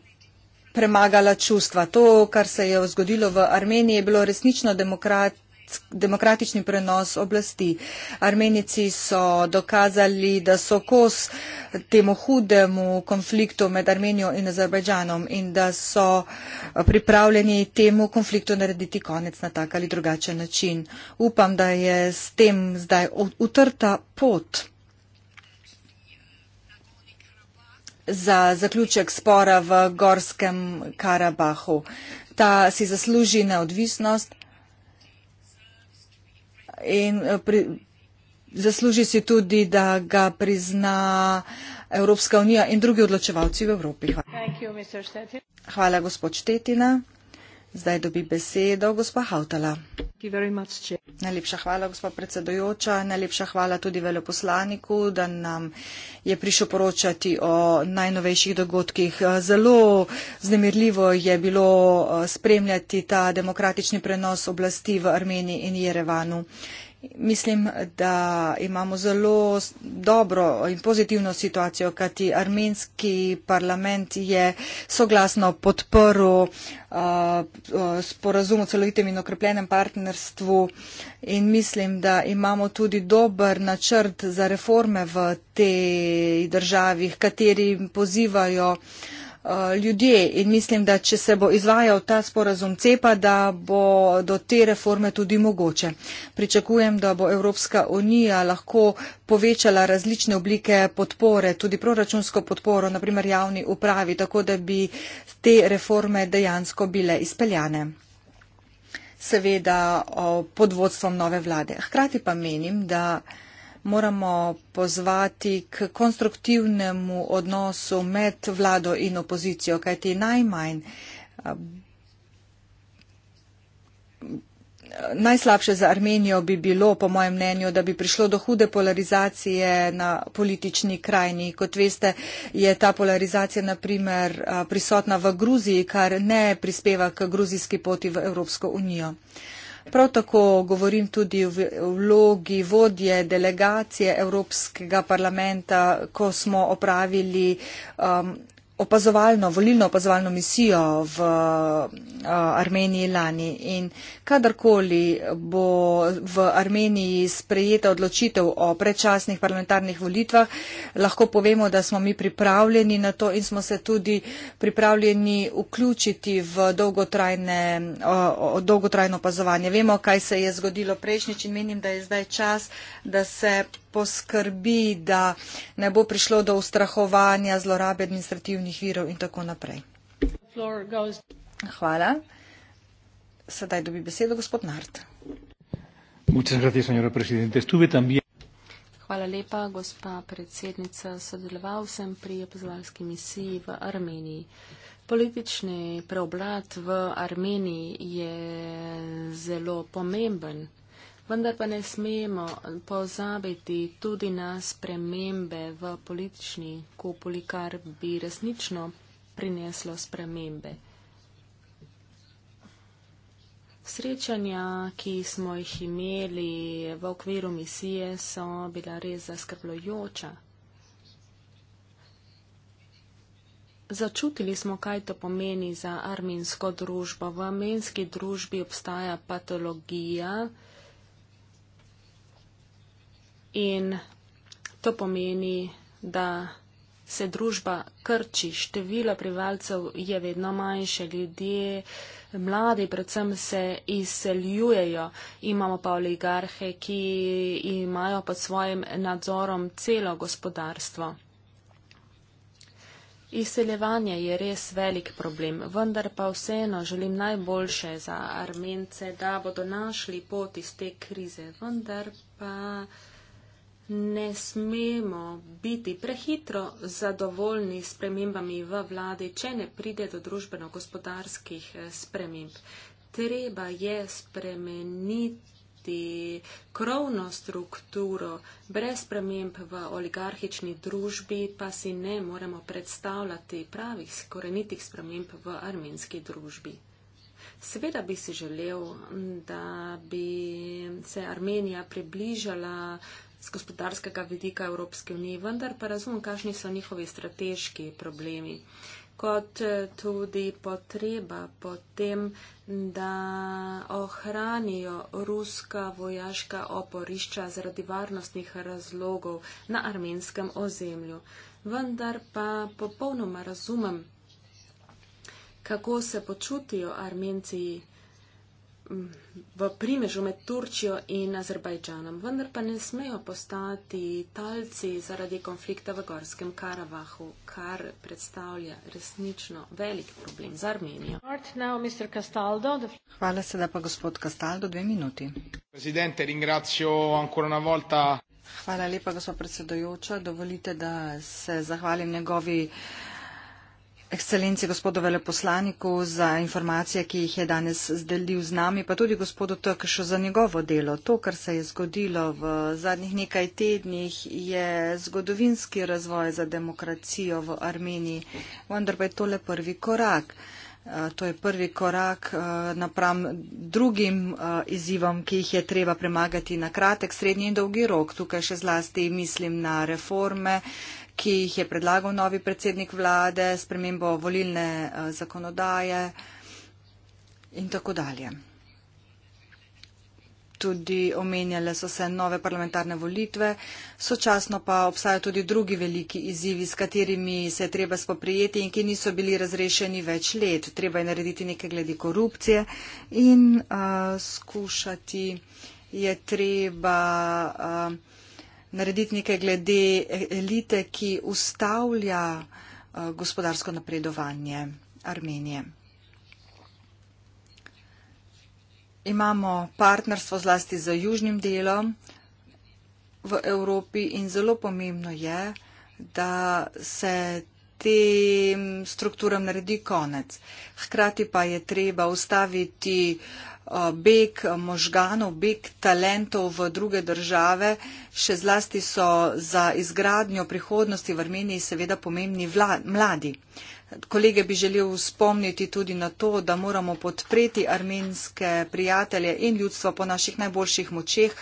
premagala čustva. To, kar se je zgodilo v Armeniji, je bilo resnično demokratično demokratični prenos oblasti. Armenici so dokazali, da so kos temu hudemu konfliktu med Armenijo in Azerbajdžanom in da so pripravljeni temu konfliktu narediti konec na tak ali drugačen način. Upam, da je s tem zdaj utrta pot. za zaključek spora v Gorskem Karabahu. Ta si zasluži neodvisnost, in eh, pri, zasluži si tudi, da ga prizna Evropska unija in drugi odločevalci v Evropi. Hvala, Hvala gospod Štetina. Zdaj dobi besedo gospa Hautala. Najlepša hvala, gospa predsedojoča. Najlepša hvala tudi veleposlaniku, da nam je prišel poročati o najnovejših dogodkih. Zelo znemirljivo je bilo eh, spremljati ta demokratični prenos oblasti v Armeniji in Jerevanu. Mislim, da imamo zelo dobro in pozitivno situacijo, kajti armenski parlament je soglasno podprl uh, uh, sporazum o celovitem in okrepljenem partnerstvu in mislim, da imamo tudi dober načrt za reforme v tej državi, kateri pozivajo uh, Eh, ljudje in mislim, da če se bo izvajal ta sporazum cepa, da bo do te reforme tudi mogoče. Pričakujem, da bo Evropska unija lahko povečala različne oblike podpore, tudi proračunsko podporo, naprimer javni upravi, tako da bi te reforme dejansko bile izpeljane seveda pod vodstvom nove vlade. Hkrati pa menim, da moramo pozvati k konstruktivnemu odnosu med vlado in opozicijo, kajti najmanj eh, Najslabše za Armenijo bi bilo, po mojem mnenju, da bi prišlo do hude polarizacije na politični krajni. Kot veste, je ta polarizacija naprimer eh, prisotna v Gruziji, kar ne prispeva k gruzijski poti v Evropsko unijo. Prav tako govorim tudi v vlogi vodje delegacije Evropskega parlamenta, ko smo opravili um, opazovalno, volilno opazovalno misijo v eh, Armeniji lani in kadarkoli bo v Armeniji sprejeta odločitev o predčasnih parlamentarnih volitvah, lahko povemo, da smo mi pripravljeni na to in smo se tudi pripravljeni vključiti v dolgotrajne, eh, dolgotrajno opazovanje. Vemo, kaj se je zgodilo prejšnjič in menim, da je zdaj čas, da se poskrbi, da ne bo prišlo do ustrahovanja, zlorabe administrativnih virov in tako naprej. Hvala. Sedaj dobi besedo gospod Nart. Hvala lepa, gospa predsednica, sodeloval sem pri opozovalski misiji v Armeniji. Politični preoblad v Armeniji je zelo pomemben Vendar pa ne smemo pozabiti tudi na spremembe v politični kupoli, kar bi resnično prineslo spremembe. Srečanja, ki smo jih imeli v okviru misije, so bila res zaskrbljujoča. Začutili smo, kaj to pomeni za arminsko družbo. V armenski družbi obstaja patologija, In to pomeni, da se družba krči, število prebivalcev je vedno manjše, ljudje, mladi predvsem se izseljujejo, imamo pa oligarhe, ki imajo pod svojim nadzorom celo gospodarstvo. Izseljevanje je res velik problem, vendar pa vseeno želim najboljše za armence, da bodo našli pot iz te krize, vendar pa. Ne smemo biti prehitro zadovoljni s premembami v vladi, če ne pride do družbeno-gospodarskih eh, sprememb. Treba je spremeniti krovno strukturo. Brez sprememb v oligarhični družbi pa si ne moremo predstavljati pravih korenitih sprememb v armenski družbi. Seveda bi si želel, da bi se Armenija približala z gospodarskega vidika Evropske unije, vendar pa razumem, kakšni so njihovi strateški problemi, kot eh, tudi potreba potem, da ohranijo ruska vojaška oporišča zaradi varnostnih razlogov na armenskem ozemlju. Vendar pa popolnoma razumem, kako se počutijo armenci v primežu med Turčijo in Azerbajdžanom, vendar pa ne smejo postati talci zaradi konflikta v Gorskem Karavahu, kar predstavlja resnično velik problem za Armenijo. Hvala se da pa gospod Kastaldo, dve minuti. Presidente, ringrazio ancora una volta. Hvala lepa, gospod predsedojoča. Dovolite, da se zahvalim njegovi ekscelenci gospodu veleposlaniku za informacije, ki jih je danes zdelil z nami, pa tudi gospodu Tokšu za njegovo delo. To, kar se je zgodilo v zadnjih nekaj tednih, je zgodovinski razvoj za demokracijo v Armeniji, vendar pa je tole prvi korak. Eh, to je prvi korak eh, napram drugim eh, izzivom, ki jih je treba premagati na kratek, srednji in dolgi rok. Tukaj še zlasti mislim na reforme, ki jih je predlagal novi predsednik vlade, spremembo volilne eh, zakonodaje in tako dalje. Tudi omenjale so se nove parlamentarne volitve, sočasno pa obstajajo tudi drugi veliki izzivi, s katerimi se je treba spoprijeti in ki niso bili razrešeni več let. Treba je narediti nekaj glede korupcije in uh, skušati je treba. Uh, narediti nekaj glede elite, ki ustavlja eh, gospodarsko napredovanje Armenije. Imamo partnerstvo zlasti z južnim delom v Evropi in zelo pomembno je, da se tem strukturam naredi konec. Hkrati pa je treba ustaviti uh, Eh, beg možganov, beg talentov v druge države, še zlasti so za izgradnjo prihodnosti v Armeniji seveda pomembni vla, mladi. Kolege bi želel spomniti tudi na to, da moramo podpreti armenske prijatelje in ljudstvo po naših najboljših močeh,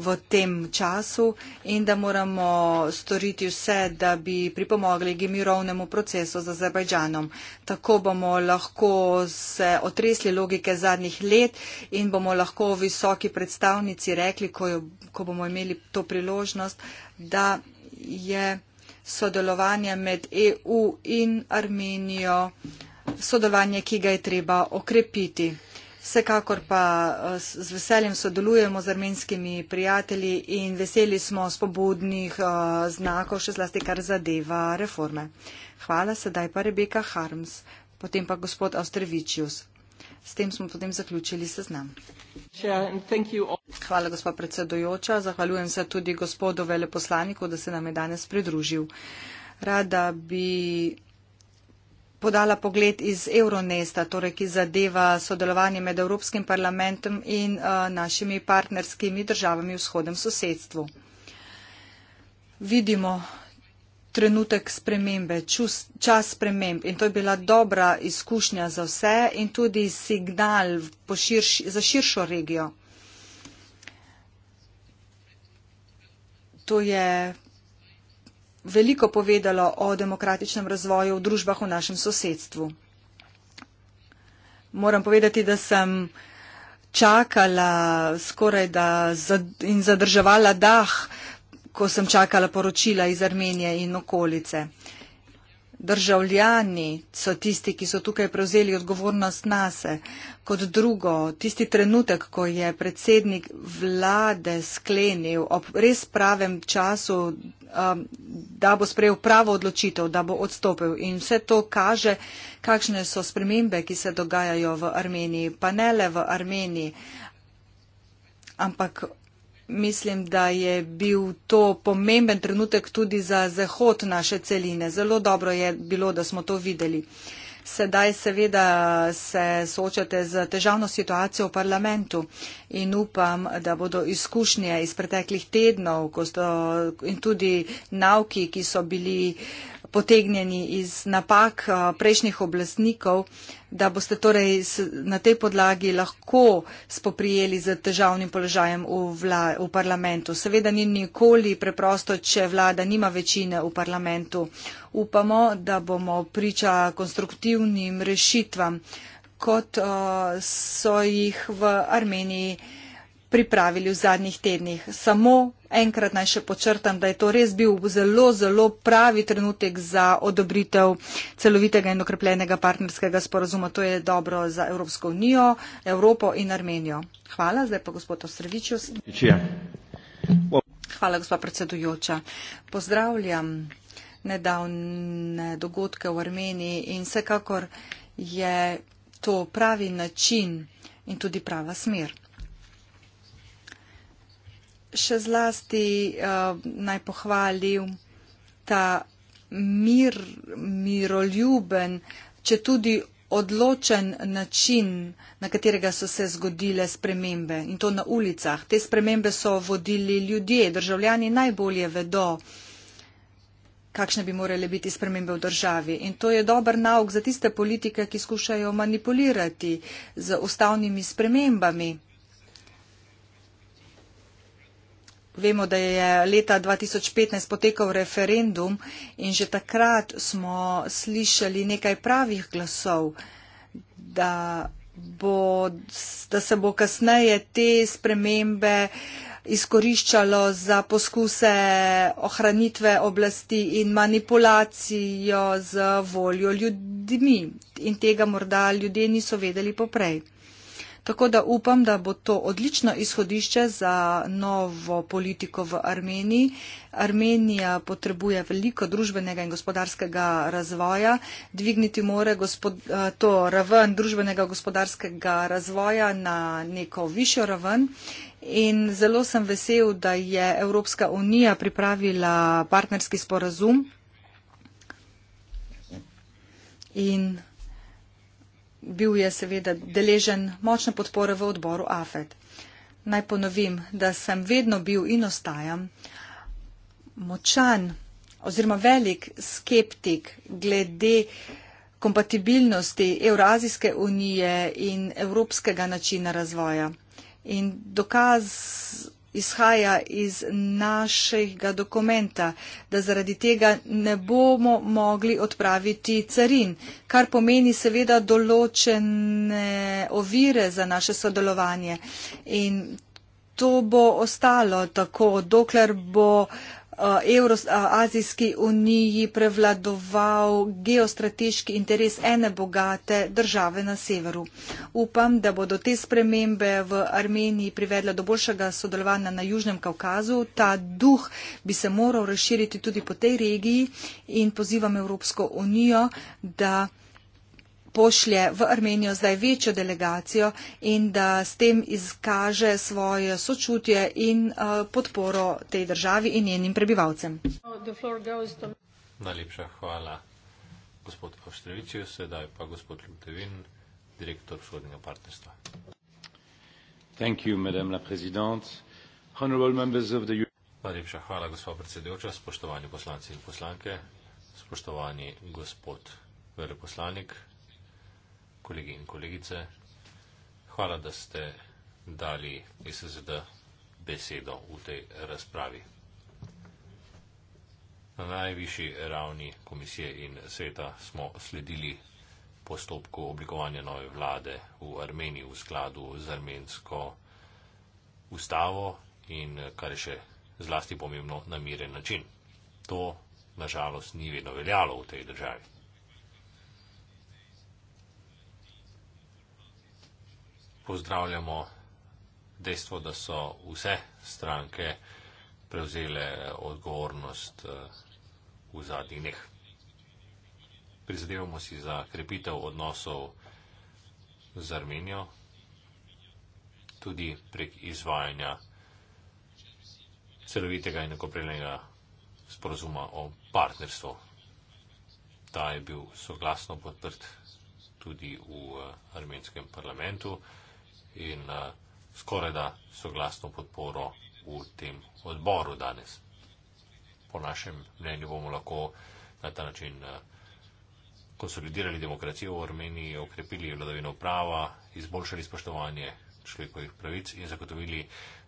v tem času in da moramo storiti vse, da bi pripomogli k mirovnemu procesu z Azerbajdžanom. Tako bomo lahko se otresli logike zadnjih let in bomo lahko visoki predstavnici rekli, ko, jo, ko bomo imeli to priložnost, da je sodelovanje med EU in Armenijo sodelovanje, ki ga je treba okrepiti. Vsekakor pa eh, z veseljem sodelujemo z armenskimi prijatelji in veseli smo spobodnih eh, znakov, še zlasti kar zadeva reforme. Hvala, sedaj pa Rebeka Harms, potem pa gospod Austrevičius. S tem smo potem zaključili seznam. Hvala, gospod predsedojoča. Zahvaljujem se tudi gospodu veleposlaniku, da se nam je danes pridružil. Rada bi podala pogled iz Euronesta, torej ki zadeva sodelovanje med Evropskim parlamentom in uh, našimi partnerskimi državami v shodem sosedstvu. Vidimo trenutek spremembe, čus, čas sprememb in to je bila dobra izkušnja za vse in tudi signal širš, za širšo regijo. To je veliko povedalo o demokratičnem razvoju v družbah v našem sosedstvu. Moram povedati, da sem čakala skoraj da in zadrževala dah, ko sem čakala poročila iz Armenije in okolice državljani so tisti, ki so tukaj prevzeli odgovornost nase. Kot drugo, tisti trenutek, ko je predsednik vlade sklenil ob res pravem času, um, da bo sprejel pravo odločitev, da bo odstopil. In vse to kaže, kakšne so spremembe, ki se dogajajo v Armeniji. Pa ne le v Armeniji, ampak Mislim, da je bil to pomemben trenutek tudi za zahod naše celine. Zelo dobro je bilo, da smo to videli. Sedaj seveda se soočate z težavno situacijo v parlamentu in upam, da bodo izkušnje iz preteklih tednov in tudi navki, ki so bili uh, potegnjeni iz napak eh, prejšnjih oblastnikov, da boste torej na tej podlagi lahko spoprijeli z težavnim položajem v, vla, v parlamentu. Seveda ni nikoli preprosto, če vlada nima večine v parlamentu. Upamo, da bomo priča konstruktivnim rešitvam, kot eh, so jih v Armeniji pripravili v zadnjih tednih. Samo Enkrat naj še počrtam, da je to res bil zelo, zelo pravi trenutek za odobritev celovitega in okrepljenega partnerskega sporazuma. To je dobro za Evropsko unijo, Evropo in Armenijo. Hvala, zdaj pa gospod Ostrevičus. Hvala, gospod predsedujoča. Pozdravljam nedavne dogodke v Armeniji in vsekakor je to pravi način in tudi prava smer še zlasti uh, naj pohvalil ta mir, miroljuben, če tudi odločen način, na katerega so se zgodile spremembe in to na ulicah. Te spremembe so vodili ljudje, državljani najbolje vedo, kakšne bi morale biti spremembe v državi. In to je dober nauk za tiste politike, ki skušajo manipulirati z ustavnimi spremembami. Vemo, da je leta 2015 potekal referendum in že takrat smo slišali nekaj pravih glasov, da, bo, da se bo kasneje te spremembe izkoriščalo za poskuse ohranitve oblasti in manipulacijo z voljo ljudmi. In tega morda ljudje niso vedeli poprej. Tako da upam, da bo to odlično izhodišče za novo politiko v Armeniji. Armenija potrebuje veliko družbenega in gospodarskega razvoja. Dvigniti more gospod, eh, to raven družbenega in gospodarskega razvoja na neko višjo raven. In zelo sem vesel, da je Evropska unija pripravila partnerski sporazum. In bil je seveda deležen močne podpore v odboru AFED. Naj ponovim, da sem vedno bil in ostajam močan oziroma velik skeptik glede kompatibilnosti Eurazijske unije in evropskega načina razvoja. In dokaz izhaja iz našega dokumenta, da zaradi tega ne bomo mogli odpraviti carin, kar pomeni seveda določene ovire za naše sodelovanje. In to bo ostalo tako, dokler bo uh, Eh, Evroazijski eh, uniji prevladoval geostrateški interes ene bogate države na severu. Upam, da bodo te spremembe v Armeniji privedle do boljšega sodelovanja na Južnem Kaukazu. Ta duh bi se moral razširiti tudi po tej regiji in pozivam Evropsko unijo, da pošlje v Armenijo zdaj večjo delegacijo in da s tem izkaže svoje sočutje in eh, podporo tej državi in njenim prebivalcem. Najlepša hvala, gospod Avštrevičev, sedaj pa gospod Ljutevin, direktor vzhodnega partnerstva. Najlepša hvala, gospod predsedujoča, spoštovani poslanci in poslanke, spoštovani gospod veleposlanik, kolegi in kolegice. Hvala, da ste dali SSD besedo v tej razpravi. Na najvišji ravni komisije in sveta smo sledili postopku oblikovanja nove vlade v Armeniji v skladu z armensko ustavo in, kar je še zlasti pomembno, na miren način. To, nažalost, ni vedno veljalo v tej državi. pozdravljamo dejstvo, da so vse stranke prevzele odgovornost eh, v zadnjih dneh. Prizadevamo si za krepitev odnosov z Armenijo, tudi prek izvajanja celovitega in enakopravnega sporozuma o partnerstvu. Ta je bil soglasno podprt tudi v eh, armenskem parlamentu in uh, eh, skoraj da soglasno podporo v tem odboru danes. Po našem mnenju bomo lahko na ta način uh, konsolidirali demokracijo v Armeniji, okrepili vladavino prava, izboljšali spoštovanje človekovih pravic in zagotovili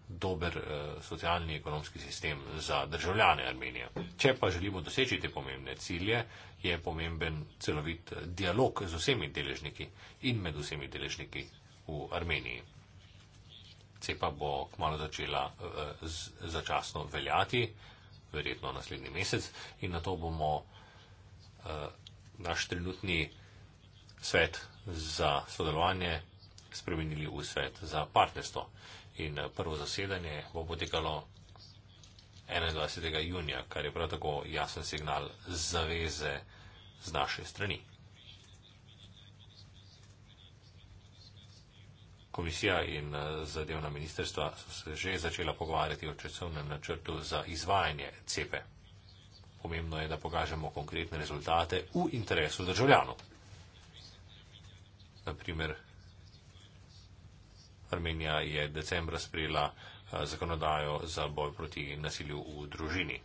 dober uh, socialni ekonomski sistem za državljane Armenije. Če pa želimo doseči te pomembne cilje, je pomemben celovit dialog z vsemi deležniki in med vsemi deležniki v Armeniji. Cepa bo kmalo začela eh, začasno veljati, verjetno naslednji mesec, in na to bomo eh, naš trenutni svet za sodelovanje spremenili v svet za partnerstvo. In eh, prvo zasedanje bo potekalo 21. junija, kar je prav tako jasen signal zaveze z naše strani. Komisija in eh, zadevna ministerstva so se že začela pogovarjati o časovnem načrtu za izvajanje cepe. Pomembno je, da pokažemo konkretne rezultate v interesu državljanov. Naprimer, Armenija je decembra sprejela eh, zakonodajo za boj proti nasilju v družini.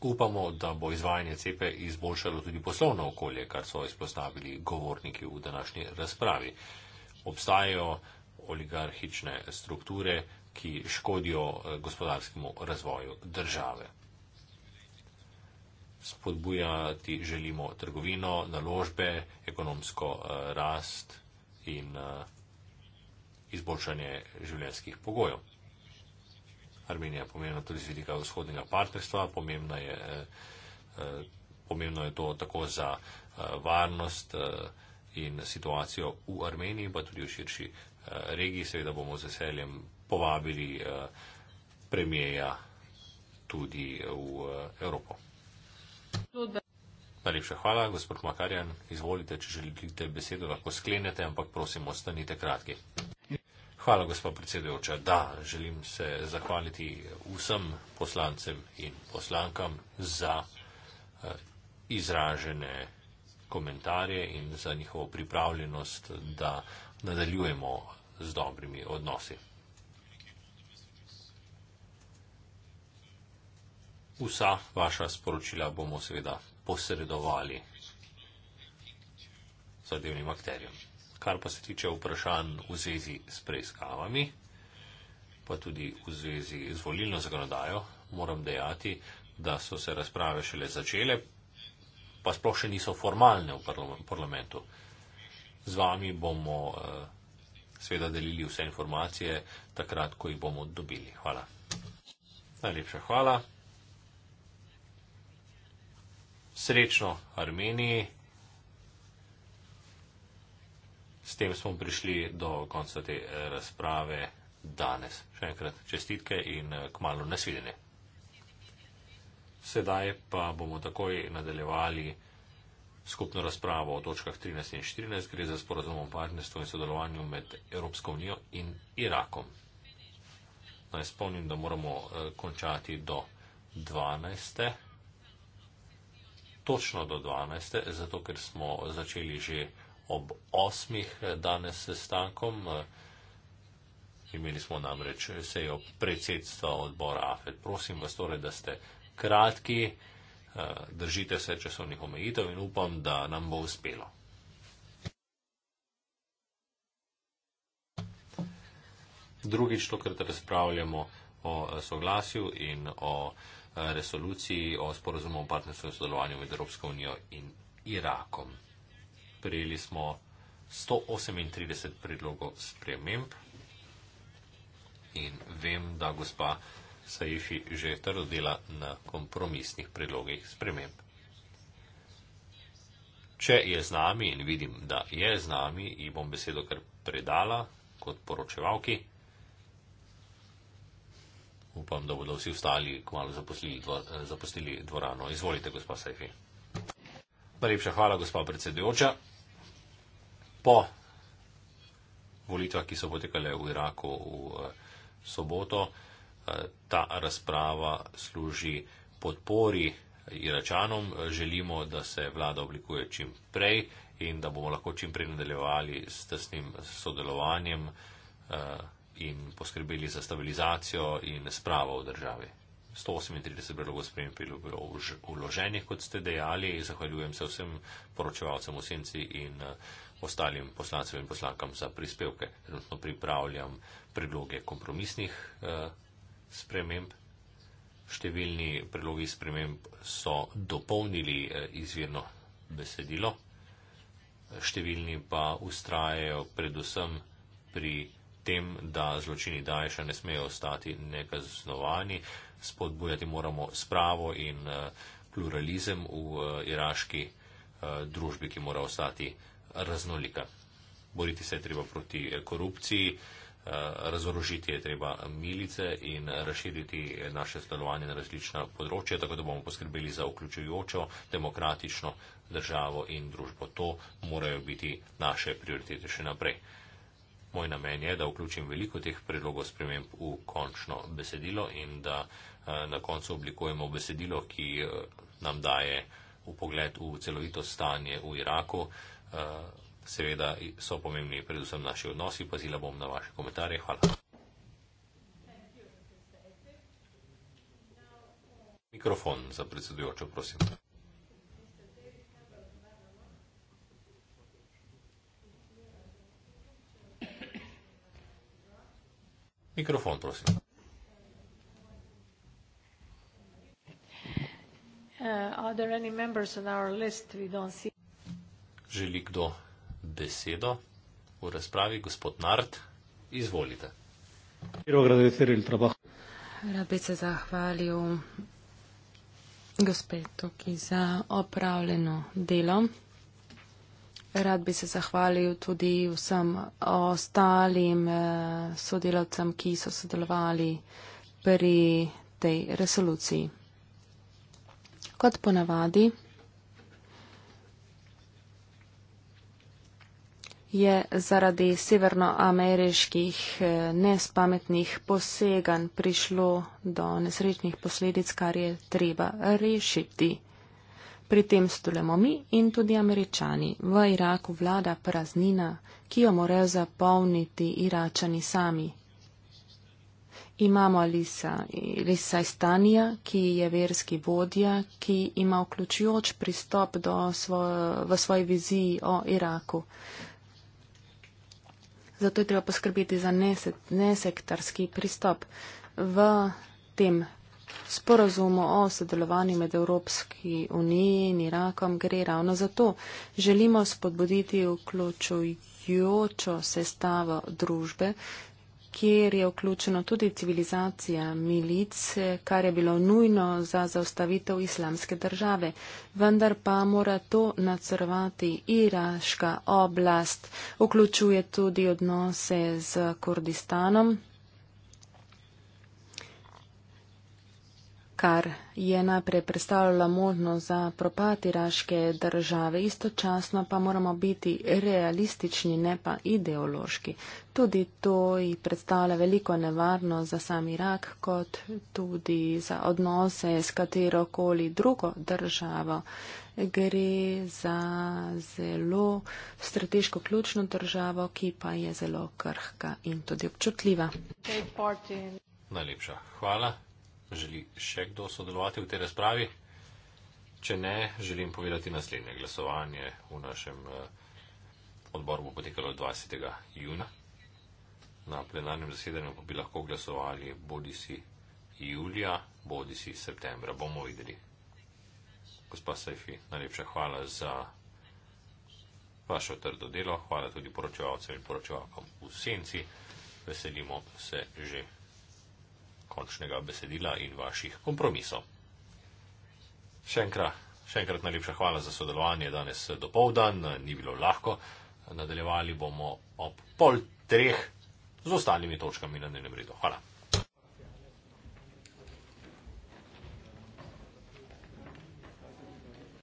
Upamo, da bo izvajanje cepe izboljšalo tudi poslovno okolje, kar so izpostavili govorniki v današnji razpravi obstajajo oligarhične strukture, ki škodijo eh, gospodarskemu razvoju države. Spodbujati želimo trgovino, naložbe, ekonomsko eh, rast in eh, izboljšanje življenjskih pogojev. Armenija je pomembna tudi z vidika vzhodnega partnerstva, pomembno je, pomembno je to tako za varnost, in situacijo v Armeniji, pa tudi v širši eh, regiji. Seveda bomo z veseljem povabili eh, premijeja tudi v eh, Evropo. Najlepša hvala, gospod Makarjan. Izvolite, če želite besedo, lahko sklenete, ampak prosim, ostanite kratki. Hvala, gospod predsedujoča. Da, želim se zahvaliti vsem poslancem in poslankam za izražene komentarje in za njihovo pripravljenost, da nadaljujemo z dobrimi odnosi. Vsa vaša sporočila bomo seveda posredovali zadevnim akterjem. Kar pa se tiče vprašanj v zvezi s preiskavami, pa tudi v zvezi z volilno zakonodajo, moram dejati, da so se razprave šele začele, pa sploh še niso formalne v parlamentu. Z vami bomo eh, sveda delili vse informacije, takrat, ko jih bomo dobili. Hvala. Najlepša hvala. Srečno Armeniji. S tem smo prišli do konca te eh, razprave danes. Še enkrat čestitke in eh, k malu nasvidenje. Sedaj pa bomo takoj nadaljevali skupno razpravo o točkah 13 in 14, gre za sporazum o partnerstvu in sodelovanju med Evropsko unijo in Irakom. Naj spomnim, da moramo eh, končati do 12. Točno do 12. zato ker smo začeli že ob 8. Eh, danes s stankom. Eh, imeli smo namreč sejo predsedstva odbora AFED. Prosim vas torej, da ste kratki, eh, držite se časovnih omejitev in upam, da nam bo uspelo. Drugič, tokrat razpravljamo o eh, soglasju in o eh, resoluciji o sporozumu o partnerstvu in sodelovanju med Evropsko unijo in Irakom. Prijeli smo 138 predlogov sprememb in vem, da gospa Saifi že trdo dela na kompromisnih predlogih sprememb. Če je z nami in vidim, da je z nami, ji bom besedo kar predala kot poročevalki. Upam, da bodo vsi ostali kmalo zaposlili, dvo, eh, zaposlili dvorano. Izvolite, gospa Saifi. Najlepša hvala, gospa predsedujoča. Po volitvah, ki so potekale v Iraku v eh, soboto, ta razprava služi podpori Iračanom. Želimo, da se vlada oblikuje čim prej in da bomo lahko čim prej nadaljevali s tesnim sodelovanjem eh, in poskrbeli za stabilizacijo in spravo v državi. 138 predlogov sprejem bilo uloženih, kot ste dejali. Zahvaljujem se vsem poročevalcem v Senci in eh, ostalim poslancem in poslankam za prispevke. Trenutno pripravljam predloge kompromisnih eh, sprememb. Številni predlogi sprememb so dopolnili eh, izvirno besedilo, številni pa ustrajajo predvsem pri tem, da zločini Daesha ne smejo ostati nekaznovani, spodbujati moramo spravo in eh, pluralizem v eh, iraški družbi, ki mora ostati raznolika. Boriti se je treba proti korupciji. Eh, razorožiti je treba milice in razširiti naše sodelovanje na različna področja, tako da bomo poskrbeli za vključujočo demokratično državo in družbo. To morajo biti naše prioritete še naprej. Moj namen je, da vključim veliko teh predlogov sprememb v končno besedilo in da eh, na koncu oblikujemo besedilo, ki eh, nam daje v pogled v celovito stanje v Iraku seveda so pomembni predvsem naši odnosi. Pazila bom na vaše komentarje. Hvala. Mikrofon za predsedujočo, prosim. Mikrofon, prosim. Uh, Želi kdo besedo v razpravi gospod Nart. Izvolite. Quiero agradecer el trabajo. Rad bi se zahvalil gospetu, ki za opravljeno delo. Rad bi se zahvalil tudi vsem ostalim eh, sodelavcem, ki so sodelovali pri tej resoluciji. Kot ponavadi, je zaradi severnoameriških eh, nespametnih poseganj prišlo do nesrečnih posledic, kar je treba rešiti. Pri tem stulemo mi in tudi američani. V Iraku vlada praznina, ki jo morajo zapolniti iračani sami. Imamo Lisa, Lisa Istanija, ki je verski vodja, ki ima vključujoč pristop svo, v svoji viziji o Iraku. Zato je treba poskrbeti za nesektarski pristop. V tem sporozumu o sodelovanju med Evropski uniji in Irakom gre ravno za to. Želimo spodbuditi vključujočo sestavo družbe, kjer je vključeno tudi civilizacija milic, kar je bilo nujno za zaustavitev islamske države. Vendar pa mora to nadzorovati iraška oblast, vključuje tudi odnose z Kurdistanom. kar je najprej predstavljala možnost za propad iraške države, istočasno pa moramo biti realistični, ne pa ideološki. Tudi to ji predstavlja veliko nevarnost za sam Irak, kot tudi za odnose s katerokoli drugo državo. Gre za zelo strateško ključno državo, ki pa je zelo krhka in tudi občutljiva. Najlepša hvala. Želi še kdo sodelovati v tej razpravi? Če ne, želim povedati naslednje. Glasovanje v našem eh, odboru bo potekalo 20. juna. Na plenarnem zasedanju bi lahko glasovali bodi si julija, bodi si septembra. Bomo videli. Gospa Sefi, najlepša hvala za vašo trdo delo. Hvala tudi poročevalcem in poročevalkam v senci. Veselimo se že končnega besedila in vaših kompromisov. Še enkrat, še enkrat najlepša hvala za sodelovanje danes do povdan, ni bilo lahko. Nadaljevali bomo ob pol treh z ostalimi točkami na dnevnem redu. Hvala.